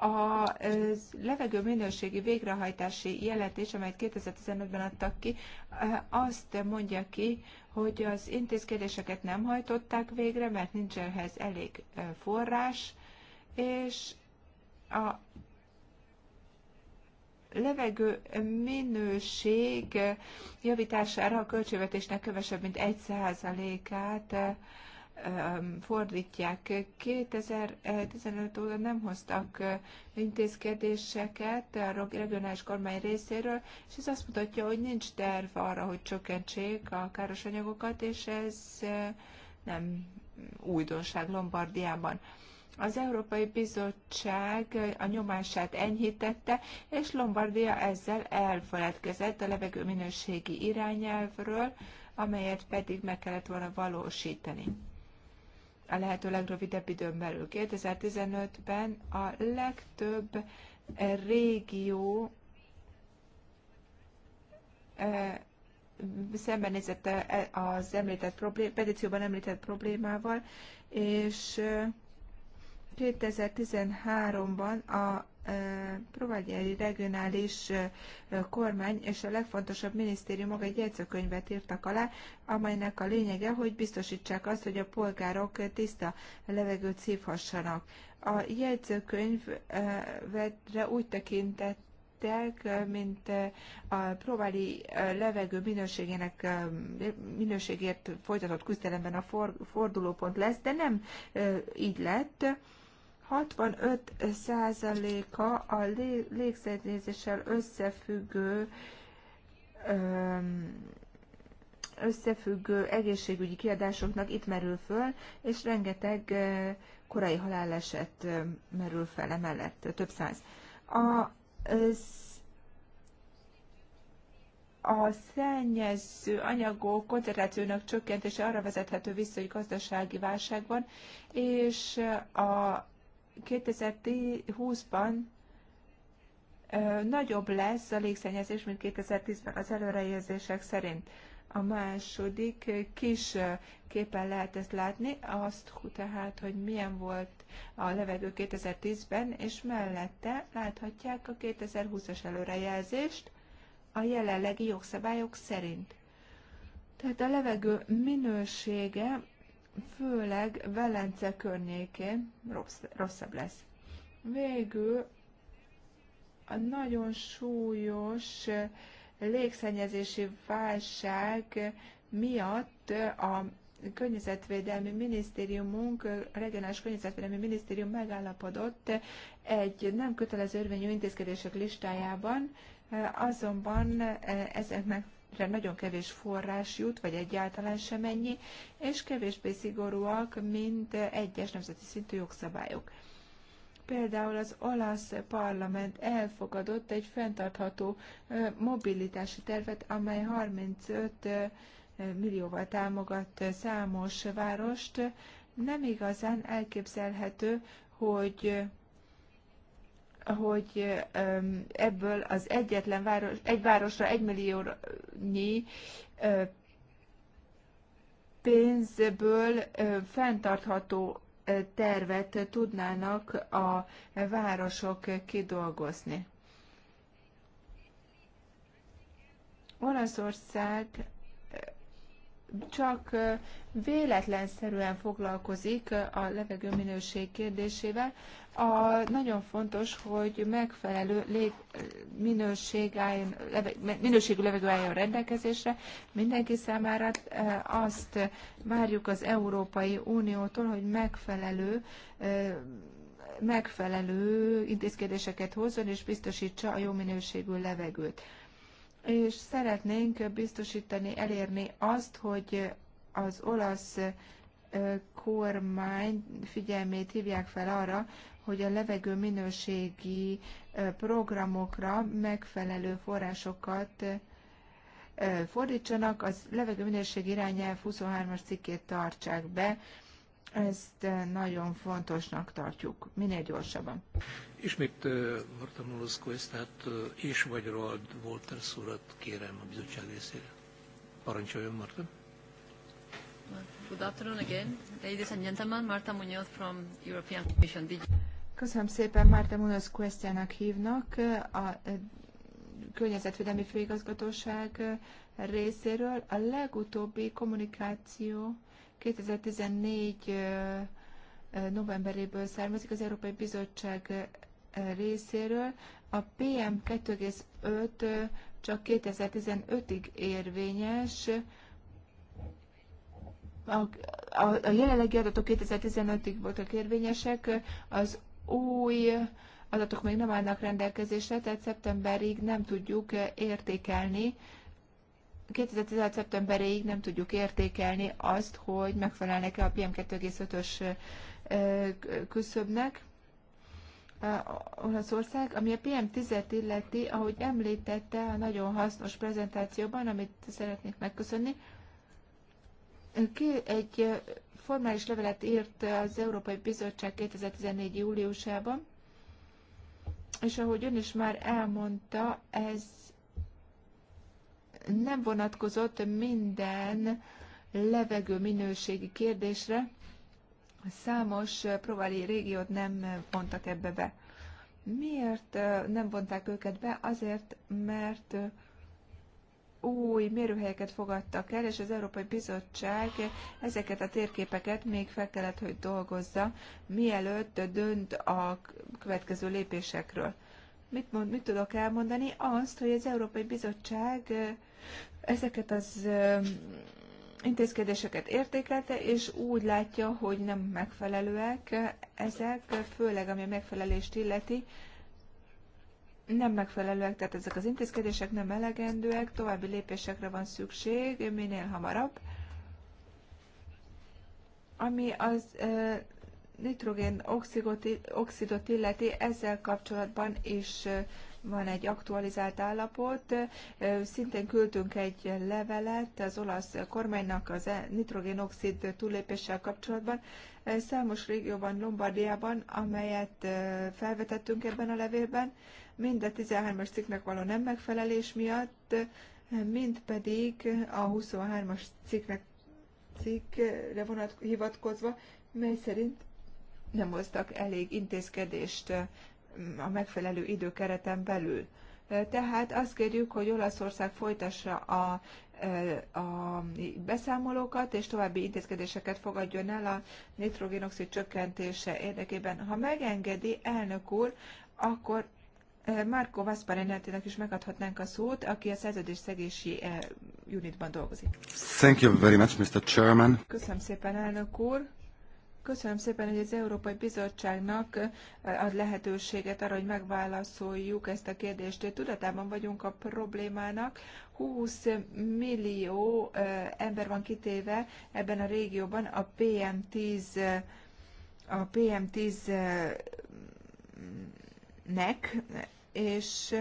A e, levegő minőségi végrehajtási jelentés, amelyet 2015-ben adtak ki, azt mondja ki, hogy az intézkedéseket nem hajtották végre, mert nincs ehhez elég forrás, és a levegő minőség javítására a költségvetésnek kevesebb, mint 1%-át fordítják. 2015 óta nem hoztak intézkedéseket a regionális kormány részéről, és ez azt mutatja, hogy nincs terv arra, hogy csökkentsék a káros anyagokat, és ez nem újdonság Lombardiában. Az Európai Bizottság a nyomását enyhítette, és Lombardia ezzel elfeledkezett a levegő minőségi irányelvről, amelyet pedig meg kellett volna valósítani. A lehető legrövidebb időn belül 2015-ben a legtöbb eh, régió eh, szembenézette eh, az említett problém, petícióban említett problémával, és 2013-ban a provágyári regionális kormány és a legfontosabb minisztériumok egy jegyzőkönyvet írtak alá, amelynek a lényege, hogy biztosítsák azt, hogy a polgárok tiszta levegőt szívhassanak. A jegyzőkönyvre úgy tekintett, mint a próbáli levegő minőségének, minőségért folytatott küzdelemben a fordulópont lesz, de nem így lett. 65%-a a, a légszennyezéssel összefüggő összefüggő egészségügyi kiadásoknak itt merül föl, és rengeteg korai haláleset merül fel emellett, több száz. A, a szennyező anyagok koncentrációnak csökkentése arra vezethető vissza, hogy gazdasági válság van, és a 2020-ban nagyobb lesz a légszennyezés, mint 2010-ben az előrejelzések szerint. A második kis képen lehet ezt látni, azt tehát, hogy milyen volt a levegő 2010-ben, és mellette láthatják a 2020-as előrejelzést a jelenlegi jogszabályok szerint. Tehát a levegő minősége főleg Velence környékén rossz, rosszabb lesz. Végül a nagyon súlyos légszennyezési válság miatt a környezetvédelmi minisztériumunk, a regionális környezetvédelmi minisztérium megállapodott egy nem kötelező érvényű intézkedések listájában, azonban ezeknek nagyon kevés forrás jut, vagy egyáltalán sem ennyi, és kevésbé szigorúak, mint egyes nemzeti szintű jogszabályok. Például az olasz parlament elfogadott egy fenntartható mobilitási tervet, amely 35 millióval támogat számos várost. Nem igazán elképzelhető, hogy hogy ebből az egyetlen város, egy városra egymilliónyi pénzből fenntartható tervet tudnának a városok kidolgozni. Olaszország csak véletlenszerűen foglalkozik a levegőminőség kérdésével. A, nagyon fontos, hogy megfelelő lég, minőség álljon, leve, minőségű levegő álljon rendelkezésre mindenki számára. E, azt várjuk az Európai Uniótól, hogy megfelelő e, megfelelő intézkedéseket hozzon és biztosítsa a jó minőségű levegőt. És szeretnénk biztosítani, elérni azt, hogy az olasz e, kormány figyelmét hívják fel arra, hogy a levegő minőségi programokra megfelelő forrásokat fordítsanak, az minőség irányelv 23-as cikkét tartsák be, ezt nagyon fontosnak tartjuk, minél gyorsabban. Ismét Marta Moloszko, ezt tehát és vagy Roald Wolters urat kérem a bizottság részére. Parancsoljon, Marta. Good afternoon again, ladies and gentlemen. Marta Muñoz from European Commission. Köszönöm szépen, Márta Munoz Questiának hívnak, a eh, Környezetvédelmi Főigazgatóság eh, részéről. A legutóbbi kommunikáció 2014 eh, novemberéből származik az Európai Bizottság részéről. A PM 2,5 csak 2015-ig érvényes, a, a, a jelenlegi adatok 2015-ig voltak érvényesek, az új adatok még nem állnak rendelkezésre, tehát szeptemberig nem tudjuk értékelni, 2016. szeptemberéig nem tudjuk értékelni azt, hogy megfelelnek-e a PM2,5-ös küszöbnek. Olaszország, ami a PM10-et illeti, ahogy említette a nagyon hasznos prezentációban, amit szeretnék megköszönni, ki egy formális levelet írt az Európai Bizottság 2014. júliusában, és ahogy ön is már elmondta, ez nem vonatkozott minden levegő minőségi kérdésre, számos provali régiót nem vontak ebbe be. Miért nem vonták őket be? Azért, mert új mérőhelyeket fogadtak el, és az Európai Bizottság ezeket a térképeket még fel kellett, hogy dolgozza, mielőtt dönt a következő lépésekről. Mit, mond, mit tudok elmondani? Azt, hogy az Európai Bizottság ezeket az intézkedéseket értékelte, és úgy látja, hogy nem megfelelőek ezek, főleg ami a megfelelést illeti, nem megfelelőek, tehát ezek az intézkedések nem elegendőek, további lépésekre van szükség minél hamarabb. Ami az e, nitrogén oxidot illeti, ezzel kapcsolatban is van egy aktualizált állapot. Szintén küldtünk egy levelet az olasz kormánynak az e- nitrogén-oxid túllépéssel kapcsolatban. Számos régióban, Lombardiában, amelyet felvetettünk ebben a levélben, mind a 13-as cikknek való nem megfelelés miatt, mind pedig a 23-as cikknek cikkre vonat, hivatkozva, mely szerint nem hoztak elég intézkedést mm, a megfelelő időkereten belül. Tehát azt kérjük, hogy Olaszország folytassa a, e, a beszámolókat, és további intézkedéseket fogadjon el a nitrogénoxid csökkentése érdekében. Ha megengedi, elnök úr, akkor Márko Vaszparenyátének is megadhatnánk a szót, aki a szegési unitban dolgozik. Thank you very much, Mr. Chairman. Köszönöm szépen, elnök úr. Köszönöm szépen, hogy az Európai Bizottságnak ad lehetőséget arra, hogy megválaszoljuk ezt a kérdést. Tudatában vagyunk a problémának. 20 millió ember van kitéve ebben a régióban a PM10 a PM10 nek és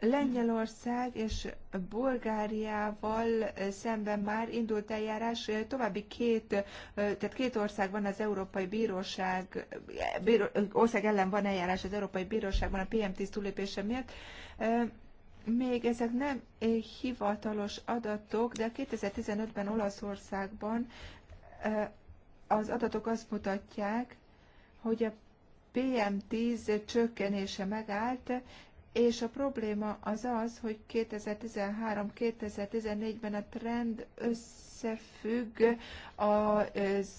Lengyelország és Bulgáriával szemben már indult eljárás, további két, tehát két ország van az Európai Bíróság, bíró, ország ellen van eljárás az Európai Bíróságban a PM10 túlépése miatt. Még ezek nem hivatalos adatok, de 2015-ben Olaszországban eh, az adatok azt mutatják, hogy a PM10 csökkenése megállt, és a probléma az az, hogy 2013-2014-ben a trend összefügg a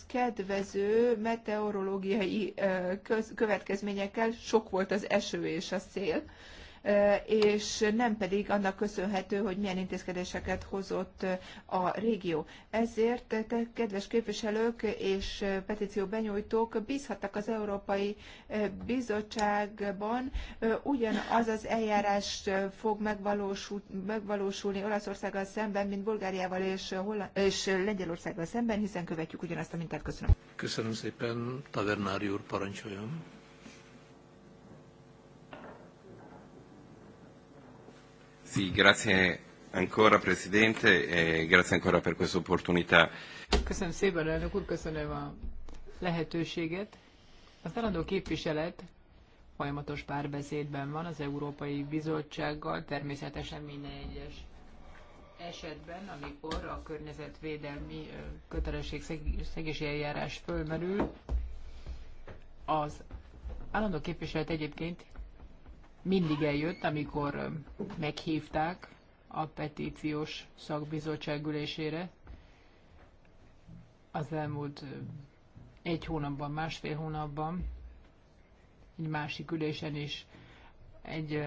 kedvező meteorológiai következményekkel, sok volt az eső és a szél, és nem pedig annak köszönhető, hogy milyen intézkedéseket hozott a régió. Ezért, te, kedves képviselők és petíció benyújtók, bízhattak az Európai Bizottságban, ugyanaz az eljárás fog megvalósul, megvalósulni Olaszországgal szemben, mint Bulgáriával és, Holland- és Lengyelországgal szemben, hiszen követjük ugyanazt a mintát. Köszönöm. Köszönöm szépen, Tavernári úr, parancsoljon. Sì, grazie ancora Presidente e grazie ancora per questa opportunità. Köszönöm szépen, elnök úr, köszönöm a lehetőséget. Az állandó képviselet folyamatos párbeszédben van az Európai Bizottsággal, természetesen minden egyes esetben, amikor a környezetvédelmi kötelesség szegési eljárás fölmerül, az állandó képviselet egyébként mindig eljött, amikor meghívták a petíciós szakbizottság ülésére. Az elmúlt egy hónapban, másfél hónapban egy másik ülésen is egy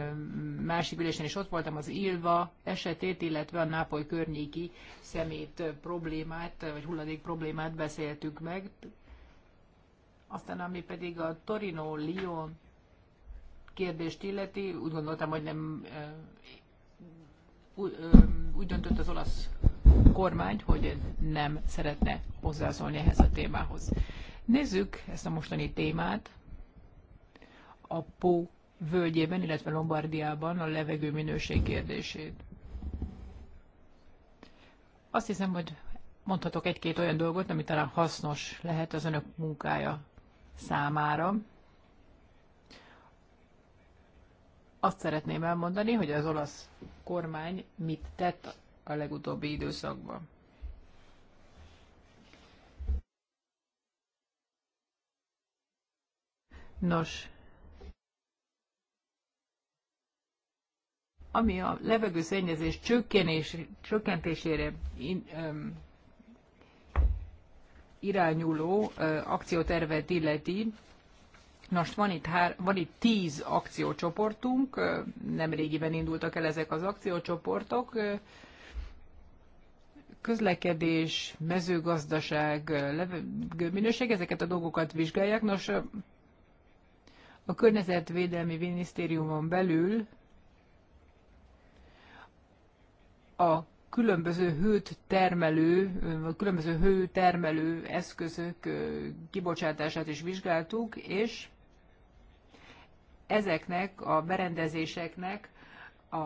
másik ülésen is ott voltam, az Ilva esetét, illetve a Nápoly környéki szemét problémát, vagy hulladék problémát beszéltük meg. Aztán ami pedig a Torino, Lyon, kérdést illeti, úgy gondoltam, hogy nem úgy döntött az olasz kormány, hogy nem szeretne hozzászólni ehhez a témához. Nézzük ezt a mostani témát. A Pó völgyében, illetve Lombardiában a levegő minőség kérdését. Azt hiszem, hogy mondhatok egy-két olyan dolgot, ami talán hasznos lehet az önök munkája számára. Azt szeretném elmondani, hogy az olasz kormány mit tett a legutóbbi időszakban. Nos, ami a levegőszennyezés csökkenés, csökkentésére in, um, irányuló uh, akciótervet illeti, Nos, van itt, hár, van itt tíz akciócsoportunk, nem régiben indultak el ezek az akciócsoportok, közlekedés, mezőgazdaság, minőség, ezeket a dolgokat vizsgálják. Nos, a Környezetvédelmi Minisztériumon belül a különböző hőt termelő, különböző hőtermelő eszközök kibocsátását is vizsgáltuk, és ezeknek a berendezéseknek a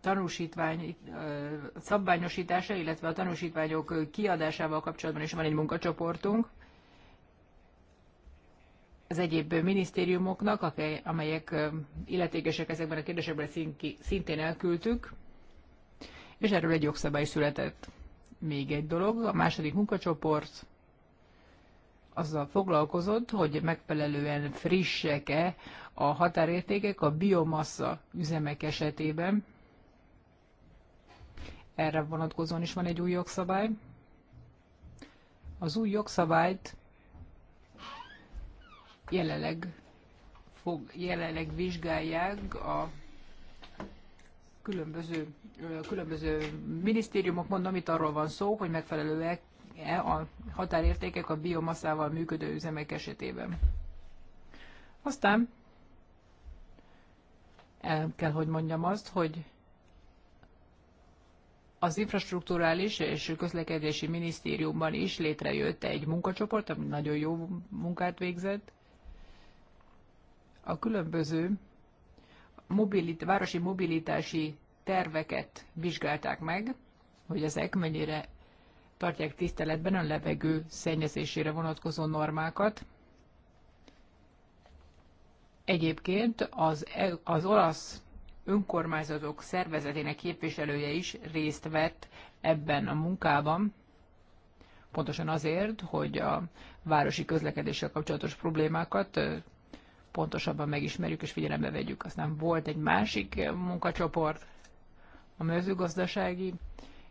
tanúsítvány szabványosítása, illetve a tanúsítványok kiadásával kapcsolatban is van egy munkacsoportunk az egyéb minisztériumoknak, amelyek illetékesek ezekben a kérdésekben szintén elküldtük, és erről egy jogszabály született. Még egy dolog, a második munkacsoport azzal foglalkozott, hogy megfelelően frissek-e a határértékek a biomassa üzemek esetében. Erre vonatkozóan is van egy új jogszabály. Az új jogszabályt jelenleg, fog, jelenleg vizsgálják a különböző, különböző minisztériumok, mondom, itt arról van szó, hogy megfelelőek a határértékek a biomaszával működő üzemek esetében. Aztán el kell, hogy mondjam azt, hogy az infrastruktúrális és közlekedési minisztériumban is létrejött egy munkacsoport, ami nagyon jó munkát végzett. A különböző mobilit, városi mobilitási terveket vizsgálták meg, hogy ezek mennyire tartják tiszteletben a levegő szennyezésére vonatkozó normákat. Egyébként az, e, az olasz önkormányzatok szervezetének képviselője is részt vett ebben a munkában, pontosan azért, hogy a városi közlekedéssel kapcsolatos problémákat pontosabban megismerjük és figyelembe vegyük. Aztán volt egy másik munkacsoport, a mezőgazdasági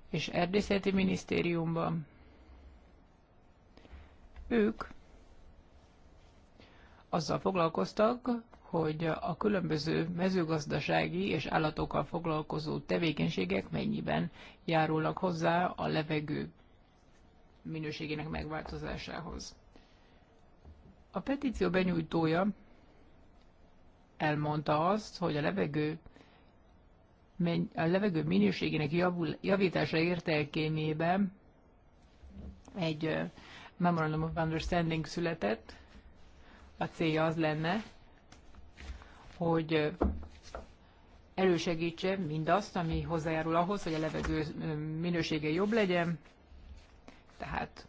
és Erdészeti Minisztériumban. Ők azzal foglalkoztak, hogy a különböző mezőgazdasági és állatokkal foglalkozó tevékenységek mennyiben járulnak hozzá a levegő minőségének megváltozásához. A petíció benyújtója elmondta azt, hogy a levegő a levegő minőségének javul, javítása értelkémében egy Memorandum of Understanding született. A célja az lenne, hogy elősegítse mindazt, ami hozzájárul ahhoz, hogy a levegő minősége jobb legyen. Tehát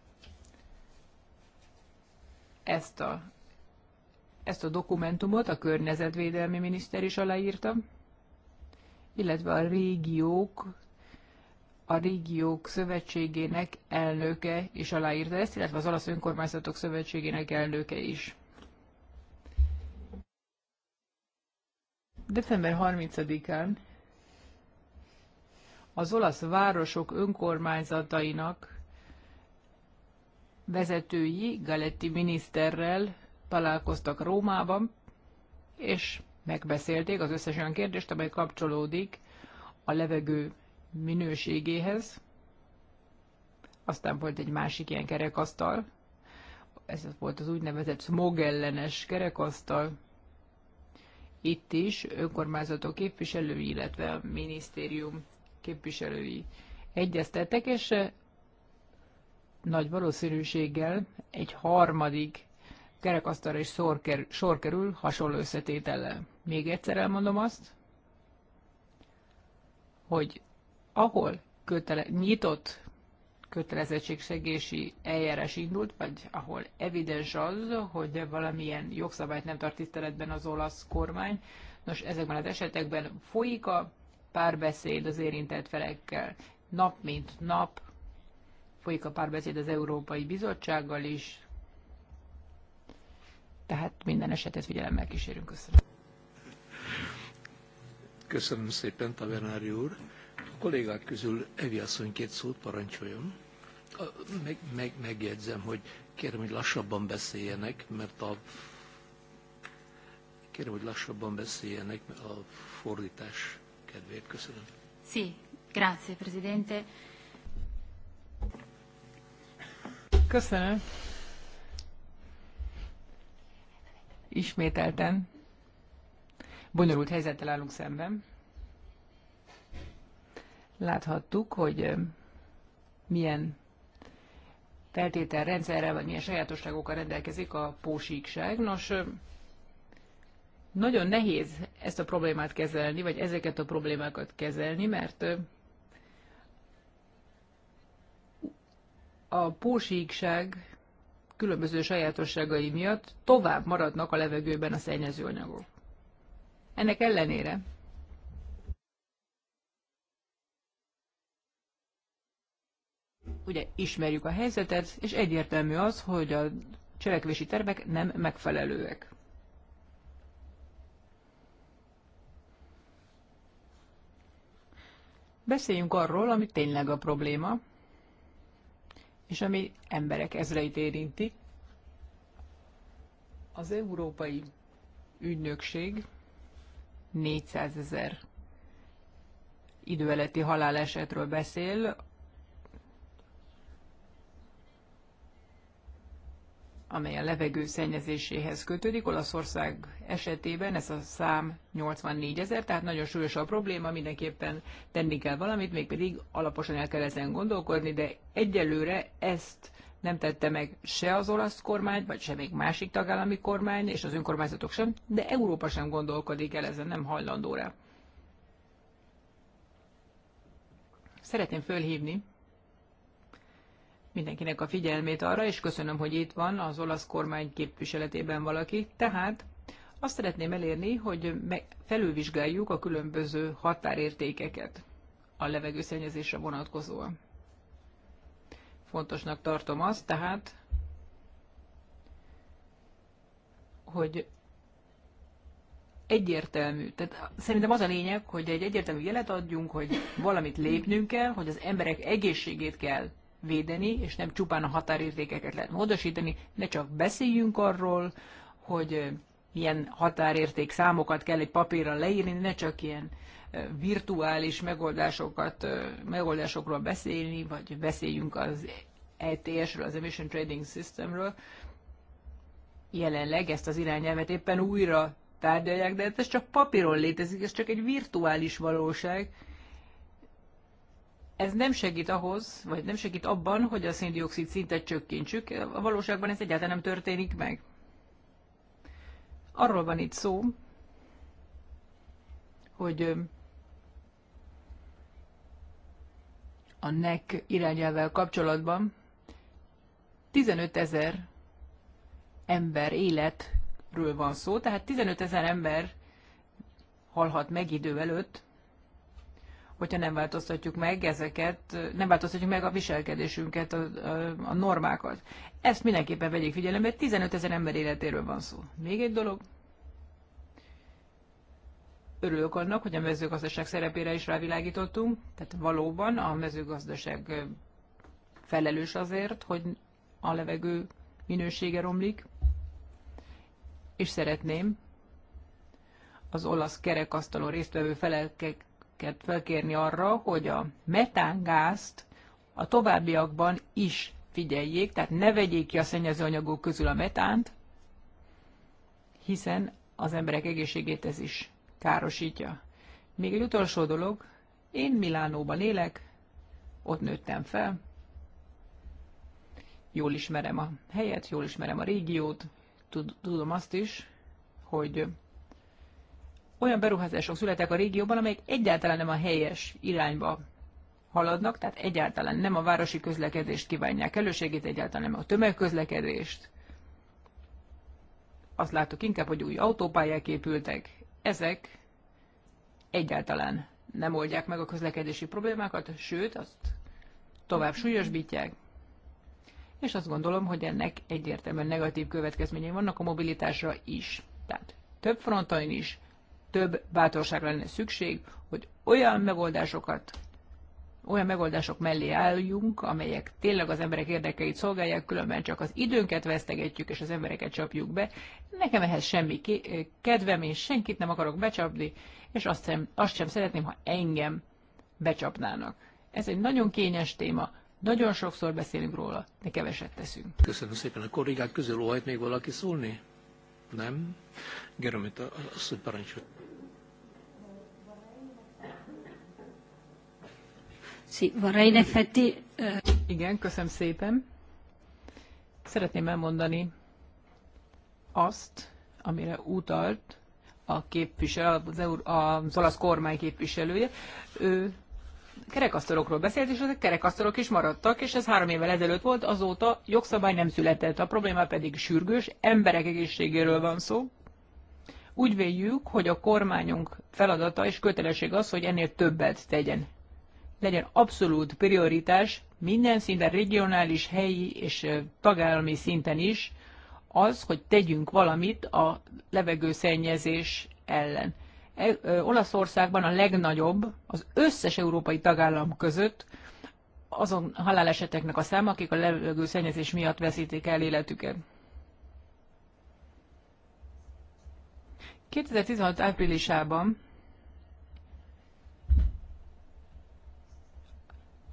ezt a, ezt a dokumentumot a környezetvédelmi miniszter is aláírta illetve a régiók a régiók szövetségének elnöke is aláírta ezt, illetve az olasz önkormányzatok szövetségének elnöke is. December 30-án az olasz városok önkormányzatainak vezetői Galetti miniszterrel találkoztak Rómában, és megbeszélték az összes olyan kérdést, amely kapcsolódik a levegő minőségéhez. Aztán volt egy másik ilyen kerekasztal, ez volt az úgynevezett smog ellenes kerekasztal. Itt is önkormányzatok képviselői, illetve a minisztérium képviselői egyeztettek, és eh, nagy valószínűséggel egy harmadik kerekasztalra is sor kerül, sor kerül hasonló összetétellel. Még egyszer elmondom azt, hogy ahol kötele, nyitott kötelezettségsegési eljárás indult, vagy ahol evidens az, hogy valamilyen jogszabályt nem tart tiszteletben az olasz kormány. Nos, ezekben az esetekben folyik a párbeszéd az érintett felekkel. Nap mint nap folyik a párbeszéd az Európai Bizottsággal is, tehát minden esetet figyelemmel kísérünk. Köszönöm. Köszönöm szépen, Tavenári úr. A kollégák közül Evi asszony két szót parancsoljon. Meg, meg, megjegyzem, hogy kérem, hogy lassabban beszéljenek, mert a kérem, hogy lassabban beszéljenek a fordítás kedvéért. Köszönöm. Sí, grazie, presidente. Köszönöm. Ismételten bonyolult helyzettel állunk szemben. Láthattuk, hogy milyen feltételrendszerrel, vagy milyen sajátosságokkal rendelkezik a pósíkság. Nos, nagyon nehéz ezt a problémát kezelni, vagy ezeket a problémákat kezelni, mert a pósíkság különböző sajátosságai miatt tovább maradnak a levegőben a szennyezőanyagok. Ennek ellenére ugye ismerjük a helyzetet, és egyértelmű az, hogy a cselekvési tervek nem megfelelőek. Beszéljünk arról, ami tényleg a probléma, és ami emberek ezreit érinti. Az Európai Ügynökség 400 ezer idő előtti halálesetről beszél, amely a levegő szennyezéséhez kötődik. Olaszország esetében ez a szám 84 ezer, tehát nagyon súlyos a probléma, mindenképpen tenni kell valamit, mégpedig alaposan el kell ezen gondolkodni, de egyelőre ezt nem tette meg se az olasz kormány, vagy se még másik tagállami kormány, és az önkormányzatok sem, de Európa sem gondolkodik el ezen, nem hajlandó rá. Szeretném fölhívni mindenkinek a figyelmét arra, és köszönöm, hogy itt van az olasz kormány képviseletében valaki. Tehát azt szeretném elérni, hogy felülvizsgáljuk a különböző határértékeket a levegőszennyezésre vonatkozóan fontosnak tartom azt, tehát, hogy egyértelmű. Tehát szerintem az a lényeg, hogy egy egyértelmű jelet adjunk, hogy valamit lépnünk kell, hogy az emberek egészségét kell védeni, és nem csupán a határértékeket lehet módosítani, ne csak beszéljünk arról, hogy milyen határérték számokat kell egy papírra leírni, ne csak ilyen virtuális megoldásokat, megoldásokról beszélni, vagy beszéljünk az ETS-ről, az Emission Trading Systemről. Jelenleg ezt az irányelvet éppen újra tárgyalják, de hát ez csak papíron létezik, ez csak egy virtuális valóság. Ez nem segít ahhoz, vagy nem segít abban, hogy a széndiokszid szintet csökkentsük. A valóságban ez egyáltalán nem történik meg. Arról van itt szó, hogy a nek irányelvel kapcsolatban 15 ezer ember életről van szó, tehát 15 ezer ember halhat meg idő előtt, hogyha nem változtatjuk meg ezeket, nem változtatjuk meg a viselkedésünket, a, a, a normákat. Ezt mindenképpen vegyék figyelembe, 15 ezer ember életéről van szó. Még egy dolog, örülök annak, hogy a mezőgazdaság szerepére is rávilágítottunk, tehát valóban a mezőgazdaság felelős azért, hogy a levegő minősége romlik, és szeretném az olasz kerekasztalon résztvevő felekek, őket felkérni arra, hogy a metángázt a továbbiakban is figyeljék, tehát ne vegyék ki a szennyezőanyagok közül a metánt, hiszen az emberek egészségét ez is károsítja. Még egy utolsó dolog, én Milánóban élek, ott nőttem fel, jól ismerem a helyet, jól ismerem a régiót, tudom azt is, hogy olyan beruházások születek a régióban, amelyek egyáltalán nem a helyes irányba haladnak, tehát egyáltalán nem a városi közlekedést kívánják elősegít, egyáltalán nem a tömegközlekedést. Azt látok inkább, hogy új autópályák épültek. Ezek egyáltalán nem oldják meg a közlekedési problémákat, sőt, azt tovább súlyosbítják. És azt gondolom, hogy ennek egyértelműen negatív következményei vannak a mobilitásra is. Tehát több fronton is több bátorság lenne szükség, hogy olyan megoldásokat, olyan megoldások mellé álljunk, amelyek tényleg az emberek érdekeit szolgálják, különben csak az időnket vesztegetjük, és az embereket csapjuk be. Nekem ehhez semmi kedvem, és senkit nem akarok becsapni, és azt sem, azt sem szeretném, ha engem becsapnának. Ez egy nagyon kényes téma, nagyon sokszor beszélünk róla, de keveset teszünk. Köszönöm szépen. A korrigát közül óhajt még valaki szólni? Nem? a, a hogy parancsolt. Eh, Igen, köszönöm szépen. Szeretném elmondani azt, amire utalt a képviselő, az, Eur, az olasz kormány képviselője. Ő kerekasztalokról beszélt, és ezek kerekasztalok is maradtak, és ez három évvel ezelőtt volt, azóta jogszabály nem született. A probléma pedig sürgős, emberek egészségéről van szó. Úgy véljük, hogy a kormányunk feladata és kötelesség az, hogy ennél többet tegyen legyen abszolút prioritás minden szinten, regionális, helyi és tagállami szinten is az, hogy tegyünk valamit a levegőszennyezés ellen. E, Olaszországban a legnagyobb az összes európai tagállam között azon haláleseteknek a száma, akik a levegőszennyezés miatt veszítik el életüket. 2016 áprilisában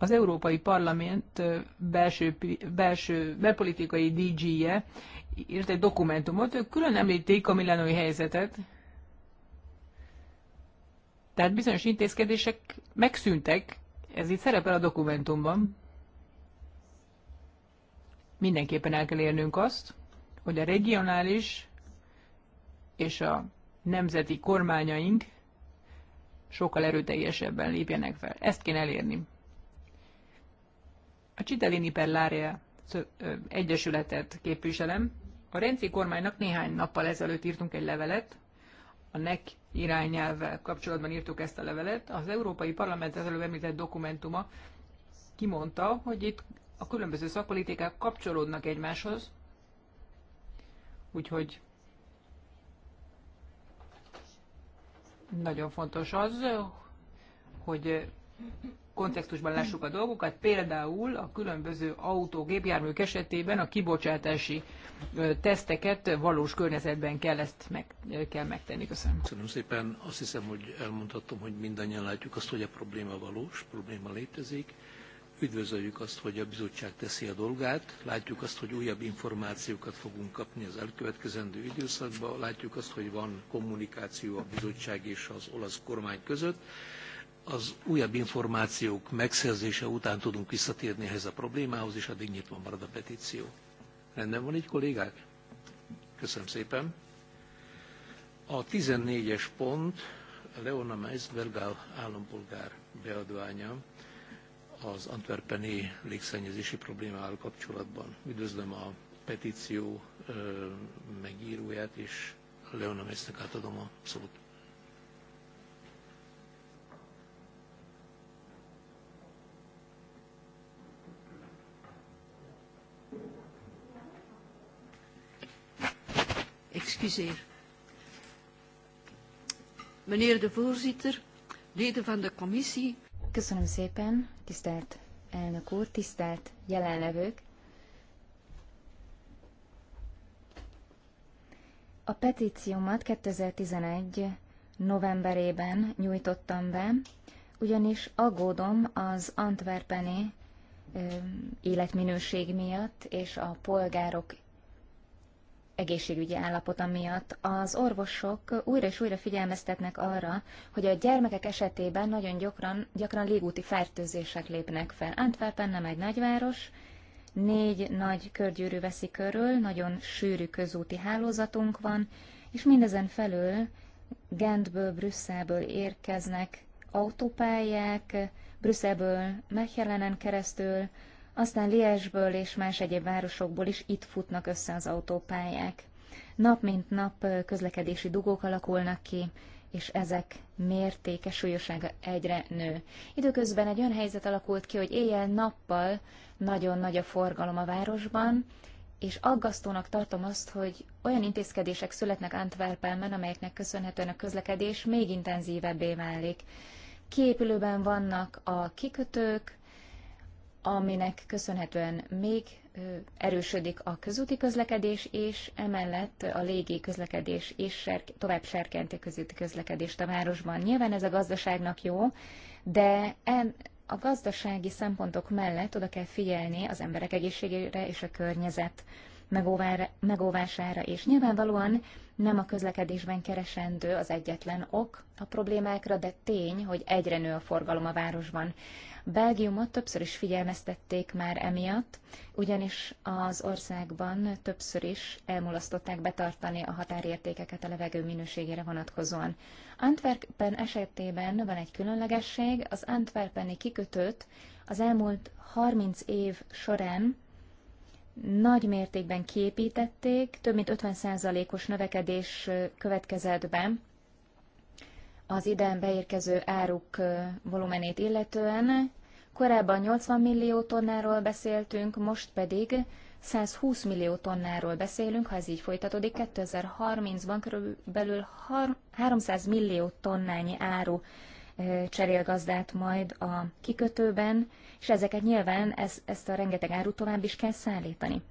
az Európai Parlament belső, belső belpolitikai DG-je írt egy dokumentumot, ők külön említik a millenói helyzetet, tehát bizonyos intézkedések megszűntek, ez itt szerepel a dokumentumban. Mindenképpen el kell érnünk azt, hogy a regionális és a nemzeti kormányaink sokkal erőteljesebben lépjenek fel. Ezt kéne elérni. A Citalini per l'Area Egyesületet képviselem. A Renci kormánynak néhány nappal ezelőtt írtunk egy levelet, a NEC irányelvvel kapcsolatban írtuk ezt a levelet. Az Európai Parlament előbb említett dokumentuma kimondta, hogy itt a különböző szakpolitikák kapcsolódnak egymáshoz, úgyhogy nagyon fontos az, hogy kontextusban lássuk a dolgokat, például a különböző autó, gépjárműk esetében a kibocsátási teszteket valós környezetben kell ezt meg, kell megtenni. Köszönöm. Köszönöm szépen. Azt hiszem, hogy elmondhatom, hogy mindannyian látjuk azt, hogy a probléma valós, probléma létezik. Üdvözöljük azt, hogy a bizottság teszi a dolgát, látjuk azt, hogy újabb információkat fogunk kapni az elkövetkezendő időszakban, látjuk azt, hogy van kommunikáció a bizottság és az olasz kormány között az újabb információk megszerzése után tudunk visszatérni ehhez a problémához, és addig nyitva marad a petíció. Rendben van így, kollégák? Köszönöm szépen. A 14-es pont Leona Meiss, belgál állampolgár beadványa az antwerpeni légszennyezési problémával kapcsolatban. Üdvözlöm a petíció megíróját, és Leona Meisnek átadom a szót. Excuseer. Meneer de voorzitter, leden van de commissie. Köszönöm szépen, tisztelt elnök úr, tisztelt jelenlevők. A petíciómat 2011 novemberében nyújtottam be, ugyanis aggódom az antwerpeni életminőség miatt és a polgárok egészségügyi állapota miatt. Az orvosok újra és újra figyelmeztetnek arra, hogy a gyermekek esetében nagyon gyakran, gyakran légúti fertőzések lépnek fel. Antwerpen nem egy nagyváros, négy nagy körgyűrű veszi körül, nagyon sűrű közúti hálózatunk van, és mindezen felül Gentből, Brüsszelből érkeznek autópályák, Brüsszelből, Mechelenen keresztül, aztán Liesből és más egyéb városokból is itt futnak össze az autópályák. Nap mint nap közlekedési dugók alakulnak ki, és ezek mértéke, súlyosága egyre nő. Időközben egy olyan helyzet alakult ki, hogy éjjel-nappal nagyon nagy a forgalom a városban, és aggasztónak tartom azt, hogy olyan intézkedések születnek Antwerpenben, amelyeknek köszönhetően a közlekedés még intenzívebbé válik. Kiépülőben vannak a kikötők, aminek köszönhetően még erősödik a közúti közlekedés, és emellett a légi közlekedés is serk- tovább serkenti közúti közlekedést a városban. Nyilván ez a gazdaságnak jó, de en, a gazdasági szempontok mellett oda kell figyelni az emberek egészségére és a környezet megóvára, megóvására, és nyilvánvalóan nem a közlekedésben keresendő az egyetlen ok a problémákra, de tény, hogy egyre nő a forgalom a városban. Belgiumot többször is figyelmeztették már emiatt, ugyanis az országban többször is elmulasztották betartani a határértékeket a levegő minőségére vonatkozóan. Antwerpen esetében van egy különlegesség, az Antwerpeni kikötőt az elmúlt 30 év során nagy mértékben képítették, több mint 50%-os növekedés következett be az idén beérkező áruk volumenét illetően. Korábban 80 millió tonnáról beszéltünk, most pedig 120 millió tonnáról beszélünk, ha ez így folytatódik, 2030-ban körülbelül 300 millió tonnányi áru cserél gazdát majd a kikötőben, és ezeket nyilván ez, ezt a rengeteg árut tovább is kell szállítani.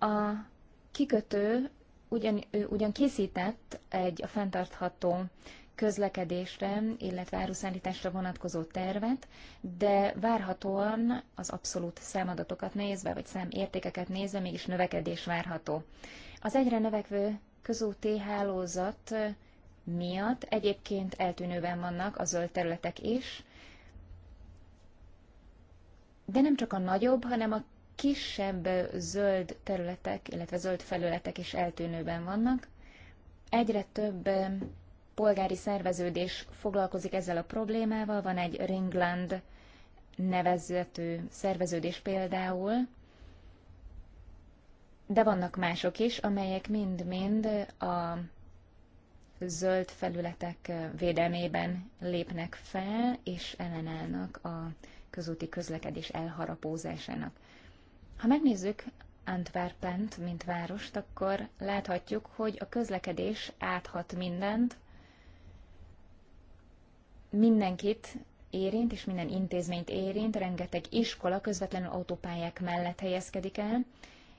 A kikötő ugyan, ugyan készített egy a fenntartható közlekedésre, illetve áruszállításra vonatkozó tervet, de várhatóan az abszolút számadatokat nézve, vagy számértékeket nézve mégis növekedés várható. Az egyre növekvő közúti hálózat miatt. Egyébként eltűnőben vannak a zöld területek is, de nem csak a nagyobb, hanem a kisebb zöld területek, illetve zöld felületek is eltűnőben vannak. Egyre több polgári szerveződés foglalkozik ezzel a problémával, van egy Ringland nevezető szerveződés például, de vannak mások is, amelyek mind-mind a zöld felületek védelmében lépnek fel, és ellenállnak a közúti közlekedés elharapózásának. Ha megnézzük Antwerpent, mint várost, akkor láthatjuk, hogy a közlekedés áthat mindent, mindenkit érint, és minden intézményt érint, rengeteg iskola közvetlenül autópályák mellett helyezkedik el,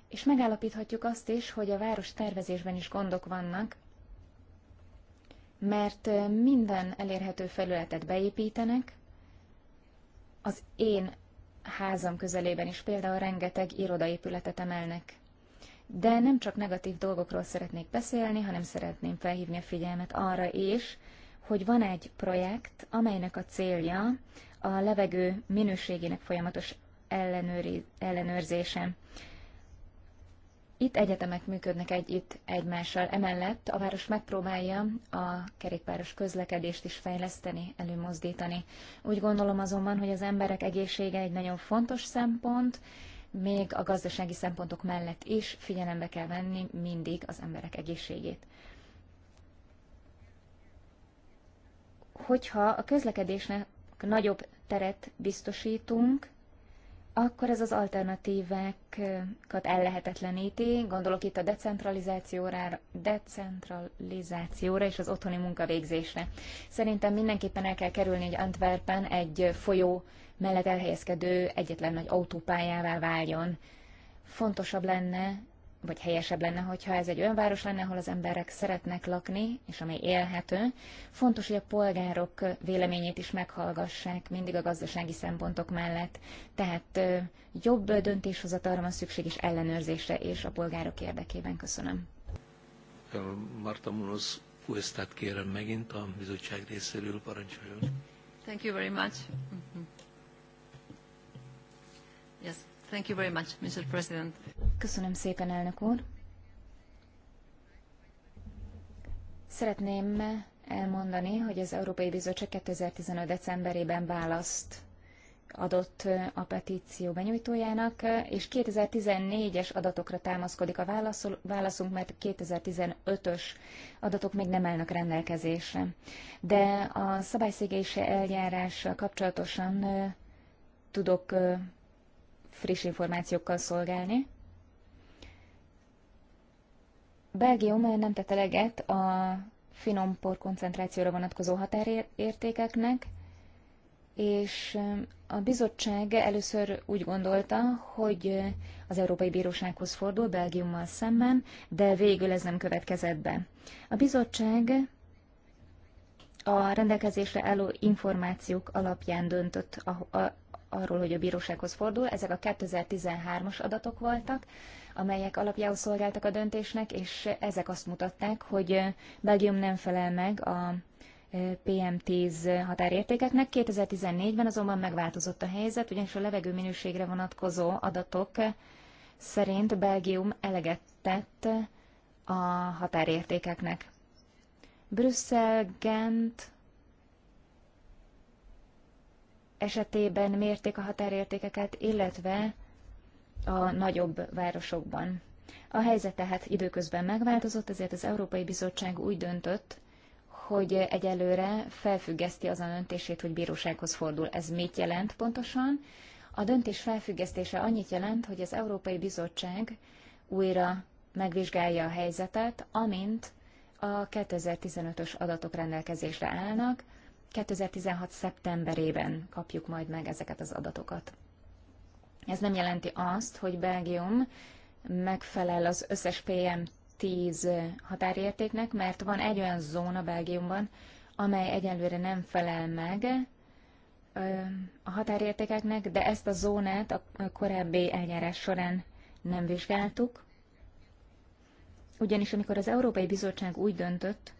és megállapíthatjuk azt is, hogy a város tervezésben is gondok vannak, mert minden elérhető felületet beépítenek. Az én házam közelében is például rengeteg irodaépületet emelnek. De nem csak negatív dolgokról szeretnék beszélni, hanem szeretném felhívni a figyelmet arra is, hogy van egy projekt, amelynek a célja a levegő minőségének folyamatos ellenőri, ellenőrzése. Itt egyetemek működnek egy itt egymással. Emellett a város megpróbálja a kerékpáros közlekedést is fejleszteni, előmozdítani. Úgy gondolom azonban, hogy az emberek egészsége egy nagyon fontos szempont, még a gazdasági szempontok mellett is figyelembe kell venni mindig az emberek egészségét. Hogyha a közlekedésnek nagyobb teret biztosítunk, akkor ez az alternatívákat ellehetetleníti. Gondolok itt a decentralizációra, decentralizációra és az otthoni munkavégzésre. Szerintem mindenképpen el kell kerülni, hogy Antwerpen egy folyó mellett elhelyezkedő egyetlen nagy autópályává váljon. Fontosabb lenne vagy helyesebb lenne, hogyha ez egy olyan város lenne, ahol az emberek szeretnek lakni, és amely élhető. Fontos, hogy a polgárok véleményét is meghallgassák, mindig a gazdasági szempontok mellett. Tehát jobb döntéshozatalra van szükség, is ellenőrzésre, és a polgárok érdekében. Köszönöm. Marta Munoz Puestát kérem megint a bizottság részéről, parancsoljon. Thank you very much. Mm -hmm. Yes. Thank you very much, Mr. President. Köszönöm szépen, elnök úr. Szeretném elmondani, hogy az Európai Bizottság 2015. decemberében választ adott a petíció benyújtójának, és 2014-es adatokra támaszkodik a válaszunk, mert 2015-ös adatok még nem állnak rendelkezésre. De a szabályszégése eljárással kapcsolatosan tudok friss információkkal szolgálni. Belgium nem tett eleget a finom por koncentrációra vonatkozó határértékeknek, és a bizottság először úgy gondolta, hogy az Európai Bírósághoz fordul Belgiummal szemben, de végül ez nem következett be. A bizottság a rendelkezésre álló információk alapján döntött arról, hogy a bírósághoz fordul. Ezek a 2013-as adatok voltak, amelyek alapjául szolgáltak a döntésnek, és ezek azt mutatták, hogy Belgium nem felel meg a e, PM10 határértékeknek. 2014-ben azonban megváltozott a helyzet, ugyanis a levegőminőségre vonatkozó adatok szerint Belgium eleget tett a határértékeknek. Brüsszel, Gent, esetében mérték a határértékeket, illetve a nagyobb városokban. A helyzet tehát időközben megváltozott, ezért az Európai Bizottság úgy döntött, hogy egyelőre felfüggeszti azon döntését, hogy bírósághoz fordul. Ez mit jelent pontosan? A döntés felfüggesztése annyit jelent, hogy az Európai Bizottság újra megvizsgálja a helyzetet, amint a 2015-ös adatok rendelkezésre állnak, 2016. szeptemberében kapjuk majd meg ezeket az adatokat. Ez nem jelenti azt, hogy Belgium megfelel az összes PM10 határértéknek, mert van egy olyan zóna Belgiumban, amely egyelőre nem felel meg a határértékeknek, de ezt a zónát a korábbi eljárás során nem vizsgáltuk. Ugyanis amikor az Európai Bizottság úgy döntött,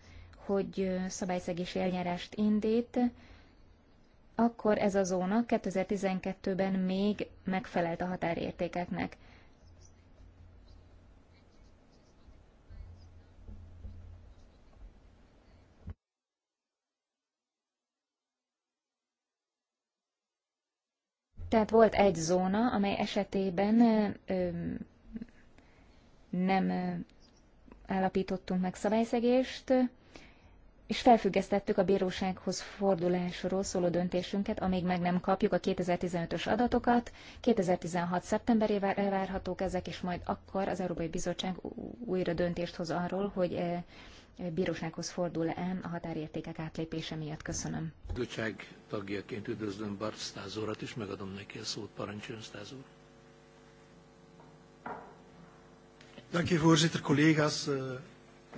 hogy szabályszegési eljárást indít, akkor ez a zóna 2012-ben még megfelelt a határértékeknek. Tehát volt egy zóna, amely esetében ö, nem állapítottunk meg szabályszegést, és felfüggesztettük a bírósághoz fordulásról szóló döntésünket, amíg meg nem kapjuk a 2015-ös adatokat. 2016. szeptemberével elvárhatók ezek, és majd akkor az Európai Bizottság újra döntést hoz arról, hogy e, e, bírósághoz fordul-e a határértékek átlépése miatt. Köszönöm. Bizottság tagjaként üdvözlöm Bart Stázorat, és megadom neki a szót, parancsoljon Stázor. Dank je voorzitter, collega's, eh,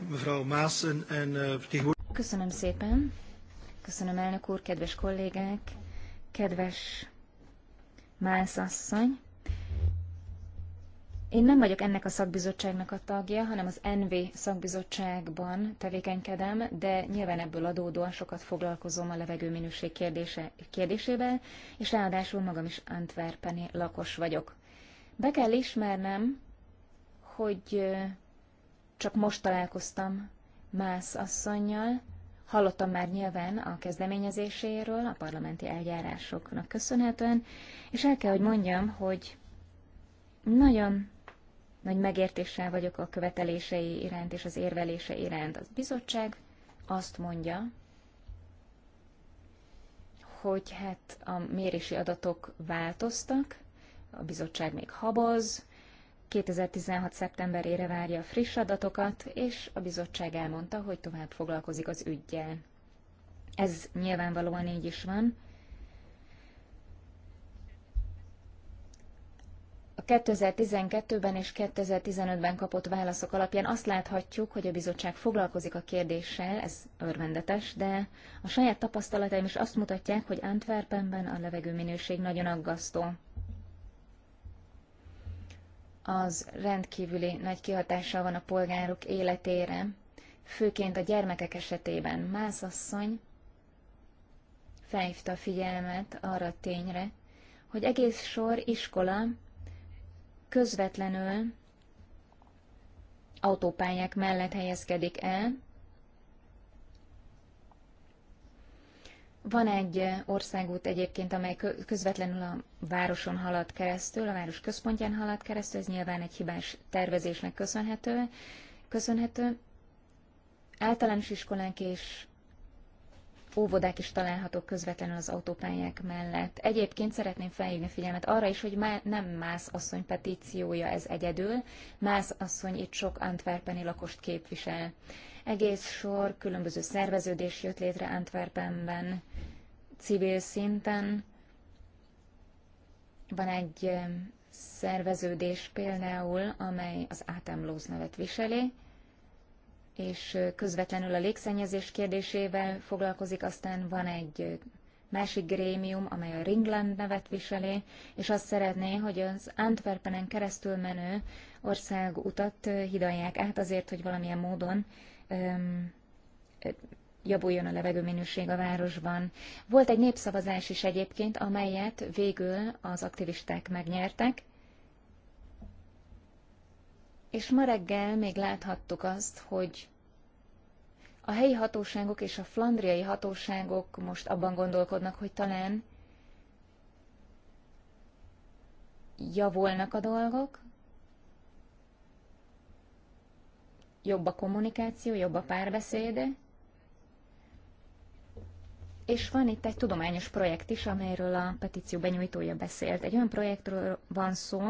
mevrouw Maassen en, en eh, vertegenwoordigers. Köszönöm szépen. Köszönöm, elnök úr, kedves kollégák, kedves Mász asszony. Én nem vagyok ennek a szakbizottságnak a tagja, hanem az NV szakbizottságban tevékenykedem, de nyilván ebből adódóan sokat foglalkozom a levegőminőség kérdése, kérdésével, és ráadásul magam is Antwerpeni lakos vagyok. Be kell ismernem, hogy csak most találkoztam Mász asszonynal, Hallottam már nyilván a kezdeményezéséről, a parlamenti eljárásoknak köszönhetően, és el kell, hogy mondjam, hogy nagyon nagy megértéssel vagyok a követelései iránt és az érvelése iránt. A bizottság azt mondja, hogy hát a mérési adatok változtak, a bizottság még haboz, 2016. szeptemberére várja a friss adatokat, és a bizottság elmondta, hogy tovább foglalkozik az ügyjel. Ez nyilvánvalóan így is van. A 2012-ben és 2015-ben kapott válaszok alapján azt láthatjuk, hogy a bizottság foglalkozik a kérdéssel, ez örvendetes, de a saját tapasztalataim is azt mutatják, hogy Antwerpenben a levegőminőség nagyon aggasztó az rendkívüli nagy kihatással van a polgárok életére, főként a gyermekek esetében. Mászasszony felhívta a figyelmet arra a tényre, hogy egész sor iskola közvetlenül autópályák mellett helyezkedik el, Van egy eh, országút egyébként, amely közvetlenül a városon halad keresztül, a város központján halad keresztül, ez nyilván egy hibás tervezésnek köszönhető. köszönhető. Általános iskolák és óvodák is találhatók közvetlenül az autópályák mellett. Egyébként szeretném felhívni a figyelmet arra is, hogy már nem más asszony petíciója ez egyedül, más asszony itt sok antwerpeni lakost képvisel. Egész sor különböző szerveződés jött létre Antwerpenben, civil szinten. Van egy szerveződés például, amely az átemlóz nevet viseli, és közvetlenül a légszennyezés kérdésével foglalkozik, aztán van egy másik grémium, amely a Ringland nevet viseli, és azt szeretné, hogy az Antwerpenen keresztül menő országutat hidalják át azért, hogy valamilyen módon öm, javuljon a levegőminőség a városban. Volt egy népszavazás is egyébként, amelyet végül az aktivisták megnyertek, és ma reggel még láthattuk azt, hogy a helyi hatóságok és a flandriai hatóságok most abban gondolkodnak, hogy talán javulnak a dolgok, jobb a kommunikáció, jobb a párbeszéde, és van itt egy tudományos projekt is, amelyről a petíció benyújtója beszélt. Egy olyan projektről van szó,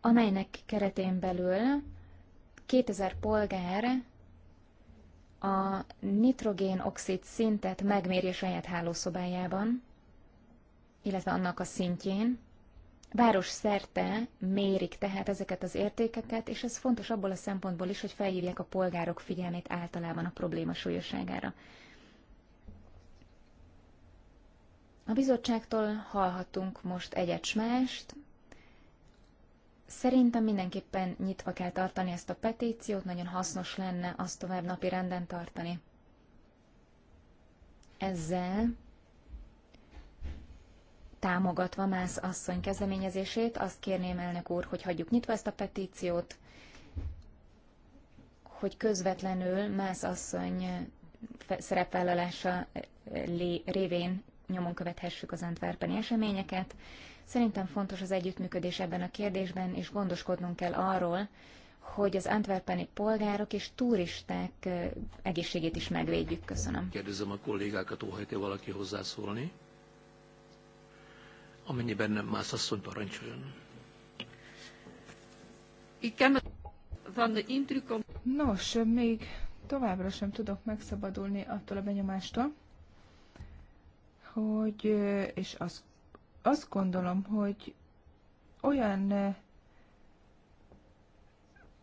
amelynek keretén belül 2000 polgár a nitrogén oxid szintet megméri a saját hálószobájában, illetve annak a szintjén. Város szerte mérik tehát ezeket az értékeket, és ez fontos abból a szempontból is, hogy felhívják a polgárok figyelmét általában a probléma súlyosságára. A bizottságtól hallhatunk most egyet smást Szerintem mindenképpen nyitva kell tartani ezt a petíciót, nagyon hasznos lenne azt tovább napi renden tartani. Ezzel támogatva Mász asszony kezdeményezését, azt kérném elnök úr, hogy hagyjuk nyitva ezt a petíciót, hogy közvetlenül Mász asszony szerepvállalása révén nyomon követhessük az antwerpeni eseményeket. Szerintem fontos az együttműködés ebben a kérdésben, és gondoskodnunk kell arról, hogy az antwerpeni polgárok és turisták egészségét is megvédjük. Köszönöm. Kérdezem a kollégákat, óhajt-e valaki hozzászólni? Amennyiben nem, más asszony parancsoljon. Nos, még továbbra sem tudok megszabadulni attól a benyomástól, hogy, és az, azt gondolom, hogy olyan eh,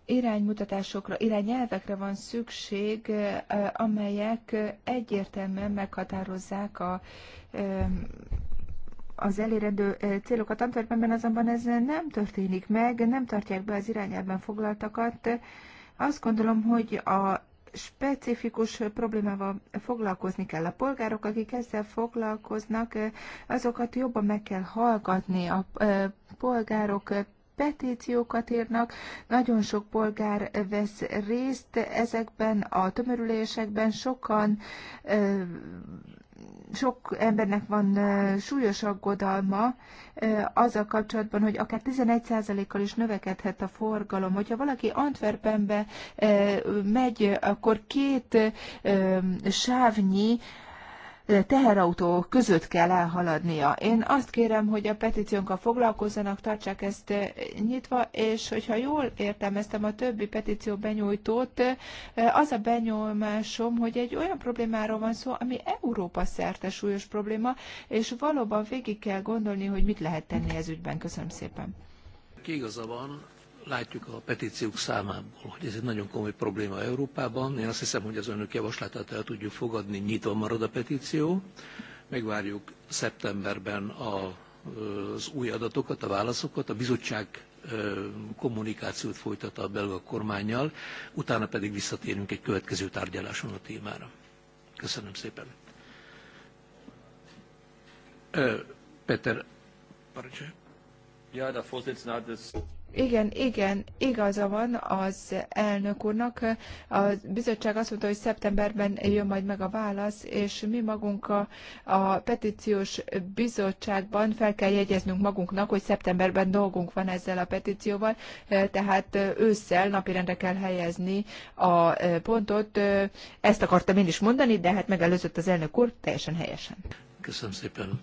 iránymutatásokra, irányelvekre van szükség, eh, amelyek eh, egyértelműen meghatározzák a, az elérendő célokat. Antwerpenben azonban ez nem történik meg, nem tartják be az irányelven foglaltakat. Azt gondolom, hogy a specifikus problémával foglalkozni kell. A polgárok, akik ezzel foglalkoznak, azokat jobban meg kell hallgatni. A polgárok petíciókat írnak, nagyon sok polgár vesz részt ezekben a tömörülésekben, sokan sok embernek van súlyos aggodalma azzal kapcsolatban, hogy akár 11%-kal is növekedhet a forgalom. Hogyha valaki Antwerpenbe megy, akkor két sávnyi teherautó között kell elhaladnia. Én azt kérem, hogy a petíciónkkal foglalkozzanak, tartsák ezt eh, nyitva, és hogyha jól értelmeztem a többi petíció benyújtót, eh, az a benyomásom, hogy egy olyan problémáról van szó, ami Európa szerte súlyos probléma, és valóban végig kell gondolni, hogy mit lehet tenni ez ügyben. Köszönöm szépen. Igaza van, látjuk a petíciók számából, hogy ez egy nagyon komoly probléma Európában. Én azt hiszem, hogy az önök javaslatát el tudjuk fogadni, nyitva marad a petíció. Megvárjuk szeptemberben a, az új adatokat, a válaszokat. A bizottság kommunikációt folytat a belga kormányjal, utána pedig visszatérünk egy következő tárgyaláson a témára. Köszönöm szépen. Peter, parancsolj. Ja, der Vorsitzende hat es igen, igen, igaza van az elnök úrnak. A bizottság azt mondta, hogy szeptemberben jön majd meg a válasz, és mi magunk a, a petíciós bizottságban fel kell jegyeznünk magunknak, hogy szeptemberben dolgunk van ezzel a petícióval, eh, tehát eh, ősszel napirendre kell helyezni a eh, pontot. Ezt akartam én is mondani, de hát megelőzött az elnök úr teljesen helyesen. Köszönöm szépen.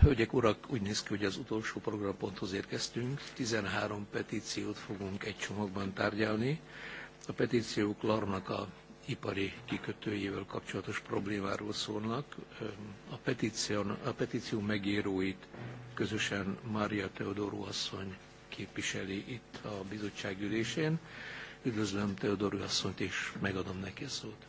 Hölgyek, urak, úgy néz ki, hogy az utolsó programponthoz érkeztünk. 13 petíciót fogunk egy csomagban tárgyalni. A petíciók Larnak a ipari kikötőjével kapcsolatos problémáról szólnak. A, petícion, a petíció megíróit közösen Mária Teodorú asszony képviseli itt a bizottság ülésén. Üdvözlöm Teodorú asszonyt, és megadom neki a szót.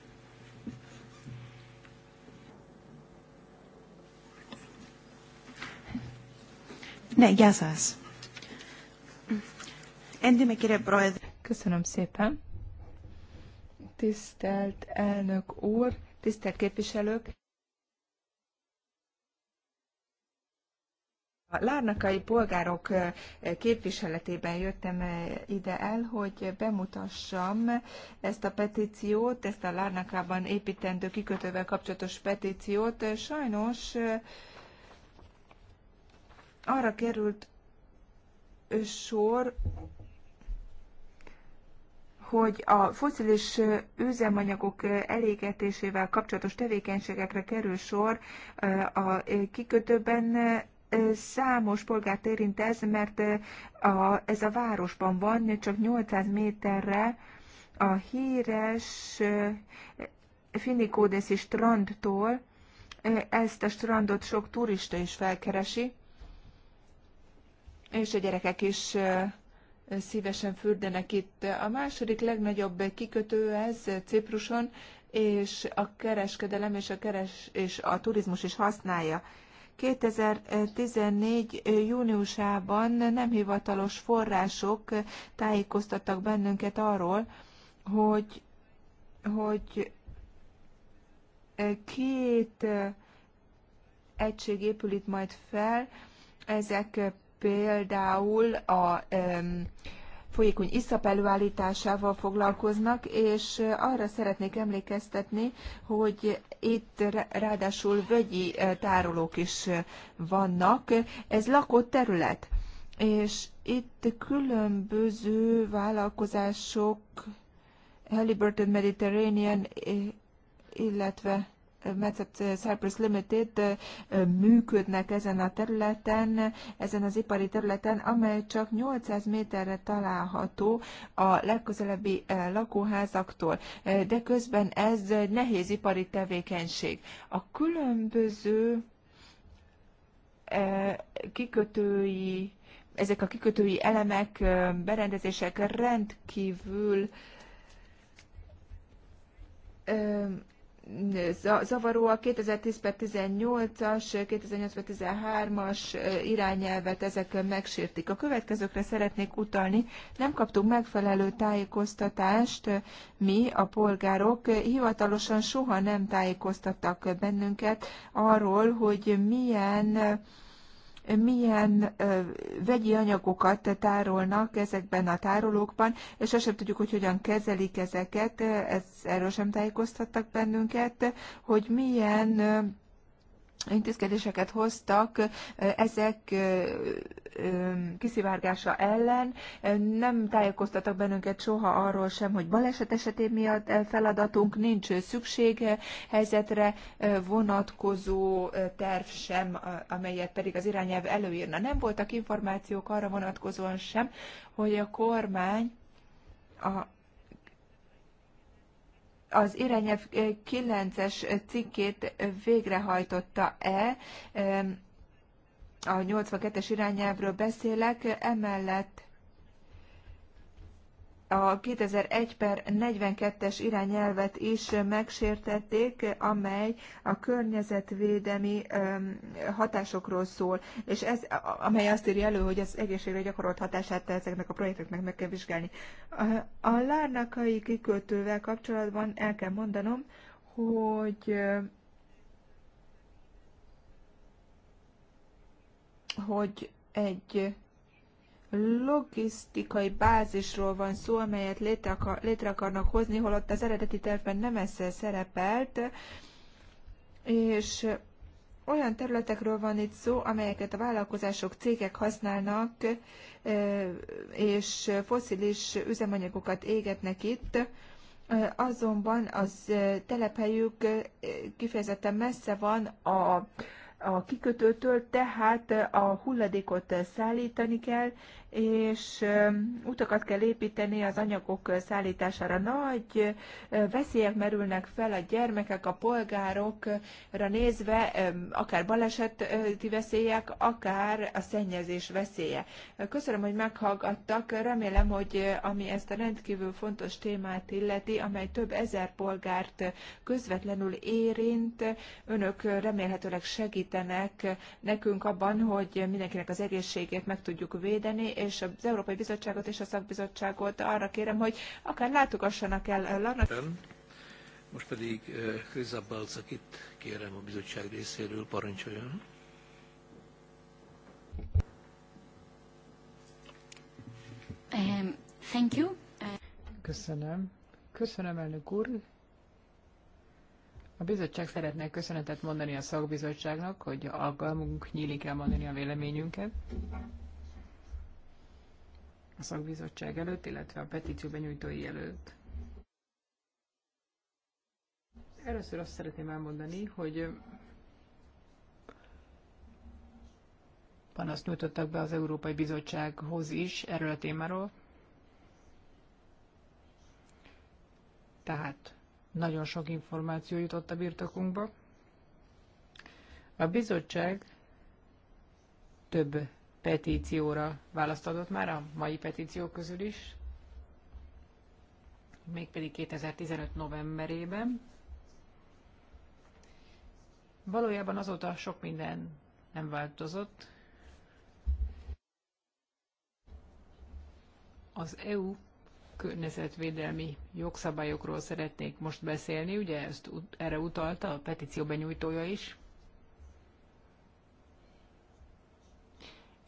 Ναι, γεια σας. Έντιμε κύριε Πρόεδρε. Köszönöm szépen. Tisztelt elnök úr, tisztelt képviselők! A lárnakai polgárok eh, képviseletében jöttem eh, ide el, hogy bemutassam ezt a petíciót, ezt a lárnakában építendő kikötővel kapcsolatos petíciót. Sajnos eh, arra került sor, hogy a foszilis üzemanyagok elégetésével kapcsolatos tevékenységekre kerül sor a kikötőben számos polgárt érint ez, mert a, ez a városban van, csak 800 méterre a híres Finikódeszi strandtól. Ezt a strandot sok turista is felkeresi és a gyerekek is szívesen fürdenek itt. A második legnagyobb kikötő ez Cipruson, és a kereskedelem és a, keres, és a turizmus is használja. 2014. júniusában nem hivatalos források tájékoztattak bennünket arról, hogy, hogy két egység épül itt majd fel, ezek például a folyékony iszap előállításával foglalkoznak, és arra szeretnék emlékeztetni, hogy itt ráadásul vögyi eh, tárolók is vannak. Ez lakott terület, és itt különböző vállalkozások, Halliburton Mediterranean, eh, illetve Metszett eh, Cyprus Limited eh, eh, működnek ezen a területen, ezen az ipari területen, amely csak 800 méterre található a legközelebbi lakóházaktól, de közben ez egy nehéz ipari tevékenység. A különböző kikötői, ezek a kikötői elemek, berendezések rendkívül zavaró a 2010-18-as, 2008-13-as irányelvet ezek megsértik. A következőkre szeretnék utalni. Nem kaptunk megfelelő tájékoztatást mi, a polgárok. Hivatalosan soha nem tájékoztattak bennünket arról, hogy milyen milyen vegyi anyagokat tárolnak ezekben a tárolókban, és azt sem tudjuk, hogy hogyan kezelik ezeket, ez, erről sem tájékoztattak bennünket, hogy milyen intézkedéseket hoztak ezek kiszivárgása ellen. Nem tájékoztattak bennünket soha arról sem, hogy baleset esetén mi a feladatunk, nincs szükség helyzetre vonatkozó terv sem, amelyet pedig az irányelv előírna. Nem voltak információk arra vonatkozóan sem, hogy a kormány a az irányelv 9-es cikkét végrehajtotta-e, a 82-es irányelvről beszélek, emellett a 2001 per 42-es irányelvet is megsértették, amely a környezetvédelmi hatásokról szól, és ez, amely azt írja elő, hogy az egészségre gyakorolt hatását ezeknek a projekteknek meg kell vizsgálni. A lárnakai kikötővel kapcsolatban el kell mondanom, hogy hogy egy logisztikai bázisról van szó, amelyet létre, akar, létre akarnak hozni, holott az eredeti tervben nem ezzel szerepelt, és olyan területekről van itt szó, amelyeket a vállalkozások, cégek használnak, és foszilis üzemanyagokat égetnek itt, azonban az telephelyük kifejezetten messze van a, a kikötőtől, tehát a hulladékot szállítani kell, és utakat kell építeni az anyagok szállítására. Nagy veszélyek merülnek fel a gyermekek, a polgárokra nézve, akár baleseti veszélyek, akár a szennyezés veszélye. Köszönöm, hogy meghallgattak. Remélem, hogy ami ezt a rendkívül fontos témát illeti, amely több ezer polgárt közvetlenül érint, önök remélhetőleg segítenek nekünk abban, hogy mindenkinek az egészségét meg tudjuk védeni, és az Európai Bizottságot és a Szakbizottságot arra kérem, hogy akár látogassanak el eh, Lannak. Most pedig eh, Kriza Balcakit kérem a bizottság részéről, parancsoljon. Um, thank you. Köszönöm. Köszönöm, elnök úr. A bizottság szeretne köszönetet mondani a szakbizottságnak, hogy alkalmunk nyílik el mondani a véleményünket a szakbizottság előtt, illetve a petíció benyújtói előtt. Először azt szeretném elmondani, hogy panaszt nyújtottak be az Európai Bizottsághoz is erről a témáról. Tehát nagyon sok információ jutott a birtokunkba. A bizottság több petícióra választ adott már a mai petíciók közül is, mégpedig 2015 novemberében. Valójában azóta sok minden nem változott. Az EU környezetvédelmi jogszabályokról szeretnék most beszélni, ugye ezt erre utalta a petíció benyújtója is.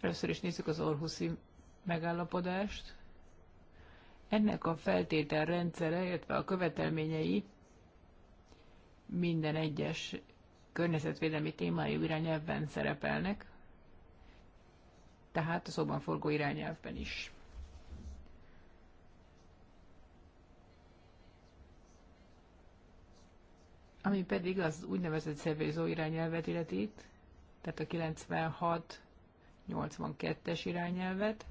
Először is nézzük az Orhuszi megállapodást. Ennek a feltétel rendszere, illetve a követelményei minden egyes környezetvédelmi témájú irányelvben szerepelnek, tehát a szóban forgó irányelvben is. Ami pedig az úgynevezett szervezó irányelvet illeti, tehát a 96 82-es irányelvet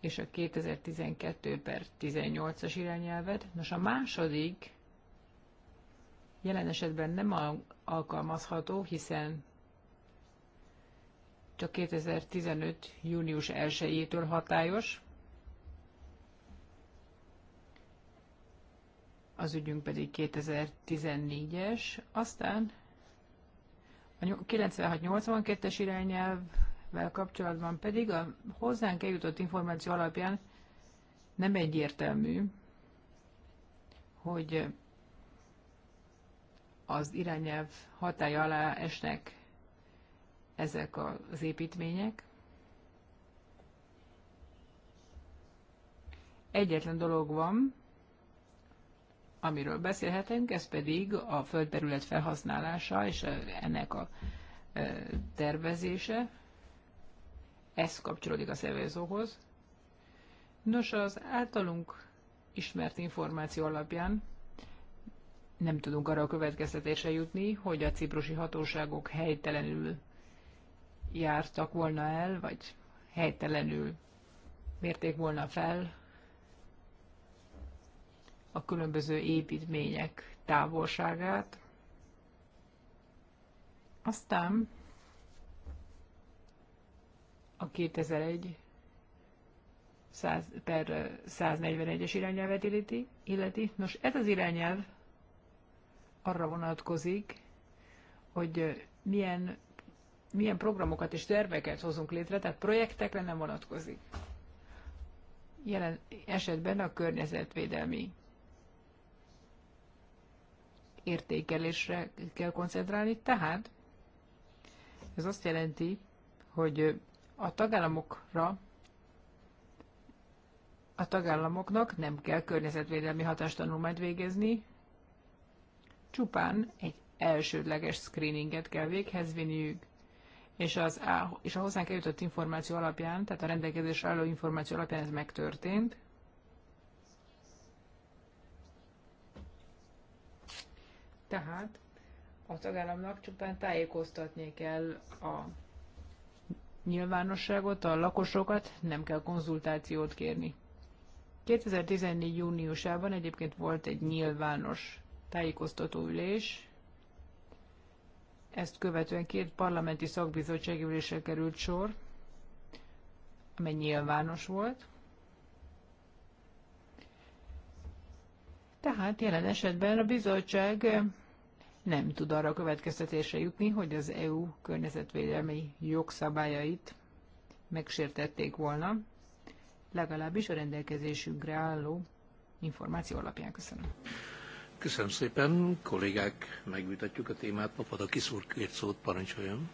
és a 2012 per 18-as irányelvet. Nos, a második jelen esetben nem alkalmazható, hiszen csak 2015. június 1-től hatályos, az ügyünk pedig 2014-es, aztán a 96-82-es irányelv vel kapcsolatban pedig a hozzánk eljutott információ alapján nem egyértelmű, hogy az irányelv hatája alá esnek ezek az építmények. Egyetlen dolog van, amiről beszélhetünk, ez pedig a földterület felhasználása és ennek a e, tervezése. Ez kapcsolódik a szervezőhoz. Nos, az általunk ismert információ alapján nem tudunk arra a következtetésre jutni, hogy a ciprusi hatóságok helytelenül jártak volna el, vagy helytelenül mérték volna fel a különböző építmények távolságát. Aztán a 2001 100 per 141-es irányelvet illeti, illeti. Nos, ez az irányelv arra vonatkozik, hogy milyen, milyen programokat és terveket hozunk létre, tehát projektekre nem vonatkozik. Jelen esetben a környezetvédelmi értékelésre kell koncentrálni, tehát ez azt jelenti, hogy a tagállamokra a tagállamoknak nem kell környezetvédelmi hatástanulmányt végezni, csupán egy elsődleges screeninget kell véghez vinniük, és, az, és a hozzánk eljutott információ alapján, tehát a rendelkezésre álló információ alapján ez megtörtént. Tehát a tagállamnak csupán tájékoztatni kell a nyilvánosságot, a lakosokat, nem kell konzultációt kérni. 2014. júniusában egyébként volt egy nyilvános ülés. ezt követően két parlamenti szakbizottsági ülésre került sor, amely nyilvános volt. Tehát jelen esetben a bizottság nem tud arra a következtetése jutni, hogy az EU környezetvédelmi jogszabályait megsértették volna, legalábbis a rendelkezésünkre álló információ alapján. Köszönöm. Köszönöm szépen. Kollégák, megvitatjuk a témát. a kiszúr két szót, parancsoljon.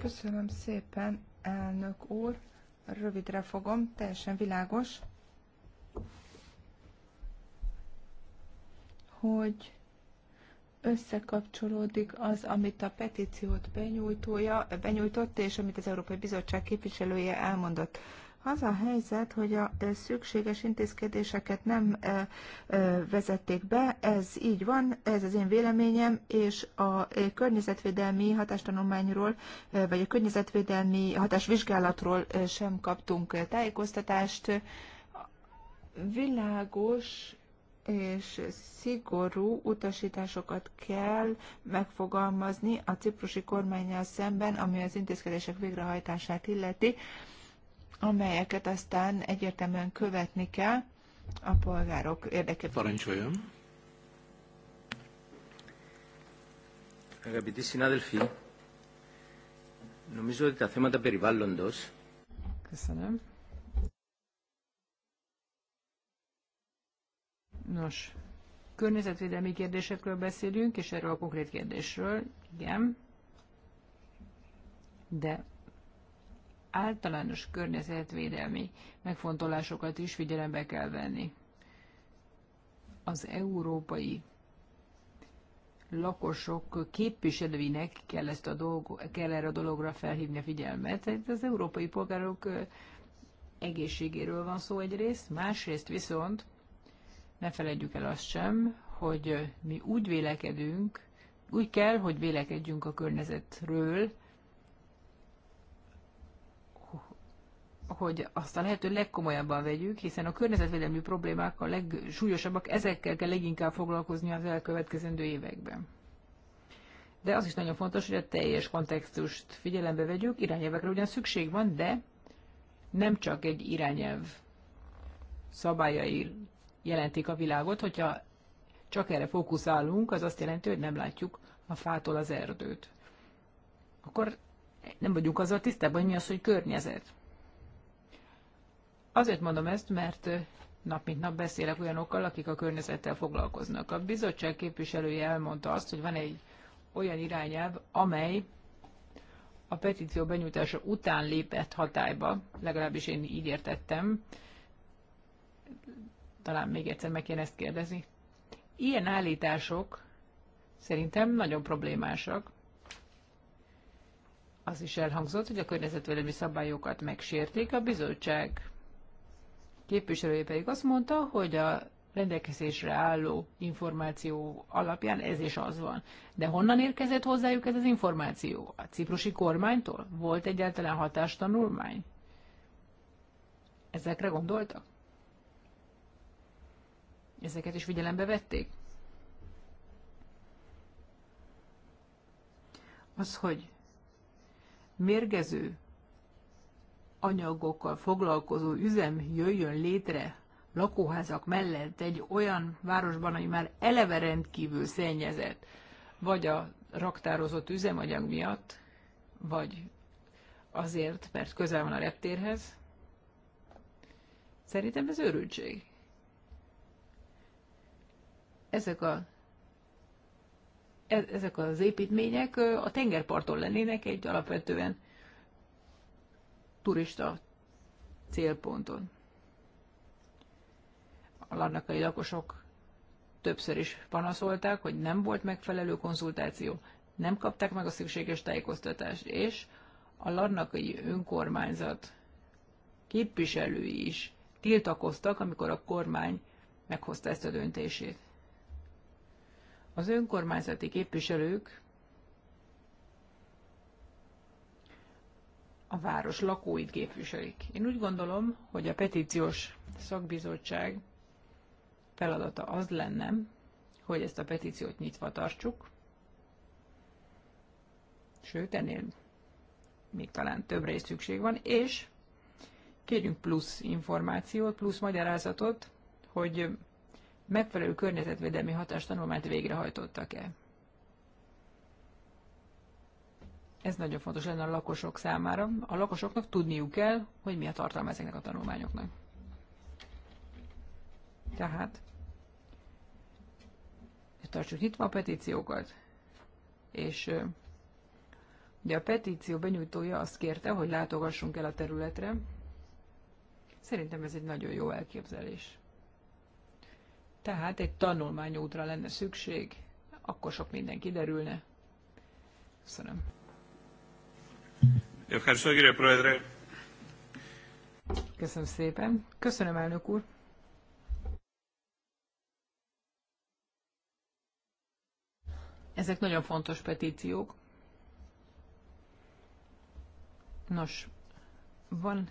Köszönöm szépen, elnök úr. Rövidre fogom, teljesen világos hogy összekapcsolódik az, amit a petíciót benyújtója, benyújtott, és amit az Európai Bizottság képviselője elmondott. Az a helyzet, hogy a szükséges intézkedéseket nem vezették be, ez így van, ez az én véleményem, és a környezetvédelmi hatástanulmányról, vagy a környezetvédelmi hatásvizsgálatról sem kaptunk tájékoztatást. Világos, és szigorú utasításokat kell megfogalmazni a ciprusi kormányjal szemben, ami az intézkedések végrehajtását illeti, amelyeket aztán egyértelműen követni kell a polgárok érdekében. Parancsoljon! Αγαπητοί συνάδελφοι, νομίζω ότι τα θέματα περιβάλλοντος Köszönöm. Nos, környezetvédelmi kérdésekről beszélünk, és erről a konkrét kérdésről, igen. De általános környezetvédelmi megfontolásokat is figyelembe kell venni. Az európai lakosok képviselőinek kell, ezt a dolgo, kell erre a dologra felhívni a figyelmet. Az európai polgárok egészségéről van szó egyrészt, másrészt viszont ne felejtjük el azt sem, hogy mi úgy vélekedünk, úgy kell, hogy vélekedjünk a környezetről, hogy azt a lehető legkomolyabban vegyük, hiszen a környezetvédelmi problémák a legsúlyosabbak, ezekkel kell leginkább foglalkozni az elkövetkezendő években. De az is nagyon fontos, hogy a teljes kontextust figyelembe vegyük, irányelvekre ugyan szükség van, de nem csak egy irányelv szabályai jelentik a világot, hogyha csak erre fókuszálunk, az azt jelenti, hogy nem látjuk a fától az erdőt. Akkor nem vagyunk azzal tisztában, hogy mi az, hogy környezet. Azért mondom ezt, mert nap mint nap beszélek olyanokkal, akik a környezettel foglalkoznak. A bizottság képviselője elmondta azt, hogy van egy olyan irányelv, amely a petíció benyújtása után lépett hatályba, legalábbis én így értettem talán még egyszer meg kéne ezt kérdezni. Ilyen állítások szerintem nagyon problémásak. Az is elhangzott, hogy a környezetvédelmi szabályokat megsérték a bizottság. Képviselője pedig azt mondta, hogy a rendelkezésre álló információ alapján ez és az van. De honnan érkezett hozzájuk ez az információ? A ciprusi kormánytól? Volt egyáltalán hatástanulmány? Ezekre gondoltak? ezeket is figyelembe vették? Az, hogy mérgező anyagokkal foglalkozó üzem jöjjön létre lakóházak mellett egy olyan városban, ami már eleve rendkívül szennyezett, vagy a raktározott üzemanyag miatt, vagy azért, mert közel van a reptérhez. Szerintem ez őrültség ezek a e- ezek az építmények a tengerparton lennének egy alapvetően turista célponton. A larnakai lakosok többször is panaszolták, hogy nem volt megfelelő konzultáció, nem kapták meg a szükséges tájékoztatást, és a larnakai önkormányzat képviselői is tiltakoztak, amikor a kormány meghozta ezt a döntését. Az önkormányzati képviselők a város lakóit képviselik. Én úgy gondolom, hogy a petíciós szakbizottság feladata az lenne, hogy ezt a petíciót nyitva tartsuk, sőt, ennél még talán többre is szükség van, és kérjünk plusz információt, plusz magyarázatot, hogy megfelelő környezetvédelmi hatástanulmányt végrehajtottak-e. Ez nagyon fontos lenne a lakosok számára. A lakosoknak tudniuk kell, hogy mi a tartalma ezeknek a tanulmányoknak. Tehát tartsuk nyitva a petíciókat, és ugye a petíció benyújtója azt kérte, hogy látogassunk el a területre. Szerintem ez egy nagyon jó elképzelés. Tehát egy tanulmányútra lenne szükség, akkor sok minden kiderülne. Köszönöm. Köszönöm szépen. Köszönöm, elnök úr. Ezek nagyon fontos petíciók. Nos, van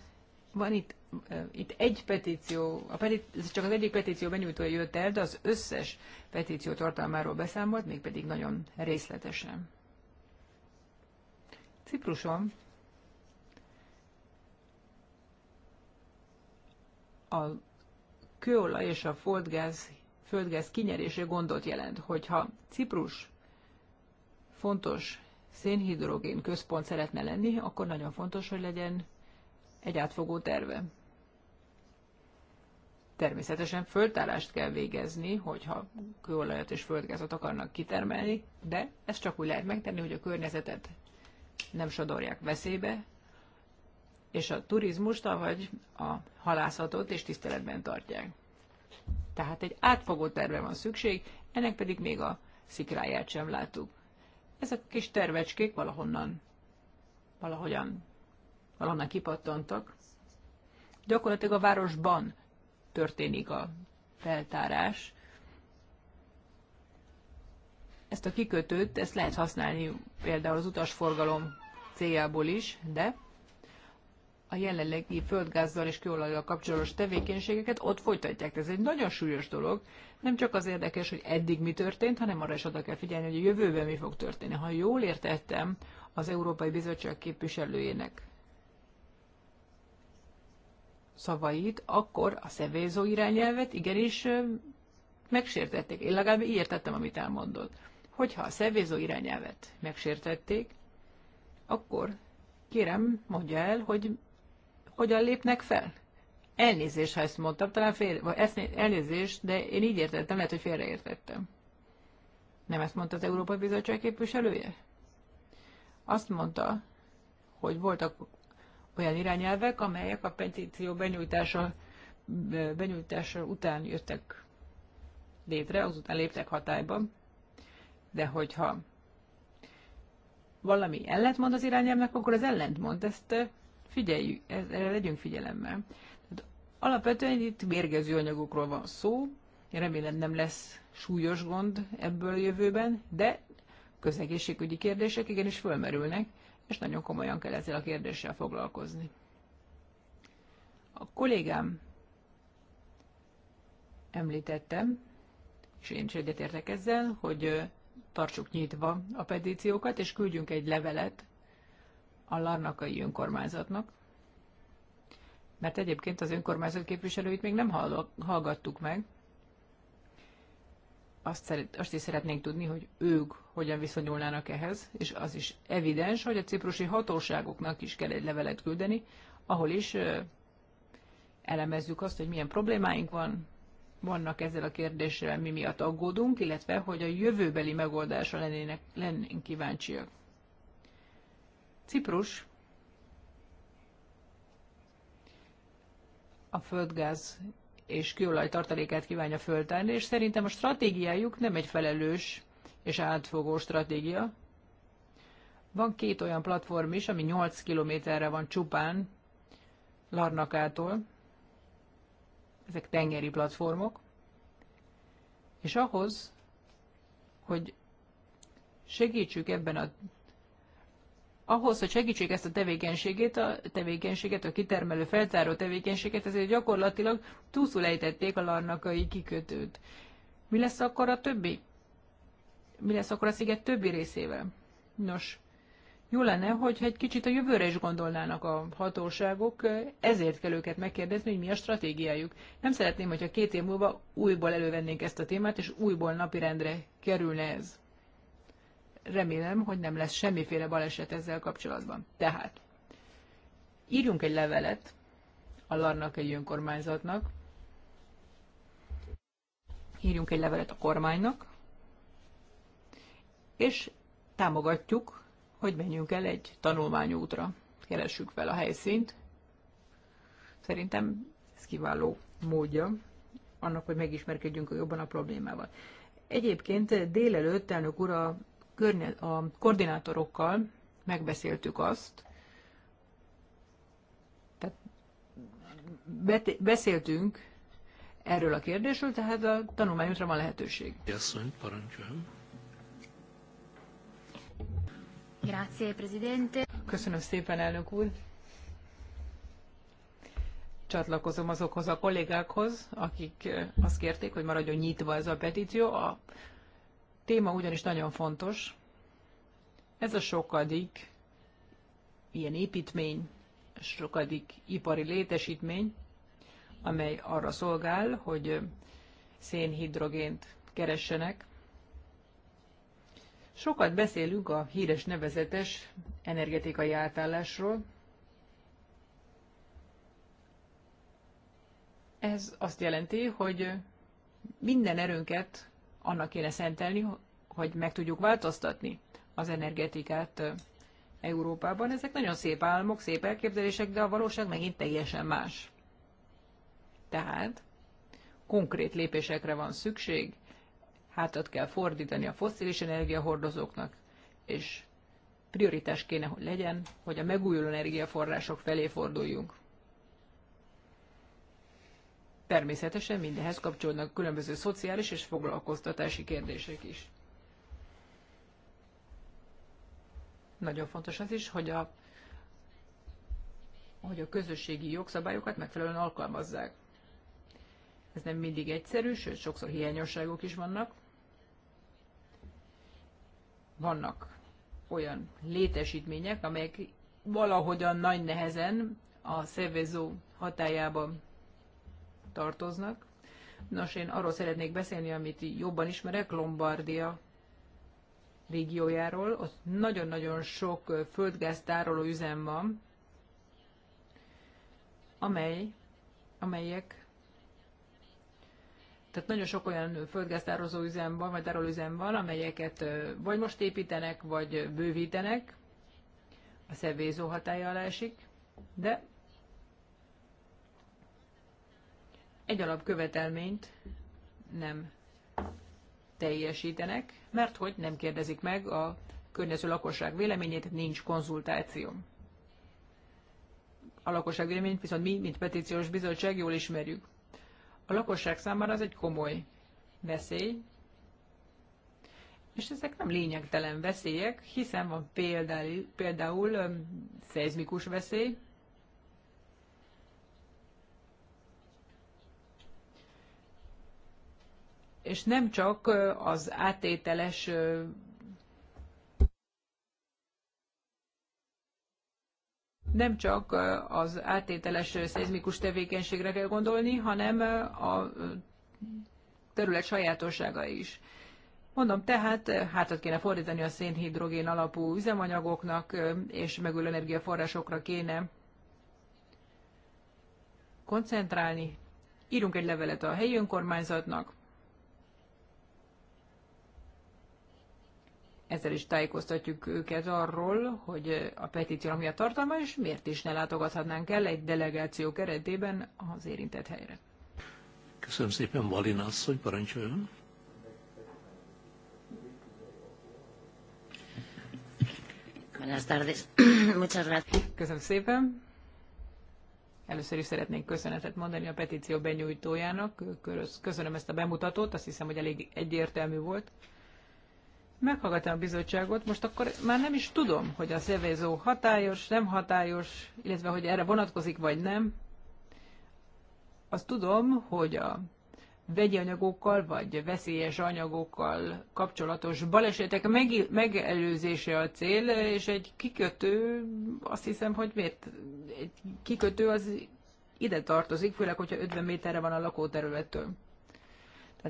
van itt, itt egy petíció, a petíció, csak az egyik petíció benyújtója jött el, de az összes petíció tartalmáról beszámolt, mégpedig nagyon részletesen. Cipruson a kőolaj és a földgáz, földgáz kinyerése gondot jelent, hogyha Ciprus fontos szénhidrogén központ szeretne lenni, akkor nagyon fontos, hogy legyen egy átfogó terve. Természetesen föltállást kell végezni, hogyha kőolajat és földgázat akarnak kitermelni, de ezt csak úgy lehet megtenni, hogy a környezetet nem sodorják veszélybe, és a turizmust, vagy a halászatot és tiszteletben tartják. Tehát egy átfogó terve van szükség, ennek pedig még a szikráját sem láttuk. Ezek a kis tervecskék valahonnan, valahogyan valahonnan kipattantak. Gyakorlatilag a városban történik a feltárás. Ezt a kikötőt, ezt lehet használni például az utasforgalom céljából is, de a jelenlegi földgázzal és kőolajjal kapcsolatos tevékenységeket ott folytatják. Ez egy nagyon súlyos dolog. Nem csak az érdekes, hogy eddig mi történt, hanem arra is oda kell figyelni, hogy a jövőben mi fog történni. Ha jól értettem az Európai Bizottság képviselőjének szavait, akkor a szevézó irányelvet igenis megsértették. Én legalább így értettem, amit elmondott. Hogyha a szevézó irányelvet megsértették, akkor kérem, mondja el, hogy hogyan lépnek fel. Elnézést, ha ezt mondtam, talán fél, vagy ezt, elnézést, de én így értettem, lehet, hogy félreértettem. Nem ezt mondta az Európai Bizottság képviselője? Azt mondta, hogy voltak olyan irányelvek, amelyek a petíció benyújtása, benyújtása után jöttek létre, azután léptek hatályba. De hogyha valami ellentmond az irányelvnek, akkor az ellentmond. Ezt eh, figyeljük, erre legyünk figyelemmel. alapvetően itt mérgező anyagokról van szó, én remélem nem lesz súlyos gond ebből a jövőben, de közegészségügyi kérdések igenis fölmerülnek és nagyon komolyan kell ezzel a kérdéssel foglalkozni. A kollégám említettem, és én is egyetértek ezzel, hogy tartsuk nyitva a petíciókat, és küldjünk egy levelet a Larnakai önkormányzatnak, mert egyébként az önkormányzat képviselőit még nem hallgattuk meg, azt, szeret, azt is szeretnénk tudni, hogy ők hogyan viszonyulnának ehhez, és az is evidens, hogy a ciprusi hatóságoknak is kell egy levelet küldeni, ahol is elemezzük azt, hogy milyen problémáink van, vannak ezzel a kérdéssel, mi miatt aggódunk, illetve hogy a jövőbeli megoldásra lennének, lennénk kíváncsiak. Ciprus a földgáz és kőolaj tartalékát kívánja föltárni, és szerintem a stratégiájuk nem egy felelős és átfogó stratégia. Van két olyan platform is, ami 8 kilométerre van csupán Larnakától. Ezek tengeri platformok. És ahhoz, hogy segítsük ebben a ahhoz, hogy segítsék ezt a tevékenységét, a tevékenységet, a kitermelő feltáró tevékenységet, ezért gyakorlatilag túlszul ejtették a larnakai kikötőt. Mi lesz akkor a többi? Mi lesz akkor a sziget többi részével? Nos, jó lenne, hogy egy kicsit a jövőre is gondolnának a hatóságok, ezért kell őket megkérdezni, hogy mi a stratégiájuk. Nem szeretném, hogyha két év múlva újból elővennénk ezt a témát, és újból napirendre kerülne ez remélem, hogy nem lesz semmiféle baleset ezzel kapcsolatban. Tehát írjunk egy levelet a Larnak egy önkormányzatnak, írjunk egy levelet a kormánynak, és támogatjuk, hogy menjünk el egy tanulmányútra. Keressük fel a helyszínt. Szerintem ez kiváló módja annak, hogy megismerkedjünk jobban a problémával. Egyébként délelőtt elnök ura környe- a koordinátorokkal megbeszéltük azt, tehát beszéltünk erről a kérdésről, tehát a tanulmányokra van lehetőség. Asszony, parancsoljon. Grazie, Presidente. Köszönöm szépen, elnök úr. Csatlakozom azokhoz a kollégákhoz, akik eh, azt kérték, hogy maradjon nyitva ez a petíció. A téma ugyanis nagyon fontos. Ez a sokadik ilyen építmény, sokadik ipari létesítmény, amely arra szolgál, hogy szénhidrogént keressenek. Sokat beszélünk a híres nevezetes energetikai átállásról. Ez azt jelenti, hogy minden erőnket annak kéne szentelni, hogy meg tudjuk változtatni az energetikát Európában. Ezek nagyon szép álmok, szép elképzelések, de a valóság megint teljesen más. Tehát konkrét lépésekre van szükség, hátat kell fordítani a foszilis energiahordozóknak, és prioritás kéne, hogy legyen, hogy a megújuló energiaforrások felé forduljunk természetesen mindenhez kapcsolódnak különböző szociális és foglalkoztatási kérdések is. Nagyon fontos az is, hogy a, hogy a közösségi jogszabályokat megfelelően alkalmazzák. Ez nem mindig egyszerű, sőt, sokszor hiányosságok is vannak. Vannak olyan létesítmények, amelyek valahogyan nagy nehezen a szervező hatájában tartoznak. Nos, én arról szeretnék beszélni, amit jobban ismerek, Lombardia régiójáról. Ott nagyon-nagyon sok földgáztároló üzem van, amely, amelyek tehát nagyon sok olyan földgáztározó üzem van, vagy tároló üzem van, amelyeket vagy most építenek, vagy bővítenek, a szevézó hatája alá esik, de egy alapkövetelményt nem teljesítenek, mert hogy nem kérdezik meg a környező lakosság véleményét, nincs konzultáció. A lakosság véleményét viszont mi, mint petíciós bizottság jól ismerjük. A lakosság számára az egy komoly veszély, és ezek nem lényegtelen veszélyek, hiszen van például, például szeizmikus veszély, és nem csak az átételes nem csak az átételes szezmikus tevékenységre kell gondolni, hanem a terület sajátossága is. Mondom, tehát hátat kéne fordítani a szénhidrogén alapú üzemanyagoknak, és megülő energiaforrásokra kéne koncentrálni. Írunk egy levelet a helyi önkormányzatnak, ezzel is tájékoztatjuk őket arról, hogy a petíció mi a tartalma, és miért is ne látogathatnánk el egy delegáció keretében az érintett helyre. Köszönöm szépen, Valina asszony, parancsoljon. Köszönöm szépen. Először is szeretnék köszönetet mondani a petíció benyújtójának. Köszönöm ezt a bemutatót, azt hiszem, hogy elég egyértelmű volt meghallgattam a bizottságot, most akkor már nem is tudom, hogy a szervezó hatályos, nem hatályos, illetve hogy erre vonatkozik vagy nem. Azt tudom, hogy a vegyi anyagokkal vagy veszélyes anyagokkal kapcsolatos balesetek megelőzése a cél, és egy kikötő, azt hiszem, hogy miért? Egy kikötő az ide tartozik, főleg, hogyha 50 méterre van a lakóterülettől.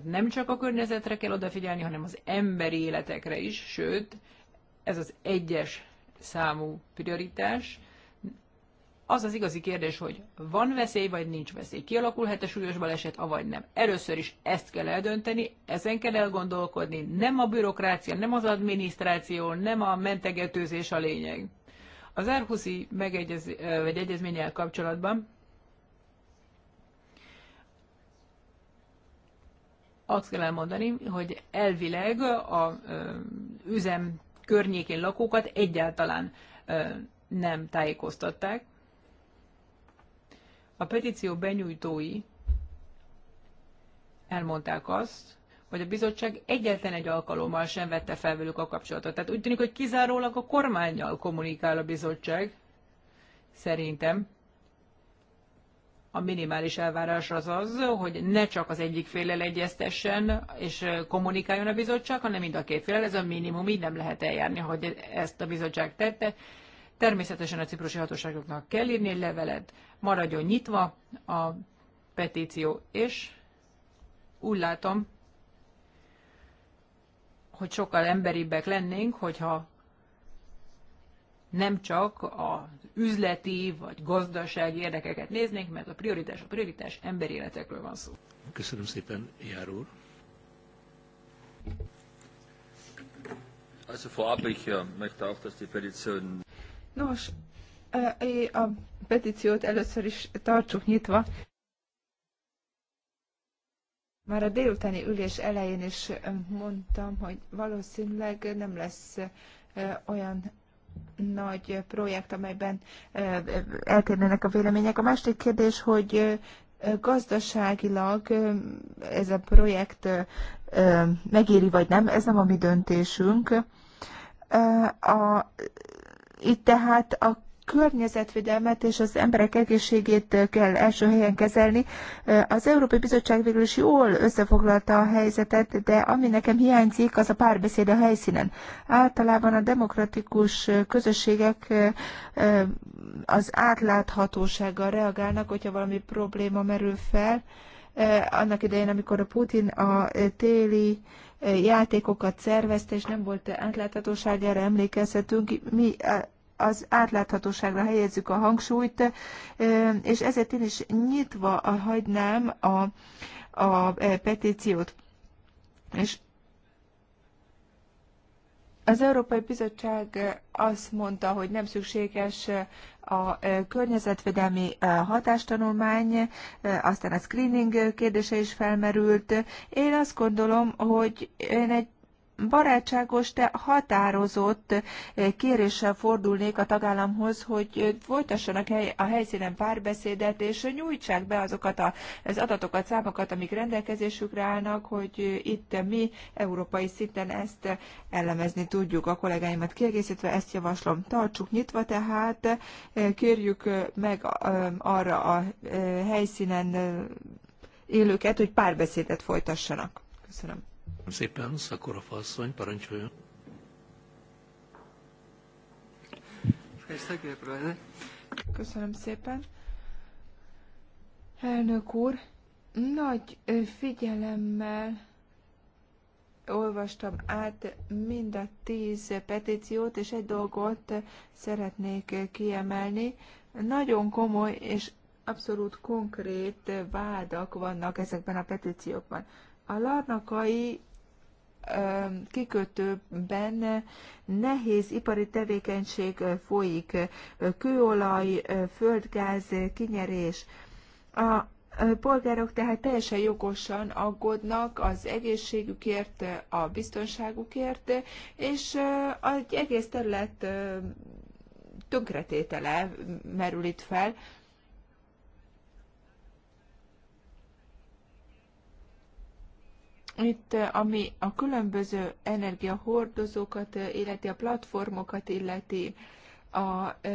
Tehát nem csak a környezetre kell odafigyelni, hanem az emberi életekre is, sőt, ez az egyes számú prioritás. Az az igazi kérdés, hogy van veszély, vagy nincs veszély. Kialakulhat-e súlyos baleset, avagy nem. Először is ezt kell eldönteni, ezen kell elgondolkodni. Nem a bürokrácia, nem az adminisztráció, nem a mentegetőzés a lényeg. Az Árhuszi megegyez, vagy egyezménnyel kapcsolatban azt kell elmondani, hogy elvileg a üzem környékén lakókat egyáltalán nem tájékoztatták. A petíció benyújtói elmondták azt, hogy a bizottság egyetlen egy alkalommal sem vette fel velük a kapcsolatot. Tehát úgy tűnik, hogy kizárólag a kormányjal kommunikál a bizottság, szerintem. A minimális elvárás az az, hogy ne csak az egyik félel egyeztessen és kommunikáljon a bizottság, hanem mind a két félel. Ez a minimum, így nem lehet eljárni, hogy ezt a bizottság tette. Természetesen a ciprusi hatóságoknak kell írni egy levelet, maradjon nyitva a petíció, és úgy látom, hogy sokkal emberibbek lennénk, hogyha nem csak a üzleti vagy gazdasági érdekeket néznénk, mert a prioritás a prioritás emberi életekről van szó. Köszönöm szépen, Jár úr. Also vorab, ich äh, möchte auch, dass die Petition... Nos, a petíciót először is tartsuk nyitva. Már a délutáni ülés elején is mondtam, hogy valószínűleg nem lesz olyan nagy projekt, amelyben eltérnének a vélemények. A másik kérdés, hogy gazdaságilag ez a projekt megéri vagy nem, ez nem a mi döntésünk. A, itt tehát a környezetvédelmet és az emberek egészségét kell első helyen kezelni. Az Európai Bizottság végül is jól összefoglalta a helyzetet, de ami nekem hiányzik, az a párbeszéd a helyszínen. Általában a demokratikus közösségek az átláthatósággal reagálnak, hogyha valami probléma merül fel. Annak idején, amikor a Putin a téli játékokat szervezte, és nem volt átláthatóság, erre emlékezhetünk. Mi az átláthatóságra helyezzük a hangsúlyt, és ezért én is nyitva hagynám a, a e, petíciót. És az Európai Bizottság azt mondta, hogy nem szükséges a e, környezetvédelmi e, hatástanulmány, aztán a screening kérdése is felmerült. Én azt gondolom, hogy én egy barátságos, de határozott eh, kéréssel fordulnék a tagállamhoz, hogy eh, folytassanak a helyszínen párbeszédet, és nyújtsák be azokat az adatokat, számokat, amik rendelkezésükre állnak, hogy eh, itt mi európai szinten ezt elemezni tudjuk. A kollégáimat kiegészítve ezt javaslom. Tartsuk nyitva tehát, kérjük meg arra a helyszínen élőket, hogy párbeszédet folytassanak. Köszönöm. Szépen, Szakorafa asszony, parancsoljon. Köszönöm szépen. Elnök úr, nagy figyelemmel olvastam át mind a tíz petíciót, és egy dolgot szeretnék kiemelni. Nagyon komoly és abszolút konkrét vádak vannak ezekben a petíciókban. A larnakai kikötőben nehéz ipari tevékenység folyik, kőolaj, földgáz, kinyerés. A polgárok tehát teljesen jogosan aggódnak az egészségükért, a biztonságukért, és egy egész terület tönkretétele merül itt fel. Itt, ami a különböző energiahordozókat eh, illeti, a platformokat illeti, a, eh,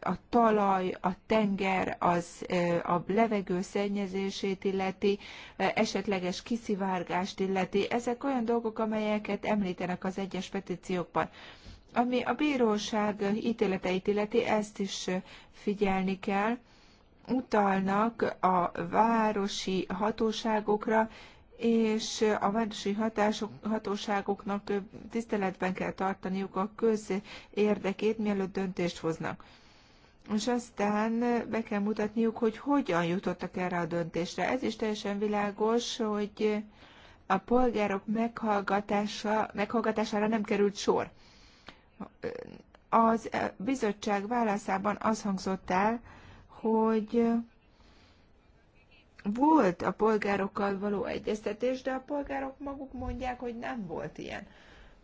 a talaj, a tenger, az eh, a levegő szennyezését illeti, esetleges kiszivárgást illeti. Ezek olyan dolgok, amelyeket említenek az egyes petíciókban. Ami a bíróság ítéleteit illeti, ezt is figyelni kell. Utalnak a városi hatóságokra, és a városi hatások, hatóságoknak tiszteletben kell tartaniuk a köz érdekét, mielőtt döntést hoznak. És aztán be kell mutatniuk, hogy hogyan jutottak erre a döntésre. Ez is teljesen világos, hogy a polgárok meghallgatása, meghallgatására nem került sor. Az bizottság válaszában az hangzott el, hogy volt a polgárokkal való egyeztetés, de a polgárok maguk mondják, hogy nem volt ilyen.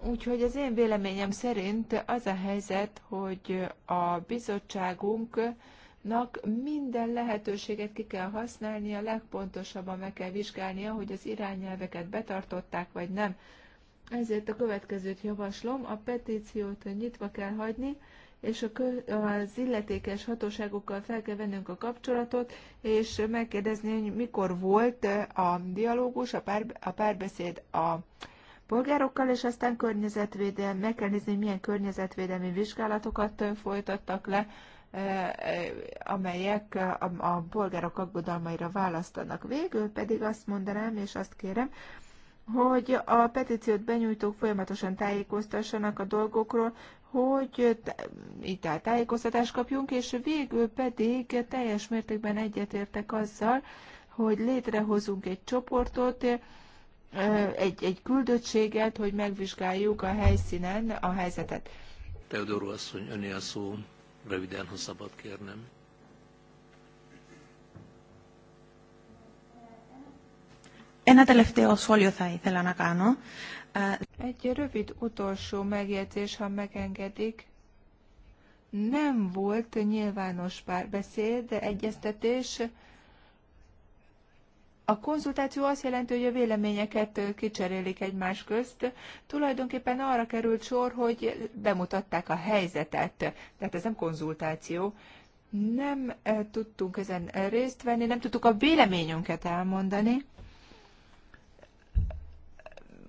Úgyhogy az én véleményem szerint az a helyzet, hogy a bizottságunknak minden lehetőséget ki kell használnia, legpontosabban meg kell vizsgálnia, hogy az irányelveket betartották vagy nem. Ezért a következőt javaslom, a petíciót nyitva kell hagyni, és a kö, az illetékes hatóságokkal fel kell vennünk a kapcsolatot, és megkérdezni, hogy mikor volt a dialógus, a, pár, a párbeszéd a polgárokkal, és aztán környezetvédelmi, meg kell nézni, hogy milyen környezetvédelmi vizsgálatokat folytattak le, e, e, amelyek a, a polgárok aggodalmaira választanak. Végül pedig azt mondanám, és azt kérem, hogy a petíciót benyújtók folyamatosan tájékoztassanak a dolgokról, hogy itt a tájékoztatást kapjunk, és végül pedig teljes mértékben egyetértek azzal, hogy létrehozunk egy csoportot, egy, egy küldöttséget, hogy megvizsgáljuk a helyszínen a helyzetet. Teodoro asszony, öné a szó, röviden, ha szabad kérnem. Ένα τελευταίο σχόλιο θα ήθελα να κάνω. Egy rövid utolsó megjegyzés, ha megengedik. Nem volt nyilvános párbeszéd, egyeztetés. A konzultáció azt jelenti, hogy a véleményeket kicserélik egymás közt. Tulajdonképpen arra került sor, hogy bemutatták a helyzetet. Tehát ez nem konzultáció. Nem eh, tudtunk ezen részt venni, nem tudtuk a véleményünket elmondani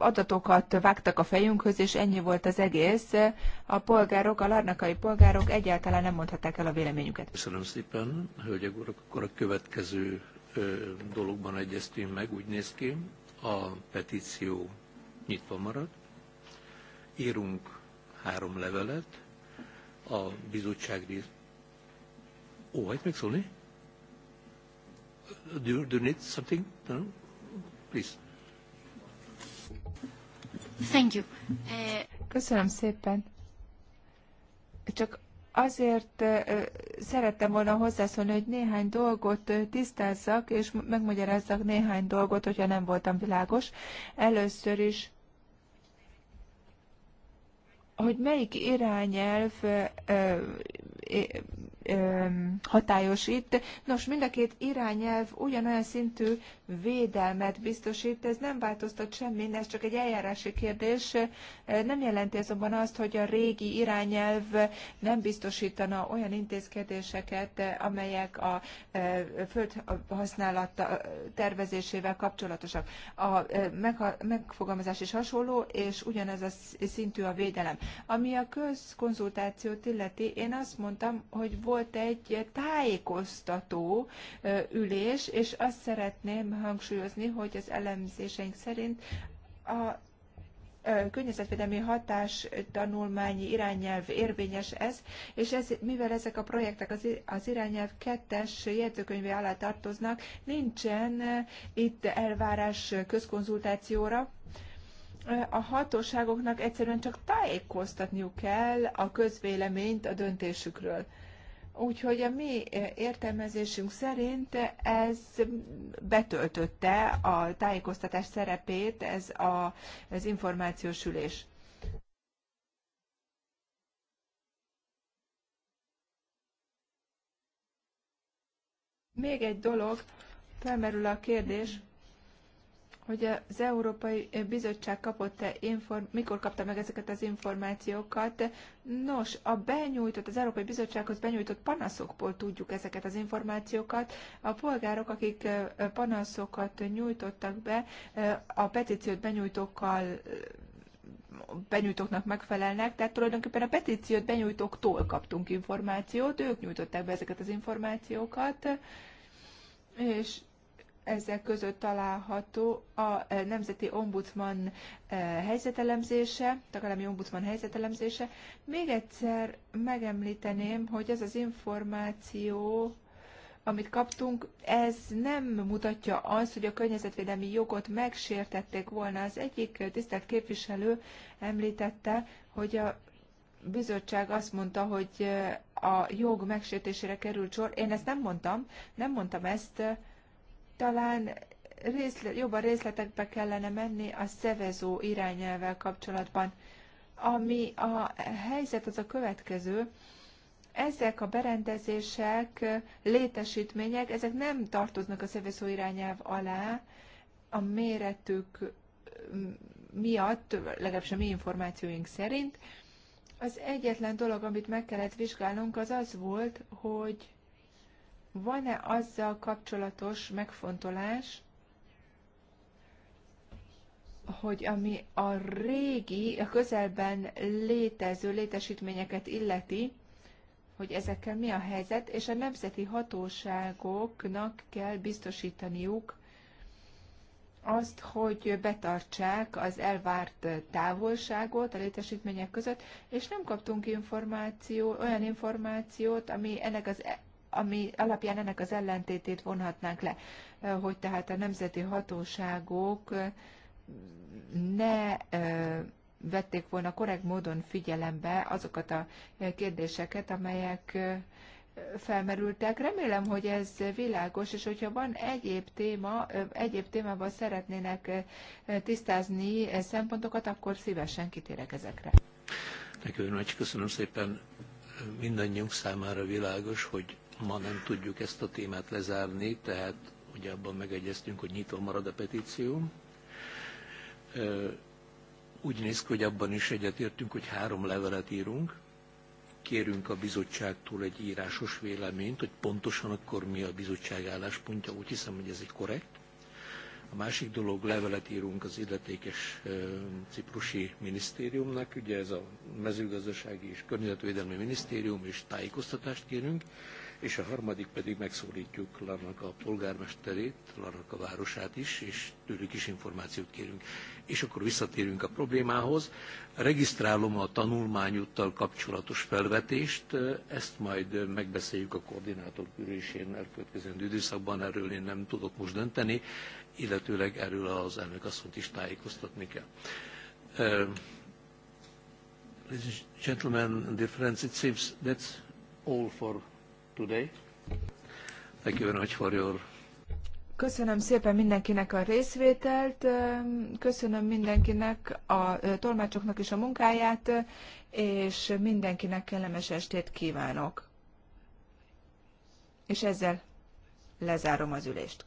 adatokat vágtak a fejünkhöz, és ennyi volt az egész. A polgárok, a larnakai polgárok egyáltalán nem mondhatták el a véleményüket. Köszönöm szépen, hölgyek urak, akkor a következő dologban egyeztünk meg, úgy néz ki, a petíció nyitva marad. Írunk három levelet, a bizottság Ó, hát megszólni? Do you, do you need something? No? Please. Thank you. Köszönöm szépen. Csak azért szerettem volna hozzászólni, hogy néhány dolgot tisztázzak, és megmagyarázzak néhány dolgot, hogyha nem voltam világos. Először is hogy melyik irányelv ö, ö, ö, hatályos itt. Nos, mind a két irányelv ugyanolyan szintű védelmet biztosít. Ez nem változtat semmit, ez csak egy eljárási kérdés. Nem jelenti azonban azt, hogy a régi irányelv nem biztosítana olyan intézkedéseket, amelyek a e, földhasználat e, tervezésével kapcsolatosak. A e, megfogalmazás is hasonló, és ugyanez a szintű a védelem. Ami a közkonzultációt illeti, én azt mondtam, hogy volt egy tájékoztató ülés, és azt szeretném, hangsúlyozni, hogy az elemzéseink szerint a környezetvédelmi hatás tanulmányi irányelv érvényes ez, és ez, mivel ezek a projektek az, az irányelv kettes jegyzőkönyvé alá tartoznak, nincsen itt elvárás közkonzultációra, a hatóságoknak egyszerűen csak tájékoztatniuk kell a közvéleményt a döntésükről. Úgyhogy a mi eh, értelmezésünk szerint ez betöltötte a tájékoztatás szerepét, ez a, az információs ülés. Még egy dolog, felmerül a kérdés, hogy az Európai Bizottság kapott-e inform- mikor kapta meg ezeket az információkat. Nos, a benyújtott, az Európai Bizottsághoz benyújtott panaszokból tudjuk ezeket az információkat. A polgárok, akik panaszokat nyújtottak be, a petíciót benyújtókkal benyújtóknak megfelelnek, tehát tulajdonképpen a petíciót benyújtóktól kaptunk információt, ők nyújtották be ezeket az információkat, és ezek között található a e, Nemzeti Ombudsman e, helyzetelemzése, tagállami ombudsman helyzetelemzése. Még egyszer megemlíteném, hogy ez az információ, amit kaptunk, ez nem mutatja azt, hogy a környezetvédelmi jogot megsértették volna. Az egyik tisztelt képviselő említette, hogy a bizottság azt mondta, hogy e, a jog megsértésére került sor. Én ezt nem mondtam, nem mondtam ezt, talán részlet, jobban részletekbe kellene menni a szevezó irányelvel kapcsolatban. Ami a helyzet, az a következő. Ezek a berendezések, létesítmények, ezek nem tartoznak a szevezó irányelv alá, a méretük mm, miatt, legalábbis a mi információink szerint. Az egyetlen dolog, amit meg kellett vizsgálnunk, az az volt, hogy van-e azzal kapcsolatos megfontolás, hogy ami a régi, a közelben létező létesítményeket illeti, hogy ezekkel mi a helyzet, és a nemzeti hatóságoknak kell biztosítaniuk azt, hogy betartsák az elvárt távolságot a létesítmények között, és nem kaptunk információ, olyan információt, ami ennek az ami alapján ennek az ellentétét vonhatnánk le, hogy tehát a nemzeti hatóságok ne vették volna korrekt módon figyelembe azokat a kérdéseket, amelyek felmerültek. Remélem, hogy ez világos, és hogyha van egyéb téma, egyéb témában szeretnének tisztázni szempontokat, akkor szívesen kitérek ezekre. Nekünk nagy köszönöm szépen mindannyiunk számára világos, hogy ma nem tudjuk ezt a témát lezárni, tehát ugye abban megegyeztünk, hogy nyitva marad a petíció. Úgy néz ki, hogy abban is egyetértünk, hogy három levelet írunk. Kérünk a bizottságtól egy írásos véleményt, hogy pontosan akkor mi a bizottság álláspontja. Úgy hiszem, hogy ez egy korrekt. A másik dolog, levelet írunk az illetékes ciprusi minisztériumnak, ugye ez a mezőgazdasági és környezetvédelmi minisztérium, és tájékoztatást kérünk és a harmadik pedig megszólítjuk a polgármesterét, a városát is, és tőlük is információt kérünk. És akkor visszatérünk a problémához. Regisztrálom a tanulmányúttal kapcsolatos felvetést, ezt majd megbeszéljük a koordinátor ülésén elkövetkezendő időszakban, erről én nem tudok most dönteni, illetőleg erről az elnök asszonyt is tájékoztatni kell. Ladies and gentlemen, dear friends, it seems that's all for today. Thank you very much for your... Köszönöm szépen mindenkinek a részvételt, köszönöm mindenkinek, a tolmácsoknak is a munkáját, és mindenkinek kellemes estét kívánok. És ezzel lezárom az ülést.